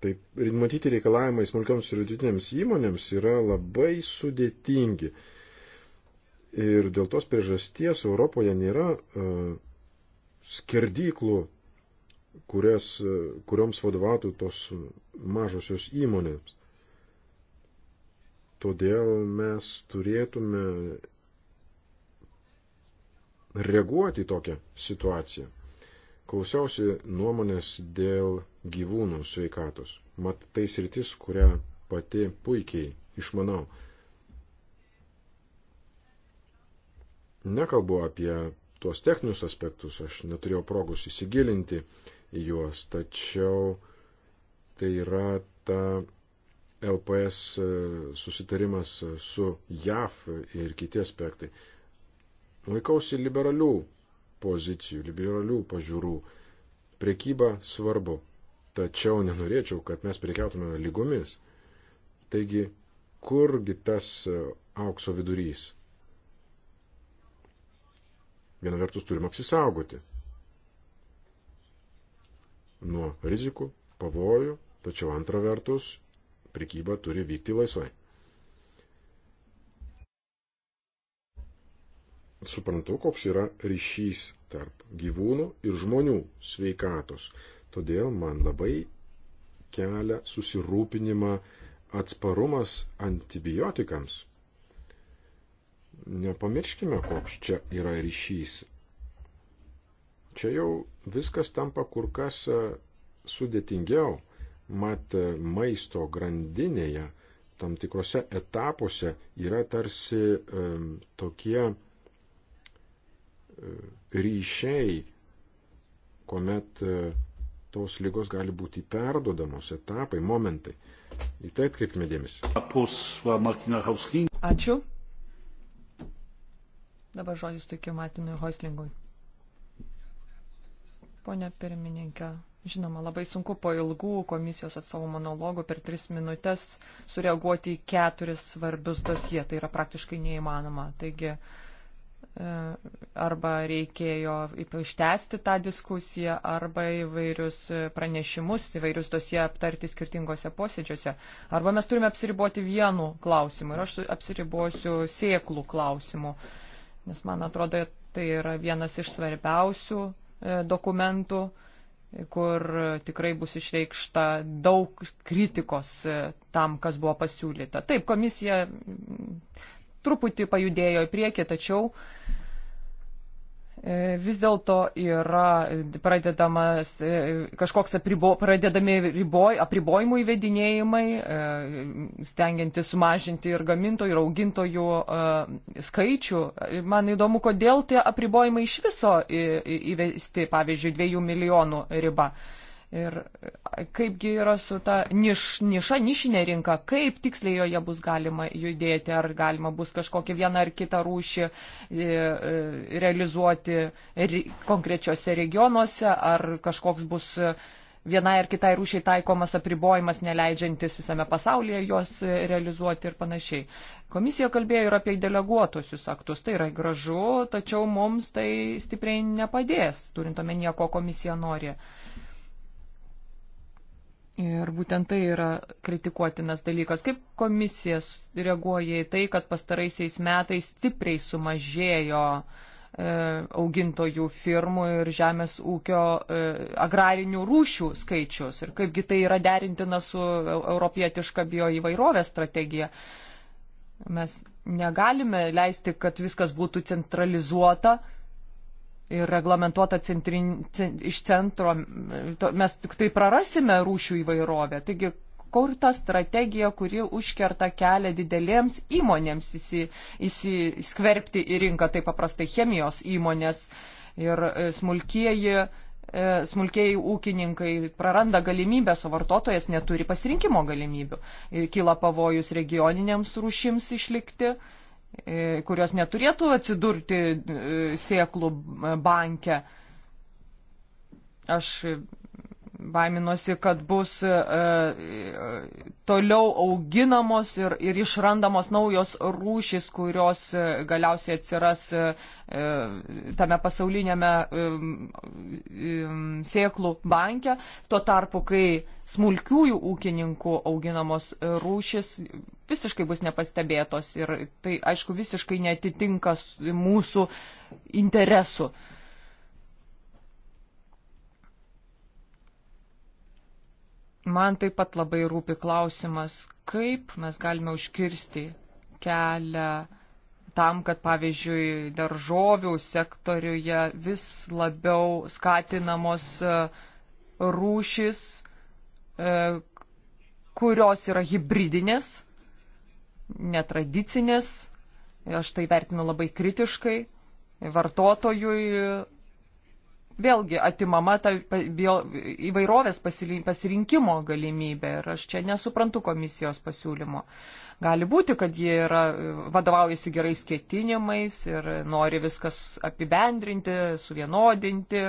Taip, matyti reikalavimai smulkioms ir vidutinėms įmonėms yra labai sudėtingi. Ir dėl tos priežasties Europoje nėra uh, skerdyklų, kurias, uh, kurioms vadovautų tos mažosios įmonėms. Todėl mes turėtume reaguoti į tokią situaciją. Klausiausi nuomonės dėl gyvūnų sveikatos. Mat tai sritis, kurią pati puikiai išmanau. Nekalbu apie tuos techninius aspektus, aš neturėjau progos įsigilinti į juos, tačiau tai yra ta LPS e, susitarimas su JAF ir kiti aspektai. Laikausi liberalių pozicijų, liberalių pažiūrų. Prekyba svarbu, tačiau nenorėčiau, kad mes prekiautume lygomis. Taigi, kurgi tas e, aukso vidurys? Viena vertus turim apsisaugoti nuo rizikų, pavojų, tačiau antra vertus prekyba turi vykti laisvai. suprantu, koks yra ryšys tarp gyvūnų ir žmonių sveikatos. Todėl man labai kelia susirūpinimą atsparumas antibiotikams. Nepamirškime, koks čia yra ryšys. Čia jau viskas tampa kur kas e, sudėtingiau, mat e, maisto grandinėje tam tikrose etapuose yra tarsi um, tokie ryšiai, kuomet e, tos lygos gali būti perdodamos etapai, momentai. Į tai atkreipkime dėmesį. Ačiū. Dabar žodis tokiu Martinui Hoislingui. Pone pirmininkė, žinoma, labai sunku po ilgų komisijos atstovų monologų per tris minutės sureaguoti į keturis svarbius dosie. Tai yra praktiškai neįmanoma. Taigi, uh, E, arba reikėjo ištesti tą diskusiją, arba įvairius pranešimus, įvairius dosie aptarti skirtingose posėdžiuose. Arba mes turime apsiriboti vienu klausimu ir aš apsiribuosiu sėklų klausimu, nes man atrodo, tai yra vienas iš svarbiausių e, dokumentų, kur tikrai bus išreikšta daug kritikos e, tam, kas buvo pasiūlyta. Taip, komisija truputį pajudėjo į priekį, tačiau e, vis dėlto yra pradedamas e, kažkoks apribo, pradedami riboj, apribojimų įvedinėjimai, e, stengianti sumažinti ir gamintojų, ir augintojų skaičių. Man įdomu, kodėl tie apribojimai iš viso įvesti, pavyzdžiui, dviejų milijonų riba. Ir e, kaipgi yra su ta niš, niša, nišinė rinka, kaip tiksliai joje bus galima judėti, ar galima bus kažkokią vieną ar kitą rūšį e, e, realizuoti konkrečiose regionuose, ar kažkoks bus vienai ar kitai rūšiai taikomas apribojimas, neleidžiantis visame pasaulyje jos realizuoti ir panašiai. Komisija kalbėjo ir apie deleguotusius aktus. Tai yra gražu, tačiau mums tai stipriai nepadės, turint omenyje, ko komisija nori. Ir būtent tai yra kritikuotinas dalykas. Kaip komisija reaguoja į tai, kad pastaraisiais metais stipriai sumažėjo e, augintojų firmų ir žemės ūkio e, agrarinių rūšių skaičius ir kaipgi tai yra derintina su europietiška bioįvairovės strategija. Mes negalime leisti, kad viskas būtų centralizuota, ir reglamentuota centrin, cent, iš centro, mes tik tai prarasime rūšių įvairovę. Taigi, kur ta strategija, kuri užkerta kelią didelėms įmonėms įsi, įsiskverbti į rinką, tai paprastai chemijos įmonės ir e, smulkieji, e, smulkieji ūkininkai praranda galimybę, o vartotojas neturi pasirinkimo galimybių. E, Kila pavojus regioninėms rūšims išlikti E, kurios neturėtų atsidurti e, sėklų e, banke. Aš baiminosi, kad bus toliau auginamos ir, ir išrandamos naujos rūšis, kurios galiausiai atsiras tame pasaulinėme sėklų banke. Tuo tarpu, kai smulkiųjų ūkininkų auginamos rūšis visiškai bus nepastebėtos ir tai, aišku, visiškai netitinka mūsų interesų. Man taip pat labai rūpi klausimas, kaip mes galime užkirsti kelią tam, kad pavyzdžiui daržovių sektoriuje vis labiau skatinamos e, rūšis, e, kurios yra hybridinės netradicinės, aš tai vertinu labai kritiškai, vartotojui vėlgi atimama ta įvairovės pasirinkimo galimybė ir aš čia nesuprantu komisijos pasiūlymo. Gali būti, kad jie yra, vadovaujasi gerais ketinimais ir nori viskas apibendrinti, suvienodinti,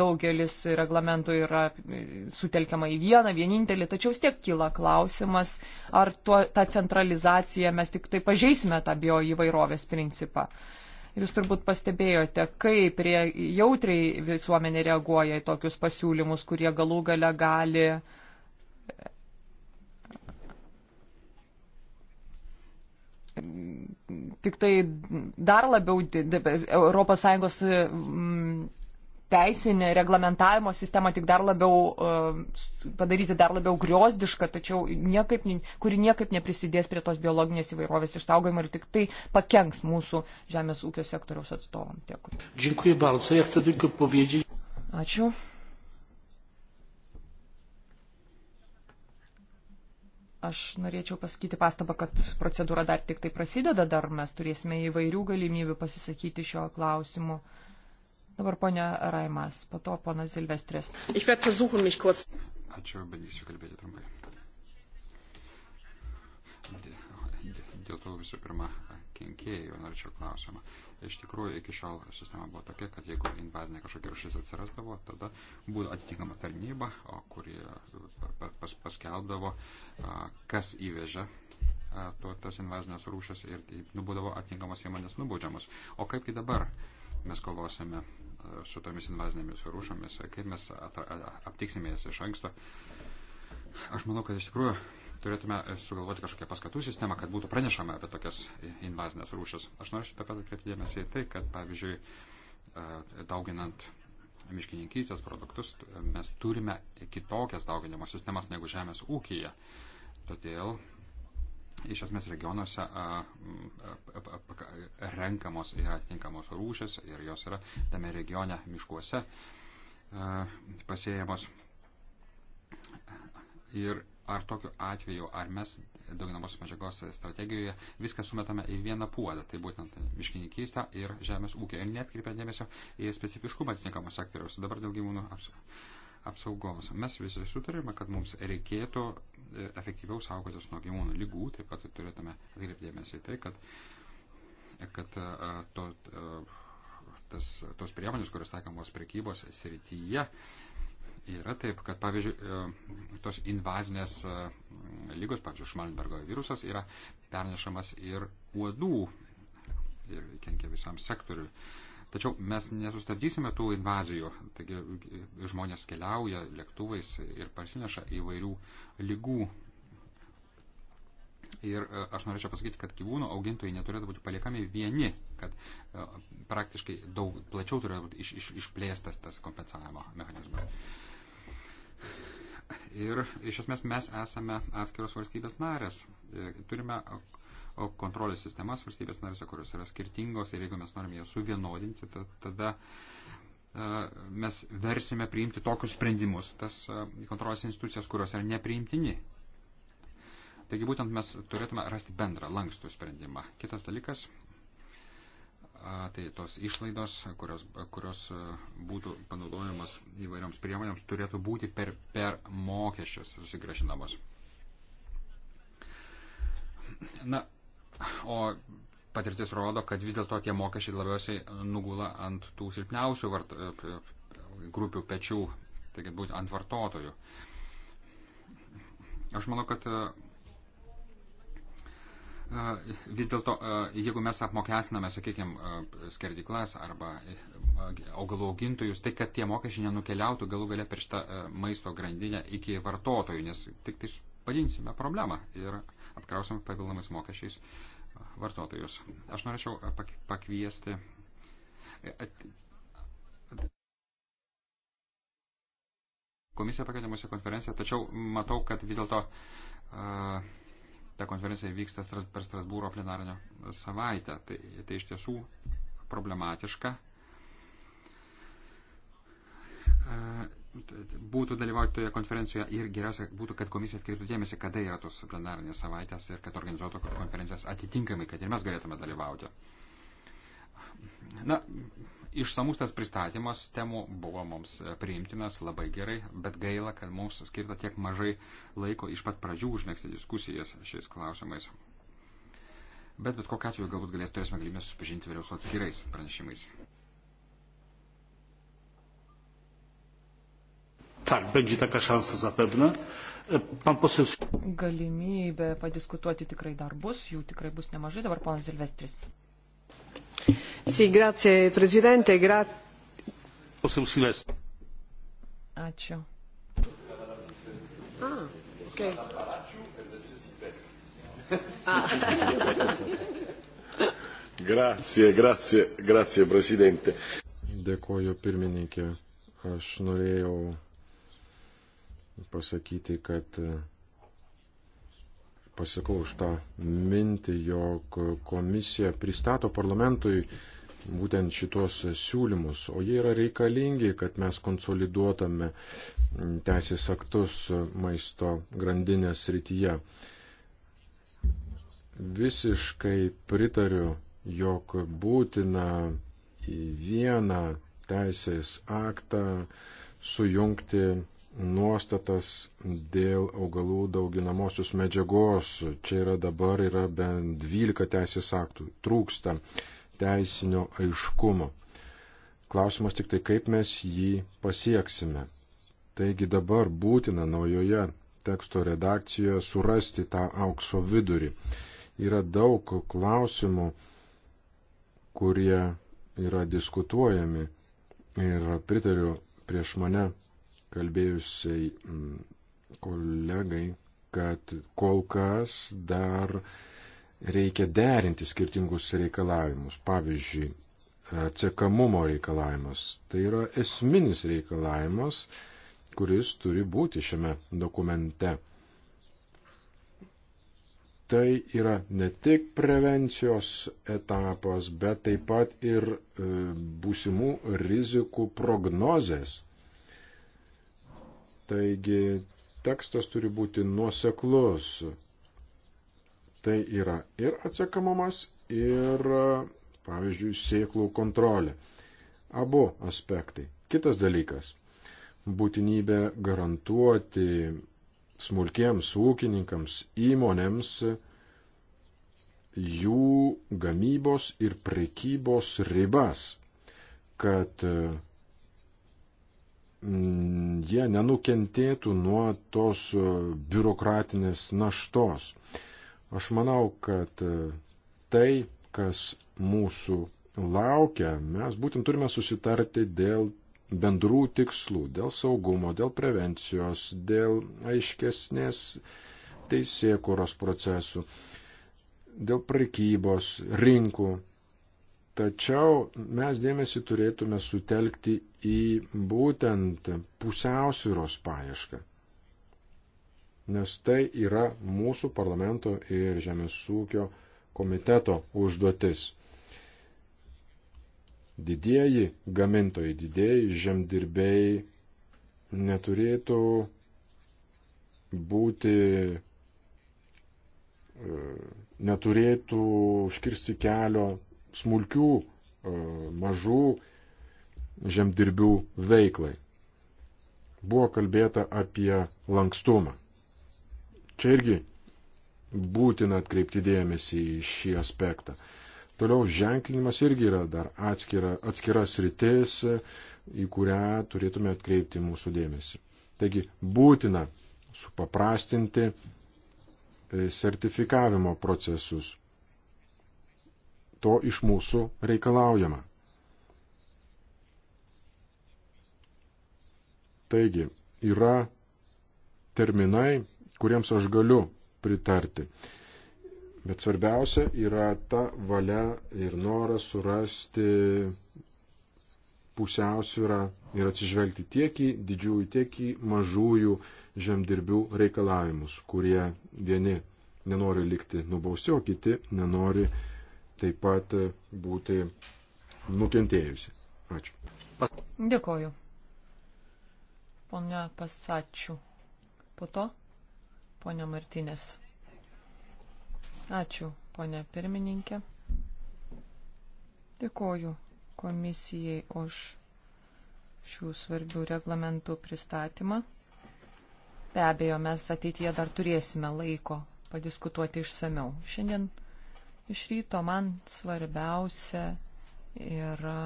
daugelis reglamentų yra sutelkiama į vieną, vienintelį, tačiau vis tiek kyla klausimas, ar tuo, tą centralizaciją mes tik tai pažeisime tą bio įvairovės principą. Jūs turbūt pastebėjote, kaip rie, jautriai visuomenė reaguoja į tokius pasiūlymus, kurie galų gale gali tik tai dar labiau ES teisinį reglamentavimo sistemą tik dar labiau e, padaryti dar labiau griozdišką, tačiau niekaip, kuri niekaip neprisidės prie tos biologinės įvairovės išsaugojimo ir tik tai pakenks mūsų žemės ūkio sektoriaus atstovam. Dėkui. Ačiū. Aš norėčiau pasakyti pastabą, kad procedūra dar tik tai prasideda, dar mes turėsime įvairių galimybių pasisakyti šio klausimu. Dabar ponia Raimas, po to ponas Silvestris. Ačiū, bandysiu kalbėti trumpai. Dėl to visų pirma, kenkėjų norėčiau klausimą. Iš tikrųjų, iki šiol sistema buvo tokia, kad jeigu invazinė kažkokia rušis atsirasdavo, tada būtų atitinkama tarnyba, kuri pas, paskelbdavo, kas įvežė to, tas invazinės rūšis ir nubūdavo atitinkamos įmonės nubaudžiamos. O kaipgi dabar mes kovosime su tomis invazinėmis rūšomis, kaip mes aptiksime jas iš anksto. Aš manau, kad iš tikrųjų turėtume sugalvoti kažkokią paskatų sistemą, kad būtų pranešama apie tokias invazinės rūšis. Aš noriu taip pat atkreipti dėmesį į tai, kad pavyzdžiui, dauginant miškininkystės produktus, mes turime kitokias dauginimo sistemas negu žemės ūkija. Todėl iš esmės regionuose renkamos yra atitinkamos rūšis ir jos yra tame regione miškuose pasėjamos. Ir ar tokiu atveju, ar mes dauginamos medžiagos strategijoje viską sumetame į vieną puodą, tai būtent miškininkystę ir žemės ūkį, ir netkreipiant dėmesio į specifiškumą atitinkamos sektoriaus. Dabar dėl gyvūnų apsaugos apsaugos. Mes visi sutarėme, kad mums reikėtų e, efektyviau saugotis nuo gyvūnų lygų, taip pat turėtume atkreipdėmėsi į tai, kad, kad e, to, e, tas, tos priemonės, kurios taikomos prekybos srityje, yra taip, kad pavyzdžiui, tos invazinės lygos, pavyzdžiui, Šmalbergo virusas yra pernešamas ir uodų ir kenkia visam sektoriui. Tačiau mes nesustabdysime tų invazijų. Taigi žmonės keliauja lėktuvais ir parsineša įvairių lygų. Ir e, aš norėčiau pasakyti, kad gyvūnų augintojai neturėtų būti paliekami vieni, kad e, praktiškai daug plačiau turėtų būti iš, iš, išplėstas tas kompensavimo mechanizmas. Ir iš esmės mes esame atskiros valstybės narės. E, turime kontrolės sistemas valstybės narėse, kurios yra skirtingos ir jeigu mes norime jas suvienodinti, tada e, mes versime priimti tokius sprendimus, tas e, kontrolės institucijas, kurios yra nepriimtini. Taigi būtent mes turėtume rasti bendrą lankstų sprendimą. Kitas dalykas, tai tos išlaidos, kurios, kurios e, būtų panaudojamos įvairioms priemonėms, turėtų būti per, per mokesčius susigražinamos. Na, O patirtis rodo, kad vis dėlto tie mokesčiai labiausiai nugula ant tų silpniausių vart, e, grupių pečių, taigi būtent ant vartotojų. Aš manau, kad e, e, vis dėlto, jeigu mes apmokestiname, sakykime, skerdiklas arba augalų augintojus, tai kad tie mokesčiai nenukeliautų galų gale per šitą maisto grandinę iki vartotojų, nes tik tai padidinsime problemą ir apkrausime papildomais mokesčiais vartotojus. Aš norėčiau pakviesti. Komisija pakėlėmusi konferenciją, tačiau matau, kad vis dėlto uh, ta konferencija vyksta per Strasbūro plenarinę savaitę. Tai, tai iš tiesų problematiška. Uh, būtų dalyvauti toje konferencijoje ir geriausia būtų, kad komisija atkreiptų dėmesį, kada yra tos plenarinės savaitės ir kad organizuotų konferencijas atitinkamai, kad ir mes galėtume dalyvauti. Na, išsamus tas pristatymas temų buvo mums priimtinas labai gerai, bet gaila, kad mums skirta tiek mažai laiko iš pat pradžių užmėgsti diskusijas šiais klausimais. Bet bet kokiu atveju galbūt galės turėsime galimybę susipažinti vėliau su atskirais pranešimais. Tak, będzie taka szansa zapewne. E, pan poseł. Galimybė padiskutuoti tikrai dar bus, jų tikrai bus nemažai. Dabar ponas Silvestris. Sì, grazie Presidente, grazie. Poseł Silvestri. Ačiū. Ah, okay. ah. [laughs] grazie, grazie, grazie Presidente. Dėkoju pirmininkė. Aš norėjau pasakyti, kad e, pasakau už tą mintį, jog komisija pristato parlamentui būtent šitos siūlymus, o jie yra reikalingi, kad mes konsoliduotame teisės aktus maisto grandinės rytyje. Visiškai pritariu, jog būtina į vieną teisės aktą sujungti nuostatas dėl augalų dauginamosios medžiagos. Čia yra dabar yra bent 12 teisės aktų. Trūksta teisinio aiškumo. Klausimas tik tai, kaip mes jį pasieksime. Taigi dabar būtina naujoje teksto redakcijoje surasti tą aukso vidurį. Yra daug klausimų, kurie yra diskutuojami ir pritariu prieš mane kalbėjusiai mm, kolegai, kad kol kas dar reikia derinti skirtingus reikalavimus. Pavyzdžiui, atsiekamumo reikalavimas. Tai yra esminis reikalavimas, kuris turi būti šiame dokumente. Tai yra ne tik prevencijos etapas, bet taip pat ir e, būsimų rizikų prognozės Taigi tekstas turi būti nuoseklus. Tai yra ir atsekamumas, ir, pavyzdžiui, sėklų kontrolė. Abu aspektai. Kitas dalykas - būtinybė garantuoti smulkiems ūkininkams, įmonėms jų gamybos ir prekybos ribas, kad Mm, jie nenukentėtų nuo tos e, biurokratinės naštos. Aš manau, kad e, tai, kas mūsų laukia, mes būtent turime susitarti dėl bendrų tikslų, dėl saugumo, dėl prevencijos, dėl aiškesnės teisėkuros procesų, dėl prekybos, rinkų Tačiau mes dėmesį turėtume sutelkti į būtent pusiausvyros paiešką. Nes tai yra mūsų parlamento ir žemės ūkio komiteto užduotis. Didieji gamintojai, didieji žemdirbėjai neturėtų būti, e, neturėtų užkirsti kelio smulkių, e, mažų žemdirbių veiklai. Buvo kalbėta apie lankstumą. Čia irgi būtina atkreipti dėmesį į šį aspektą. Toliau ženklinimas irgi yra dar atskira, atskira sritis, į kurią turėtume atkreipti mūsų dėmesį. Taigi būtina supaprastinti e, sertifikavimo procesus to iš mūsų reikalaujama. Taigi, yra terminai, kuriems aš galiu pritarti. Bet svarbiausia yra ta valia ir noras surasti pusiausvyrą ir atsižvelgti tiek į didžiųjų, tiek į mažųjų žemdirbių reikalavimus, kurie vieni nenori likti nubausti, o kiti nenori taip pat e, būti nukentėjusi. Ačiū. Dėkoju. Pone Pasačių. Po to, ponia Martinės. Ačiū, ponia pirmininkė. Dėkoju komisijai už šių svarbių reglamentų pristatymą. Be abejo, mes ateityje dar turėsime laiko padiskutuoti išsameu. Šiandien Iš ryto man svarbiausia yra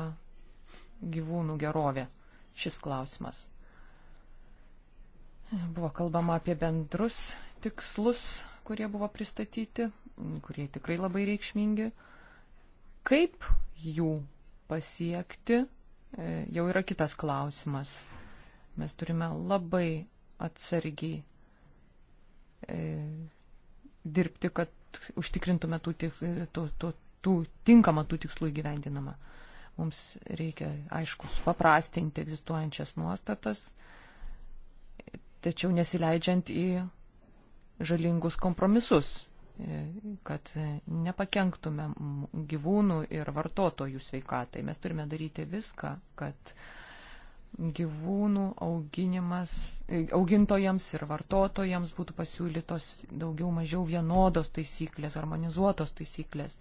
gyvūnų gerovė šis klausimas. Buvo kalbama apie bendrus tikslus, kurie buvo pristatyti, kurie tikrai labai reikšmingi. Kaip jų pasiekti, e, jau yra kitas klausimas. Mes turime labai atsargiai e, dirbti, kad užtikrintume tų, tų, tų, tų tinkamą tų tikslų įgyvendinamą. Mums reikia, aišku, supaprastinti egzistuojančias nuostatas, tačiau nesileidžiant į žalingus kompromisus, kad nepakenktume gyvūnų ir vartotojų sveikatai. Mes turime daryti viską, kad uh, gyvūnų auginimas, e, augintojams ir vartotojams būtų pasiūlytos daugiau mažiau vienodos taisyklės, harmonizuotos taisyklės.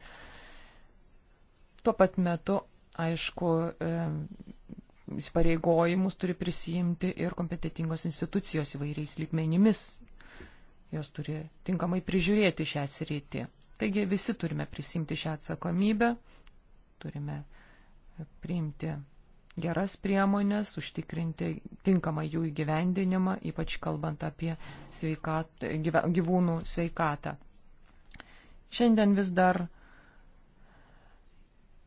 Tuo pat metu, aišku, e, įsipareigojimus turi prisijimti ir kompetitingos institucijos įvairiais lygmenimis. Jos turi tinkamai prižiūrėti šią sritį. Taigi visi turime prisimti šią atsakomybę, turime priimti geras priemonės, užtikrinti tinkamą jų įgyvendinimą, ypač kalbant apie sveikat, gyvūnų sveikatą. Šiandien vis dar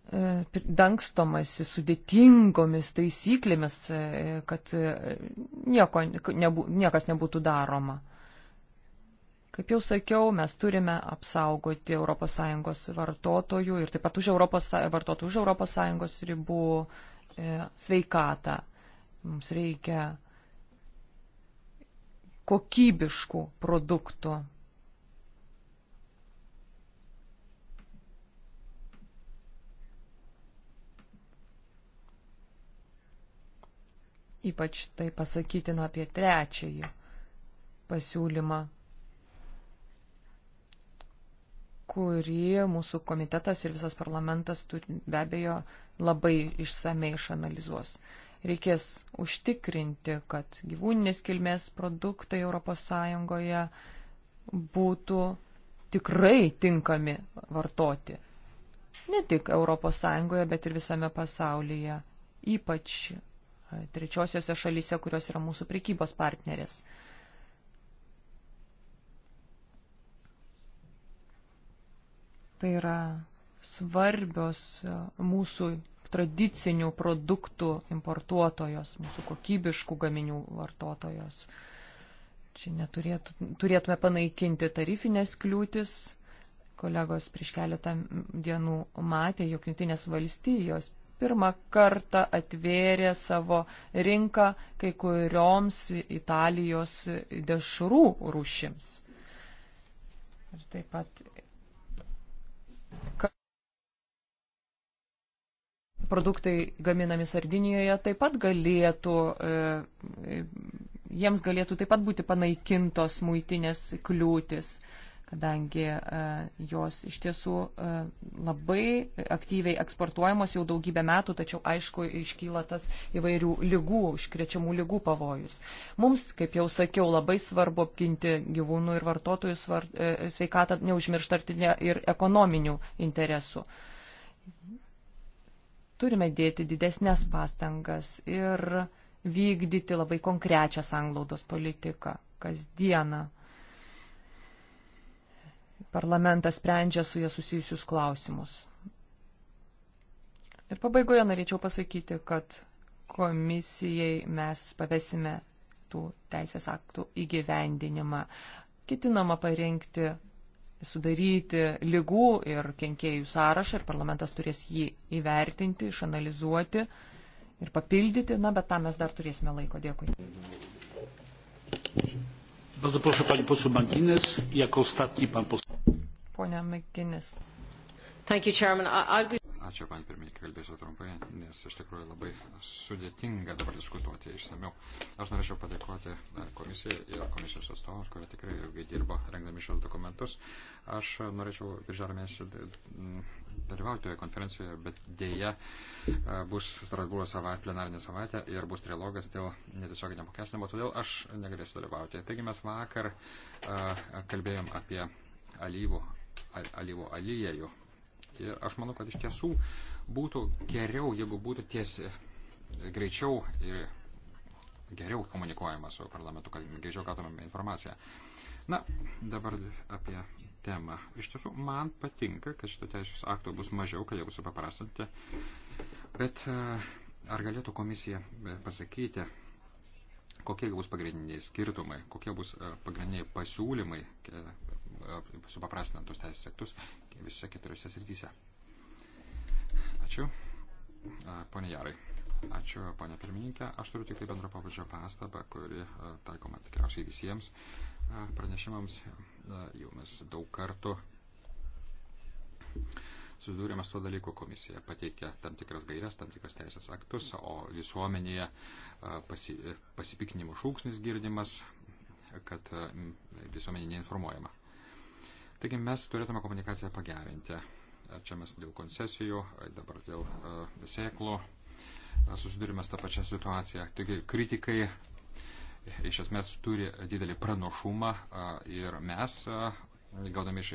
e, dangstomasi sudėtingomis taisyklėmis, e, kad e, nieko, nebū, niekas nebūtų daroma. Kaip jau sakiau, mes turime apsaugoti ES vartotojų ir taip pat už Europos, vartotojų už ES ribų E, sveikatą. Mums reikia kokybiškų produktų. Ypač tai pasakytina apie trečiąjį pasiūlymą. kurį mūsų komitetas ir visas parlamentas be abejo labai išsamei išanalizuos. Reikės užtikrinti, kad gyvūninės kilmės produktai ES būtų tikrai tinkami vartoti. Ne tik ES, bet ir visame pasaulyje, ypač e, trečiosiose šalyse, kurios yra mūsų prekybos partnerės. Tai yra svarbios mūsų tradicinių produktų importuotojos, mūsų kokybiškų gaminių vartotojos. Čia neturėtų, turėtume panaikinti tarifinės kliūtis. Kolegos prieš keletą dienų matė, jog Junktinės valstijos pirmą kartą atvėrė savo rinką kai kurioms Italijos dešrų rūšims. Ir taip pat produktai gaminami Sardinijoje taip pat galėtų, e, jiems galėtų taip pat būti panaikintos muitinės kliūtis, kadangi e, jos iš tiesų e, labai aktyviai eksportuojamos jau daugybę metų, tačiau aišku iškyla tas įvairių lygų, užkrečiamų lygų pavojus. Mums, kaip jau sakiau, labai svarbu apginti gyvūnų ir vartotojų svar, sveikatą, neužmirštartinę ir ekonominių interesų turime dėti didesnės pastangas ir vykdyti labai konkrečią sanglaudos politiką kasdieną. Parlamentas sprendžia su jie susijusius klausimus. Ir pabaigoje norėčiau pasakyti, kad komisijai mes pavesime tų teisės aktų įgyvendinimą. Ketinama parengti sudaryti lygų ir kenkėjų sąrašą ir parlamentas turės jį įvertinti, išanalizuoti ir papildyti, na, bet tam mes dar turėsime laiko. Dėkui. Bardzo proszę pani poseł Mankines, jako ostatni pan poseł. Ponia Mankines. Thank you, Chairman. I'll be... Ačiū, man pirmininkai, kalbėsiu trumpai, nes iš tikrųjų labai sudėtinga dabar diskutuoti išsameu. Aš norėčiau padėkoti e, komisijai ir komisijos atstovams, kurie tikrai ilgai dirbo rengdami šios dokumentus. Aš norėčiau birželio mėnesį dalyvauti toje konferencijoje, bet dėja e, bus Strasbūro savaitė, plenarinė savaitė ir bus trilogas dėl netiesioginio apmokestinimo, todėl aš negalėsiu dalyvauti. Taigi mes vakar e, kalbėjom apie alyvų, alyvų aliejų Ir e, aš manau, kad iš tiesų būtų geriau, jeigu būtų tiesi e, greičiau ir geriau komunikuojama su parlamentu, kad greičiau gautumėm informaciją. Na, dabar apie temą. Iš tiesų, man patinka, kad šito teisės akto bus mažiau, kad jie bus supaprastinti. Bet e, ar galėtų komisija pasakyti, kokie bus pagrindiniai skirtumai, kokie bus pagrindiniai pasiūlymai E, supaprastinant tos teisės aktus visose keturiose srityse. Ačiū. E, pone Jarai. Ačiū, ponė pirmininkė. Aš turiu tik tai bendro pabudžio pastabą, kuri e, taikoma tikriausiai visiems pranešimams. Jau mes daug kartų susidūrėme su to dalyku. Komisija pateikė tam tikras gairias, tam tikras teisės aktus, o visuomenėje pasi, pasipiknimo šūksnis girdimas, kad visuomenė neinformuojama. Taigi mes turėtume komunikaciją pagerinti. Čia mes dėl koncesijų, dabar dėl uh, e, sėklų e, susidurime tą pačią situaciją. Taigi kritikai e, iš esmės turi didelį pranašumą ir mes, gaudami iš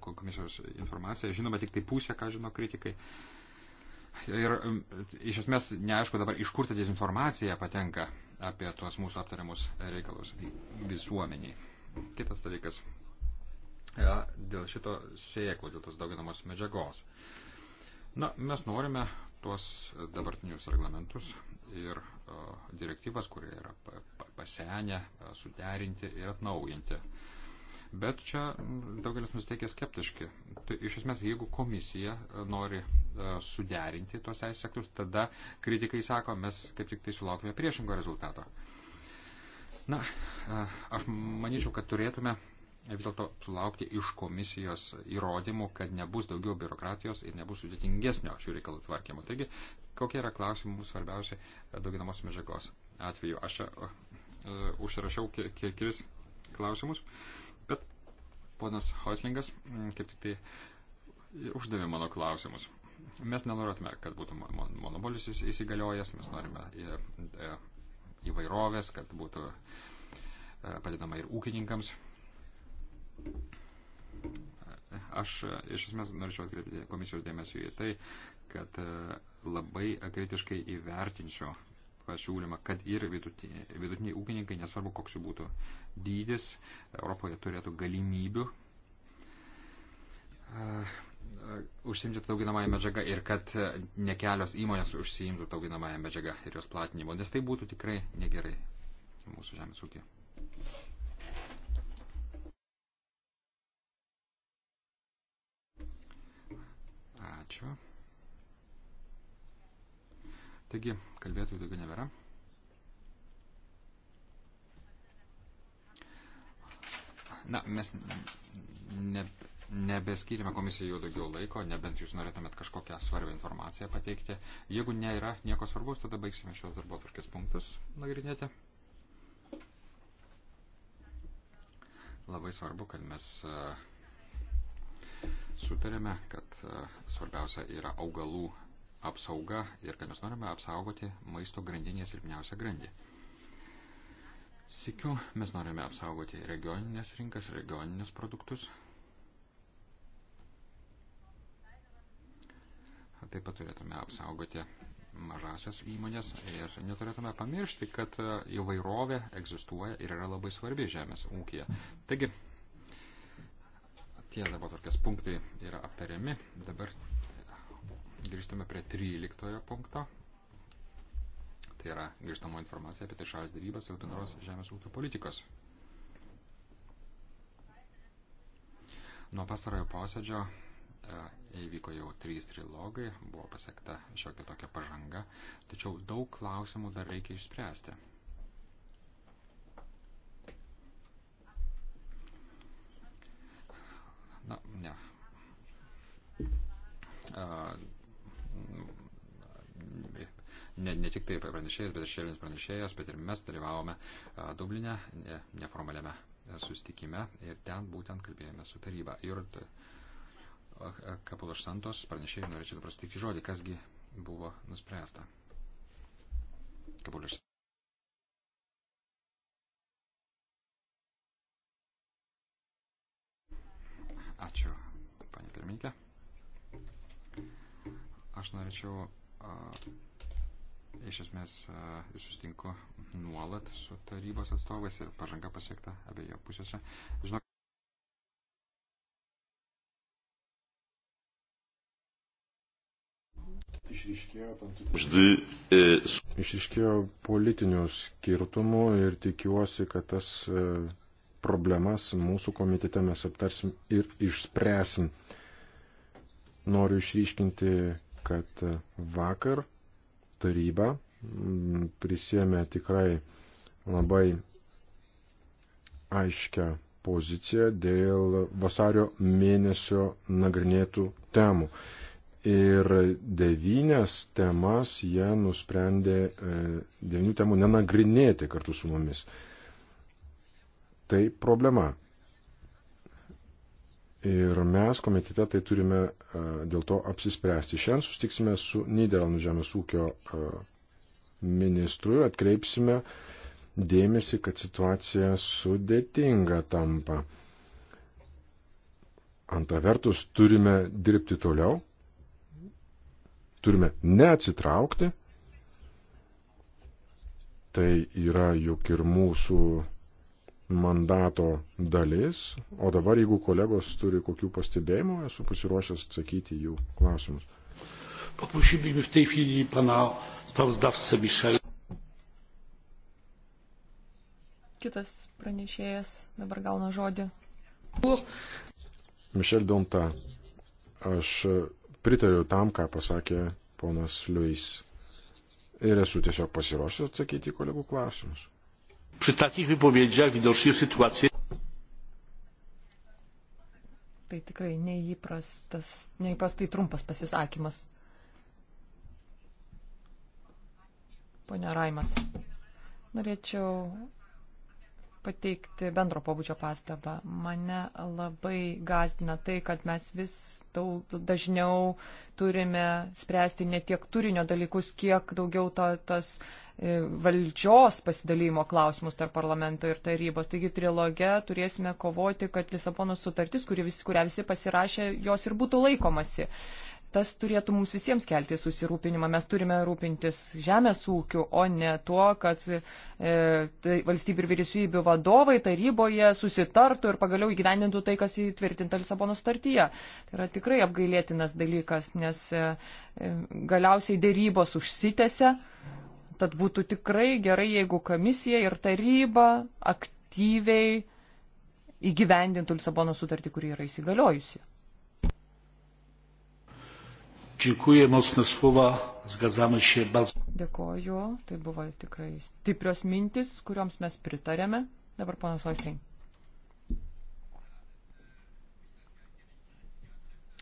komisijos informaciją, žinome tik tai pusę, ką žino kritikai. Ir iš esmės neaišku dabar, iš kur ta dezinformacija patenka apie tuos mūsų aptariamus reikalus visuomeniai. Kitas dalykas dėl šito sėklų, dėl tos dauginamos medžiagos. Na, mes norime tuos dabartinius reglamentus ir direktyvas, kurie yra pasenę, e, suderinti ir atnaujinti. Bet čia daugelis nusiteikia skeptiški. Tai iš esmės, jeigu komisija e, nori e, suderinti tuos teisės aktus, tada kritikai sako, mes kaip tik tai sulaukime priešingo rezultato. Na, aš manyčiau, kad turėtume vis dėlto sulaukti iš komisijos įrodymų, kad nebus daugiau biurokratijos ir nebus sudėtingesnio šių reikalų tvarkymo. Taigi, kokie yra klausimai mums svarbiausia dauginamos medžiagos atveju? Aš čia e, uh, užsirašiau kelis klausimus, bet ponas Hoslingas mm, kaip tik tai e, uždavė mano klausimus. Mes nenorėtume, kad būtų monopolis įsigaliojęs, mes norime e, įvairovės, kad būtų padedama ir ūkininkams, Aš e, iš esmės norėčiau atkreipti komisijos dėmesį į tai, kad e, labai kritiškai įvertinčiau pasiūlymą, kad ir vidutiniai, vidutiniai ūkininkai, nesvarbu koks jų būtų dydis, Europoje turėtų galimybių uh, e, užsimti tauginamąją medžiagą ir kad ne kelios įmonės užsiimtų tauginamąją medžiagą ir jos platinimu, nes tai būtų tikrai negerai mūsų žemės ūkiai. Ačiū. Taigi, kalbėtojų daugiau nebėra. Na, mes ne, nebeskyrime komisijai jau daugiau laiko, nebent jūs norėtumėt kažkokią svarbią informaciją pateikti. Jeigu nėra nieko svarbus, tada baigsime šios darbo tvarkės punktus nagrinėti. Labai svarbu, kad mes uh, sutarėme, kad e, svarbiausia yra augalų apsauga ir kad mes norime apsaugoti maisto grandinės silpniausią grandį. Sikiu, mes norime apsaugoti regioninės rinkas, regioninius produktus. Taip pat turėtume apsaugoti mažasias įmonės ir neturėtume pamiršti, kad e, įvairovė egzistuoja ir yra labai svarbi žemės ūkija. Taigi, tie dabar tokias punktai yra aptariami. Dabar grįžtame prie 13 punkto. Tai yra grįžtamo informacija apie tai šalis darybas dėl bendros žemės ūkio politikos. Nuo pastarojo posėdžio e, įvyko jau trys trilogai, buvo pasiekta šiokia tokia pažanga, tačiau daug klausimų dar reikia išspręsti. Na, ne. A, ne, ne tik tai pranešėjas, bet ir šėlinis pranešėjas, bet ir mes dalyvavome Dublinė ne, neformaliame susitikime ir ten būtent kalbėjome su taryba. Ir Kapulas Santos pranešėjai norėčiau dabar sutikti žodį, kasgi buvo nuspręsta. Kapulas. Ačiū, panė pirmininkė. Aš norėčiau, uh, iš esmės, uh, sustinku nuolat su tarybos atstovais ir pažanga pasiekta abiejo pusėse. Žinok, Išriškėjo, e, Išriškėjo politinių skirtumų ir tikiuosi, kad tas uh, problemas mūsų komitete mes aptarsim ir išspręsim. Noriu išryškinti, kad vakar taryba mm, prisėmė tikrai labai aiškę poziciją dėl vasario mėnesio nagrinėtų temų. Ir devynias temas jie nusprendė, e, devynių temų nenagrinėti kartu su mumis tai problema. Ir mes komitete tai turime dėl to apsispręsti. Šiandien sustiksime su Niderlandų žemės ūkio ministru ir atkreipsime dėmesį, kad situacija sudėtinga tampa. Antra vertus, turime dirbti toliau, turime neatsitraukti. Tai yra juk ir mūsų mandato dalis, o dabar jeigu kolegos turi kokių pastebėjimų, esu pasiruošęs atsakyti jų klausimus. Paprašydami v tej chwili pana sprawozdawcę Mišelę. Kitas pranešėjas dabar gauna žodį. Mišel Donta, aš pritariu tam, ką pasakė ponas Liuis. Ir esu tiesiog pasiruošęs atsakyti kolegų klausimus. Przy takich wypowiedziach widocznie sytuacja. Tai tikrai neįprastas, neįprastai trumpas pasisakymas. Pone Raimas, norėčiau pateikti bendro pobūdžio pastabą. Mane labai gazdina tai, kad mes vis daug, dažniau turime spręsti ne tiek turinio dalykus, kiek daugiau to, tos E, valdžios pasidalymo klausimus tarp parlamento ir tarybos. Taigi triloge turėsime kovoti, kad Lisabonos sutartis, kuri visi, kurią visi pasirašė, jos ir būtų laikomasi. Tas turėtų mums visiems kelti susirūpinimą. Mes turime rūpintis žemės ūkiu, o ne tuo, kad e, tai valstybių ir vyriausybių vadovai taryboje susitartų ir pagaliau įgyvendintų tai, kas įtvirtinta Lisabono startyje. Tai yra tikrai apgailėtinas dalykas, nes e, e galiausiai dėrybos užsitęsia. E, Tad būtų tikrai gerai, jeigu komisija ir taryba aktyviai įgyvendintų Lisabono sutartį, kuri yra įsigaliojusi. Dziękuję, mocne słowa, zgadzamy się bardzo. Dėkoju, tai buvo tikrai stiprios mintis, kurioms mes pritarėme. Dabar ponas Oisling.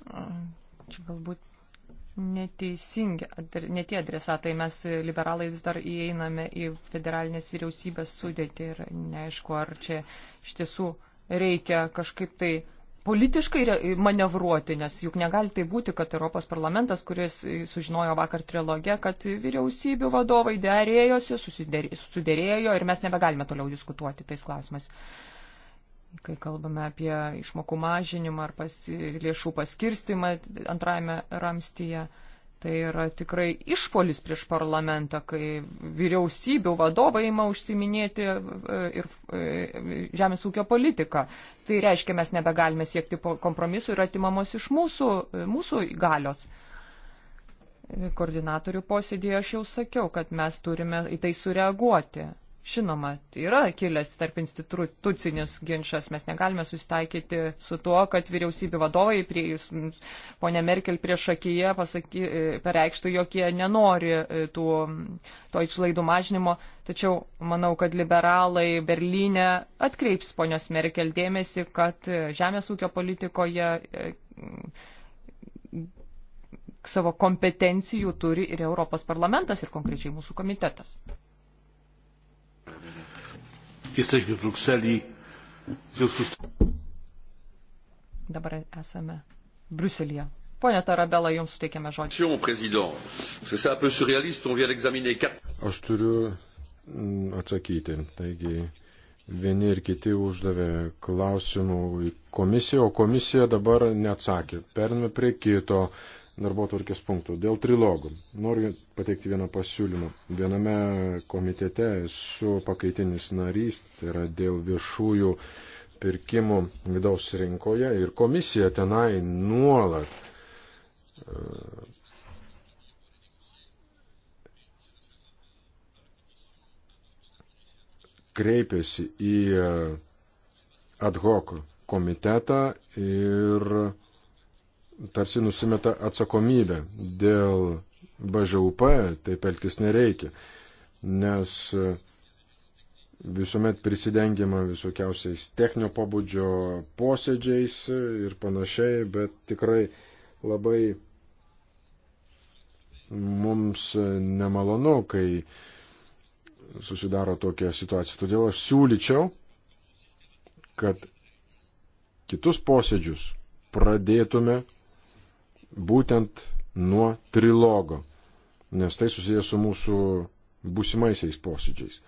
Čia galbūt neteisingi, netie adresatai. Mes liberalai vis dar įeiname į federalinės vyriausybės sudėtį ir neaišku, ar čia iš tiesų reikia kažkaip tai politiškai manevruoti, nes juk negali tai būti, kad Europos parlamentas, kuris sužinojo vakar trilogę, kad vyriausybių vadovai dėrėjosi, susidėrėjo ir mes nebegalime toliau diskutuoti tais klausimais. Uh, kai kalbame apie išmokų mažinimą ar pas, lėšų paskirstimą antrajame ramstyje. Tai yra tikrai išpolis prieš parlamentą, kai vyriausybių vadovai ima užsiminėti e, ir e, žemės ūkio politiką. Tai reiškia, mes nebegalime siekti kompromisų ir atimamos iš mūsų, e, mūsų galios koordinatorių posėdėje aš jau sakiau, kad mes turime į tai sureaguoti. Žinoma, yra kilęs tarp institucinis ginčas, mes negalime susitaikyti su tuo, kad vyriausybių vadovai, prie, ponė Merkel prieš akiją pasaky, e, pareikštų, jog jie nenori e, tų, to išlaidų mažinimo, tačiau manau, kad liberalai Berlyne atkreips ponios Merkel dėmesį, kad e, žemės ūkio politikoje savo kompetencijų turi ir Europos parlamentas ir konkrečiai mūsų komitetas. Jesteśmy w Brukseli. W związku z Dabar esame Bruselėje. Pone Tarabela, jums suteikiame žodį. Aš turiu mm, atsakyti. Taigi, vieni ir kiti uždavė klausimų į komisiją, o komisija dabar neatsakė. Perėmė prie kito darbo tvarkės punktų. Dėl trilogų. Noriu pateikti vieną pasiūlymą. Viename komitete esu pakaitinis narys, tai yra dėl viešųjų pirkimų vidaus rinkoje ir komisija tenai nuolat e, kreipėsi į e, ad hoc komitetą ir tarsi nusimeta atsakomybę dėl BŽUP, taip elgtis nereikia, nes e, visuomet prisidengiama visokiausiais techninio pobūdžio posėdžiais ir panašiai, bet tikrai labai mums nemalonu, kai susidaro tokia situacija. Todėl aš siūlyčiau, kad kitus posėdžius pradėtume būtent nuo trilogo, nes tai susijęs su mūsų būsimaisiais posėdžiais.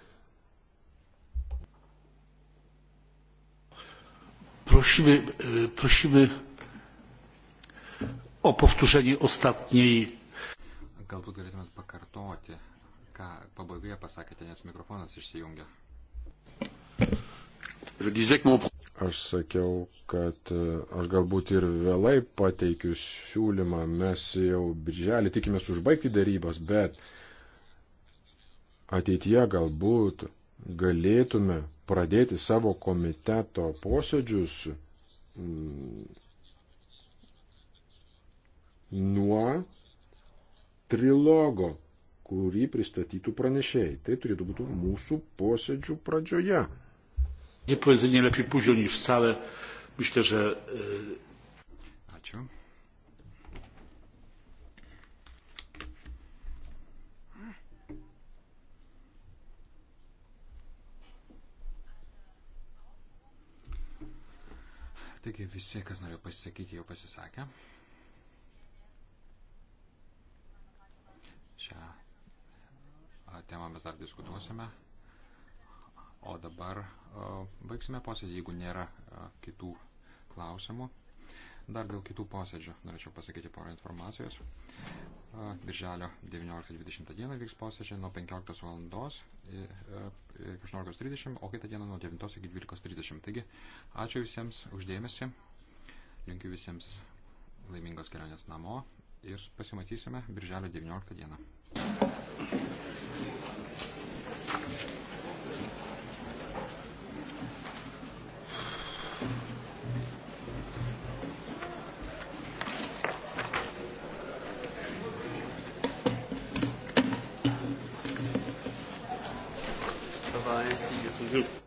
Prosimy, prosimy o powtórzenie ostatniej. Galbūt galėtumėt pakartoti, ką pabaigoje pasakėte, nes mikrofonas išsijungia. Je disais que mon aš sakiau, kad e, aš galbūt ir vėlai pateikiu siūlymą, mes jau birželį tikimės užbaigti darybas, bet ateityje galbūt galėtume pradėti savo komiteto posėdžius mm, nuo trilogo, kurį pristatytų pranešėjai. Tai turėtų būti mūsų posėdžių pradžioje. Powiedzenie lepiej późno niż wcale. Myślę, że. E, Ačiū. Taigi visi, kas norėjo pasisakyti, jau pasisakė. Šią e, temą mes dar diskutuosime. O dabar baigsime posėdį, jeigu nėra kitų klausimų. Dar dėl kitų posėdžių norėčiau pasakyti porą informacijos. Birželio 19-20 dieną vyks posėdžiai nuo 15 valandos e, iki 18.30, o kitą dieną nuo 9 iki 12.30. Taigi, ačiū visiems uždėmesi, linkiu visiems laimingos kelionės namo ir pasimatysime Birželio 19 dieną. 2003